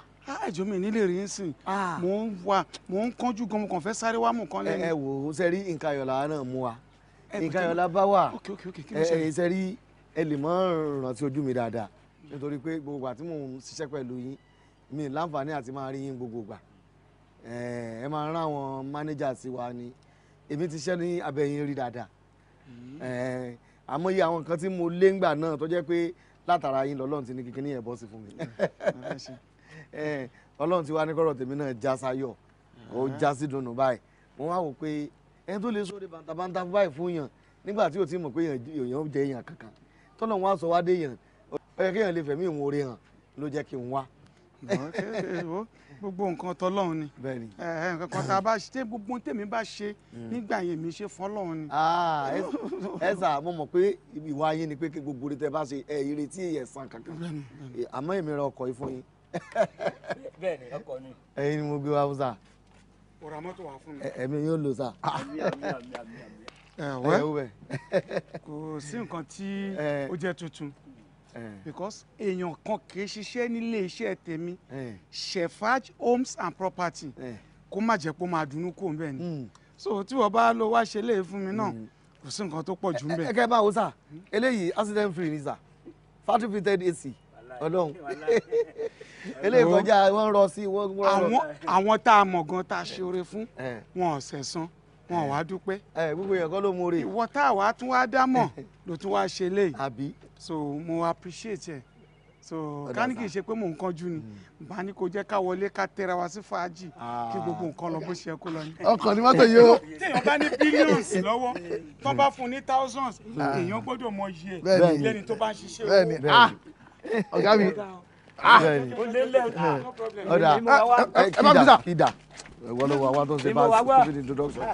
àjọ ah, mi nílé rí yín sí ah. mò ń wà mò ń kánjú gan mo kàn fẹ́ sáré wá mọ̀ kan lẹ́nu. Eh, eh, ẹ wò ó ṣe rí nǹkan ayọ̀lá náà mú wa nǹkan ayọ̀lá bá wà ẹ ṣe rí ẹ lè mọ rántí ojú mi dáadáa nítorí pé gbogbo ìgbà tí mò ń ṣiṣẹ́ pẹ̀lú yín mi láǹfààní àti máa rí yín gbogbo ìgbà ẹ máa rán àwọn mánéjà sí wa ni èmi ti ṣẹ́ ní abẹ́yìn rí dáadáa hmm àmọye àwọn nǹkan tí mo lé ńgbà náà tó jẹ́ pé látara yín lọ́lọ́run ti ní kíkiní yẹn bọ́ sí fún mi ọlọ́run ti wá ní kọ́rọ̀ tèmi náà já sáyọ̀ ó já sí dùnnú báyìí mo wá wò pé ẹni tó lè sóore bàǹtàbàǹtà báyìí fún yàn nígbà tí o ti mọ̀ pé èèyàn jẹ́ èèyàn kankan tọ́lọ̀ wọn á sọ dé yàn ó yẹ kéèyàn lè fẹ̀mí ìwọ̀n oore hàn ló jẹ́ kí n wá gbogbo nǹkan tọlọ́run ni nǹkan kan tá a bá ṣe gbogbo tèmi bá ṣe mm. nígbà yẹn mi ṣe fọlọ́run ni. Ah, ẹ sà mo mọ̀ pé ìwà yín ni pé kí gbogbo rẹ tẹ bá ṣe ẹ ìrètí ẹ̀sán kankan eh, àmọ́ èmi ra ọkọ̀ yìí fún yín. bẹ́ẹ̀ni ọkọ̀ ni. ẹ̀yin ni mo gbé wa sà. ọ̀rọ̀ àmọ́tò wà fún mi. ẹ̀mí yóò lò sà. àmín àmín àmín àmín. ẹ̀wẹ́ kò sí nǹkan tí ó jẹ́ tuntun Eh. because èèyàn kan kì í ṣiṣẹ́ nílé iṣẹ́ tèmi Sheffaj eh. homes and property eh. kó má jẹ́ pé ó máa dunnú kó bẹ́ẹ̀ ni hmm. so tí wọ́n bá lọ wá ṣe léyìí fún mi náà hmm. kò sí nǹkan tó pọ̀ jù ń bẹ̀. ẹ kẹ́ bá wo sà eléyìí accident free ni sà factory fitted AC ọlọ́run eléyìí kọjá wọ́n rọ sí wọ́n rọ. àwọn àwọn tá a mọ̀ gan tá a ṣe oore fún wọn ò sẹ̀san wọn ò wá dúpẹ́. ẹ gbogbo yẹn kọ́ ló mú rè. ìwọ tá a wá tún wá dá mọ̀ ló tún wá ṣe léyìí. àbí so mo appreciate ẹ so ká ní kì í ṣe pé mò ń kánjú ni bá ní kò jẹ́ ká wọlé ká tẹ́ra wa sí fàájì kí gbogbo nǹkan lọ bó ṣe kó lọ ni. ọkàn ni mọ́tò yìí o. téèyàn bá ní billions lọ́wọ́ tó bá fún ní thousands èèyàn gbọ́dọ̀ mọ iye lẹ́ni tó bá ń ṣiṣẹ́ owó. ọ̀gá mi ọ̀dà ẹ má bí sà. ìdá ìwọ ló wà wá tó ṣe bá stupid introduction.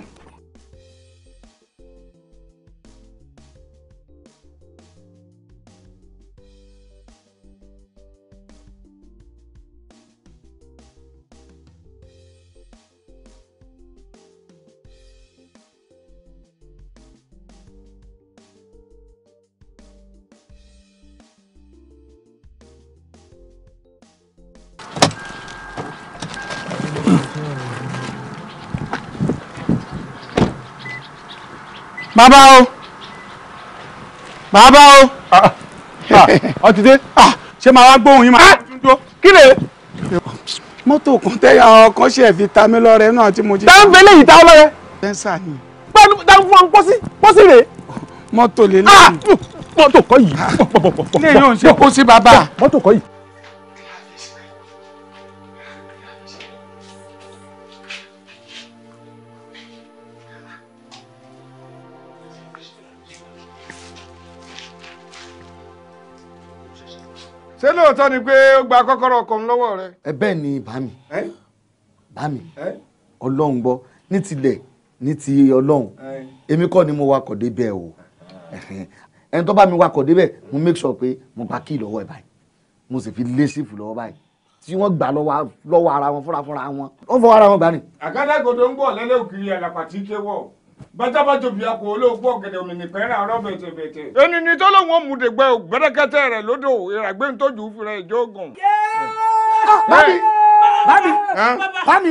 bàbá o bàbá o. ọ ah, ah, ah, ti Ah, ṣé màá wá gbóhùn yín máa tún dúró kí lè. mọ́tò kan tẹ́ àwọn ọkàn ṣe fi ta mí lọ́rẹ́ náà tí mo jí. táwọn fẹlẹ yìí ta ọ lọ́rẹ́. fẹsà ni. báwo táwọn fún ọ pọ́sí pọ́sí rèé. mọ́tò lè lẹ́yìn. mọ́tò kọ́ yìí. lè yóò ṣe kó sí bàbá. mọ́tò kọ́ yìí. ṣé lóòótọ́ ni pé ó gba kọ́kọ́rọ́ ọkọ̀ lọ́wọ́ rẹ. ẹ bẹ́ẹ̀ ni bami bàmí ọlọ́run gbọ́ ní tilẹ̀ ní ti ọlọ́run èmi kọ́ ni mo wakọ̀ débẹ̀ o ẹni tó bá mi wakọ̀ débẹ̀ mo make sure pé mo gba kí lọ́wọ́ ẹ̀ báyìí mo sì fi lé sífù lọ́wọ́ báyìí tí wọ́n gbà lọ́wọ́ ara wọn fúnra fúnra wọn wọ́n fọwọ́ ara wọn gbà ní. àgádágodo ń bọ̀ lẹ́lẹ́ òkìlì àlàpàtì kéwọ́. bájábá jòbí apò olóògbé ọ̀gẹ̀dẹ̀ òmìnirìpẹ́ rà ọ̀rọ̀ bẹ̀tẹ̀bẹ̀tẹ̀. ènìní tó lóun ó mú dègbẹ́ gbẹ́dẹ́kẹ́tẹ́ rẹ̀ lódò ìràgbé ntòjú fúnra ìjọ ogun. bábí bábí bábí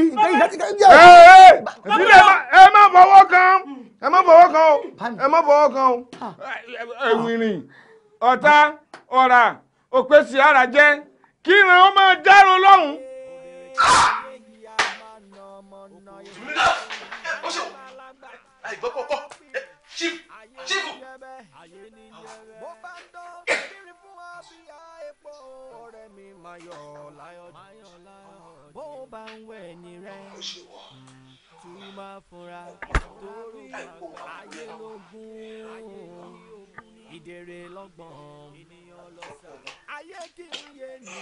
ẹ má fọwọ́ kan ẹ má fọwọ́ kan o ẹ má fọwọ́ kan o ah. ẹ̀wìnrìn ọ̀tá ọ̀rà òpèsè ara jẹ́ kí ìran dárò lọ́hùn. Ah! àìgbọ́ kọ́ kọ́ ṣífù ṣífù. bó bá ń wẹ̀ ní rẹ̀ tún máa fura torí àgbà ìdèrè lọ́gbọ̀n. ayé kí n yé ni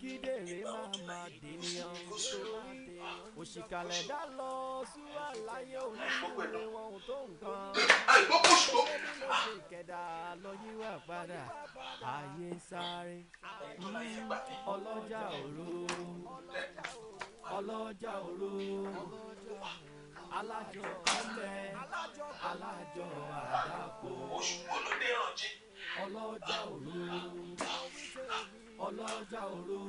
kí máa ma dènìyàn òṣìkàlẹ̀ dá lọ sí àlàyé onímọ̀ wọn tó nǹkan. ṣé bí mo ṣe kẹ̀dà lọ yíwà padà ayé sáré ọlọ́jà òru ọlọ́jà òru alájọ kálẹ̀ alájọ àdàpọ̀ oṣù olóde ọ̀jẹ̀ ọlọ́jà òru ọlọ́jà òru.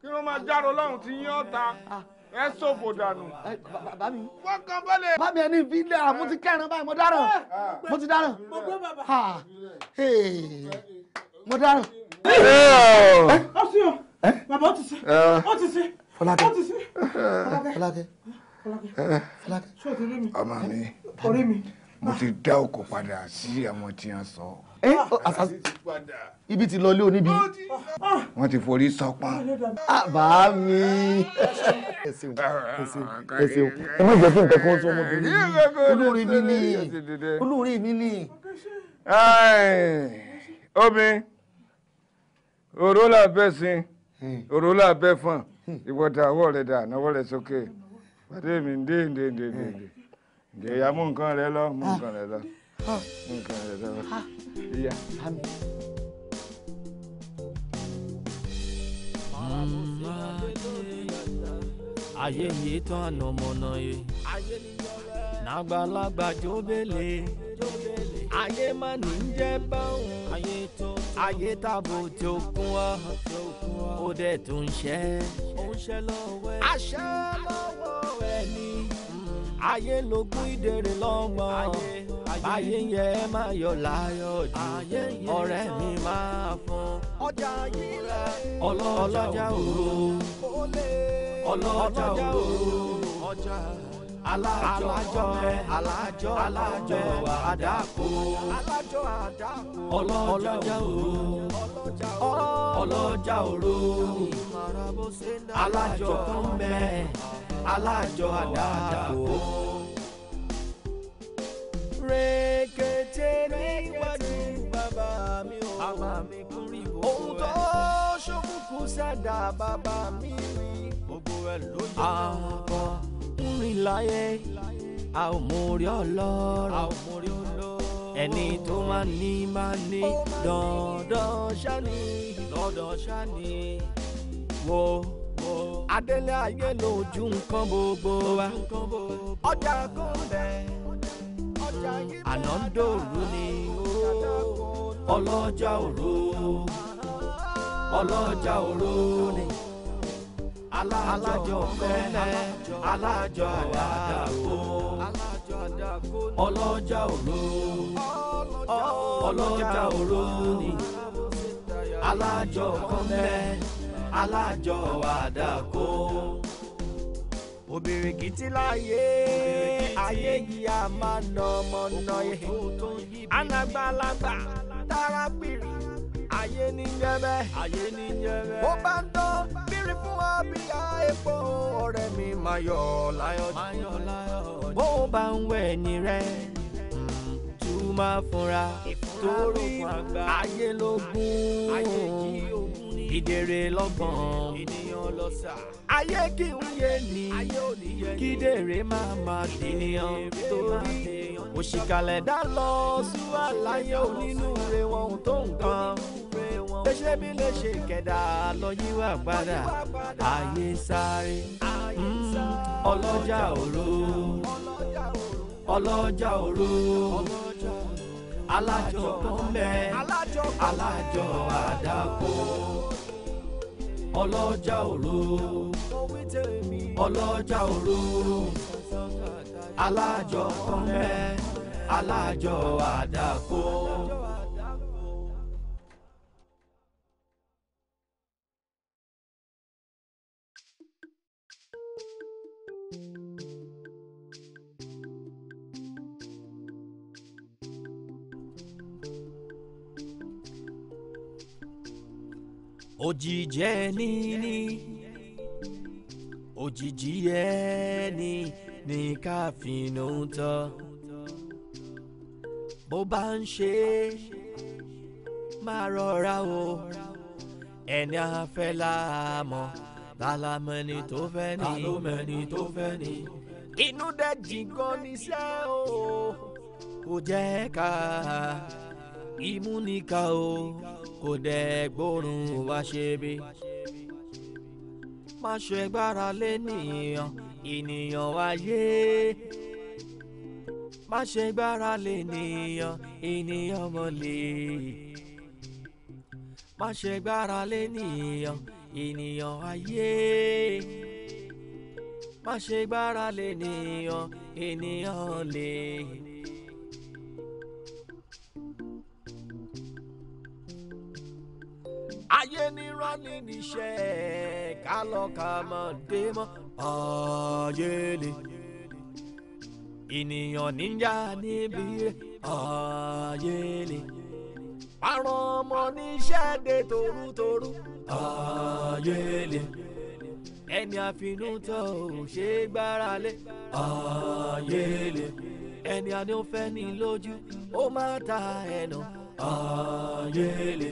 kí ló máa járó lọ́hùn tí yín ọ̀ta ah. ẹ ṣòfò dànù. bàbá mi fọkàn balẹ̀. bàbá mi ẹni bí dára mo ti kẹrin báyìí mo dáràn ah. mo ti dáràn mo dáràn. ọ̀sìn o eh? bàbá ó ti ṣe ó ti ṣe ó ti ṣe. Fọlákẹ́ ọmọ mi mo ti dá oko padà sí àwọn tí wọ́n sọ. Ah. ibi ti lọ lé oníbi. Ah. wọ́n ti forí sọpọ́n. Ah, bá mi. ẹ ṣeun ẹ ṣeun ẹ má jẹ́ kí nǹkan kan sọ ọmọbìnrin olórí mi ni olórí mi ni. omi òró làbẹ́ sin òró làbẹ́ fún hmm. ìwọ́ta ọwọ́ rẹ̀ dà náwó rẹ̀ sókè. Okay. pàdé mi ń dé ń dé ń dé ìyá mú nǹkan rẹ lọ mú nǹkan rẹ lọ ah. mú nǹkan rẹ lọ ah. ìyá. ayé yìí tán ànàmọ́nà yìí nàgbàlagbà jóbélé. ayé má ní jẹ́ báwọn ayé tábò tí ó kún wá ó dẹ̀ tún ṣẹ́ àṣẹ lọ́wọ́ ẹni ayé lógún ìdèrè lọ́gbọ̀n ayé yẹ má yọ̀ láyọ̀ jù ọ̀rẹ́ mi máa fún ọjà yìí ọlọ́jà òru ọlọ́jà òru ọjà alájọ alájọ alájọ àdàkọ ọlọ́jà òru ọlọ́jà òru alájọ kan bẹ alájọ àdàkọ. rèkété níwájú bàbá mi ò ohun tó ṣokùnkùn sẹ́dá bàbá mi rí gbogbo ẹ̀ lójú rìn láyé a ò mórí ọlọ́rọ̀ ẹni tó máa ní máa ní dandan ṣáni dandan ṣáni wo adélé ayé lójú nǹkan gbogbo wa ọjà kọ́ńdẹ̀ àná dòru ni ọlọ́jà òru ọlọ́jà òru ni alájọ fẹ́lẹ́ alájọ àdàgbò ọlọ́jà òru ọlọ́jà òru ni alájọ kọ́lẹ́ alájọ àdàgbò. Òbìrìkìtì láyé ayé yìí a máa nà ọmọ náà yé ànàgbàlagbà tára ayé ní jẹ́bẹ́ ayé ní jẹ́bẹ́. bó bá ń tán bírí fún wa bí a epo ọ̀rẹ́ mi máa yọ̀ láyọ̀ jù. bó bá ń wẹ̀ ní rẹ̀ mm, tú máa fúnra torí ayé ló gún un ìdèrè lọ́gbọ̀n ènìyàn lọ sà. ayé kí n yé ni kídèrè máa máa dènìyàn torí òṣìkàlẹ̀ dá lọ sú àlàyé onínúure wọn ohun tó nǹkan léṣe bí léṣe kẹ̀dá lọ yíwà padà ayé sáré hmm. ọlọ́jà òru ọlọ́jà òru alájọ kan bẹ́ẹ̀ alájọ àdàkọ ọlọ́jà òru ọlọ́jà òru alájọ kan mẹ́ alájọ àdàkọ. òjijì ẹni ní òjijì ẹni ní káfínú tán bó bá ń ṣe máa rọra o ẹni afẹ́ láàmọ́ lálámẹ́ni tó fẹ́ ni lálámẹ́ni tó fẹ́ ni inú dẹ̀ jìngàn níṣẹ́ o kò jẹ́ ká ìmúnika o kò dẹ̀ gbórùn wá ṣe bí. má ṣe gbára lé nìyàn ènìyàn wáyé má ṣe gbára lé nìyàn ènìyàn mọ̀lẹ́ má ṣe gbára lé nìyàn ènìyàn wáyé má ṣe gbára lé nìyàn ènìyàn lè. ayé nírọ́ ní níṣẹ́ ká lọ ká mọ̀ dé mọ́ ayé le ènìyàn níjà níbi ayé le àrùn ọmọ níṣẹ́ de torútorú ayé le ẹni àfinútọ̀ ò ṣe gbára lé ayé le ẹni àní ó fẹ́ ní lójú ó má ta ẹnu ayé le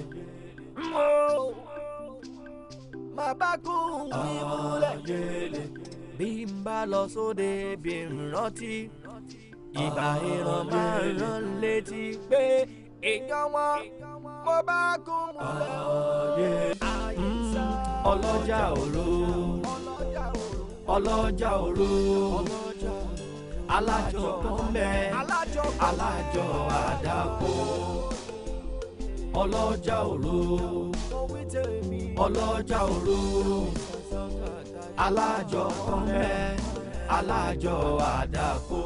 máa bá gùn mí múlẹ̀ bí n bá lọ sóde bí n rántí ìgbà ìran máa rán létí pé èèyàn wọn mo bá gùn múlẹ̀ hmm, ọlọ́jà òru ọlọ́jà òru alájọ kan bẹ́ẹ̀ alájọ àdàkọ ọlọ́jà òru ọlọ́jà òru alájọ kan mẹ́ alájọ àdàkọ.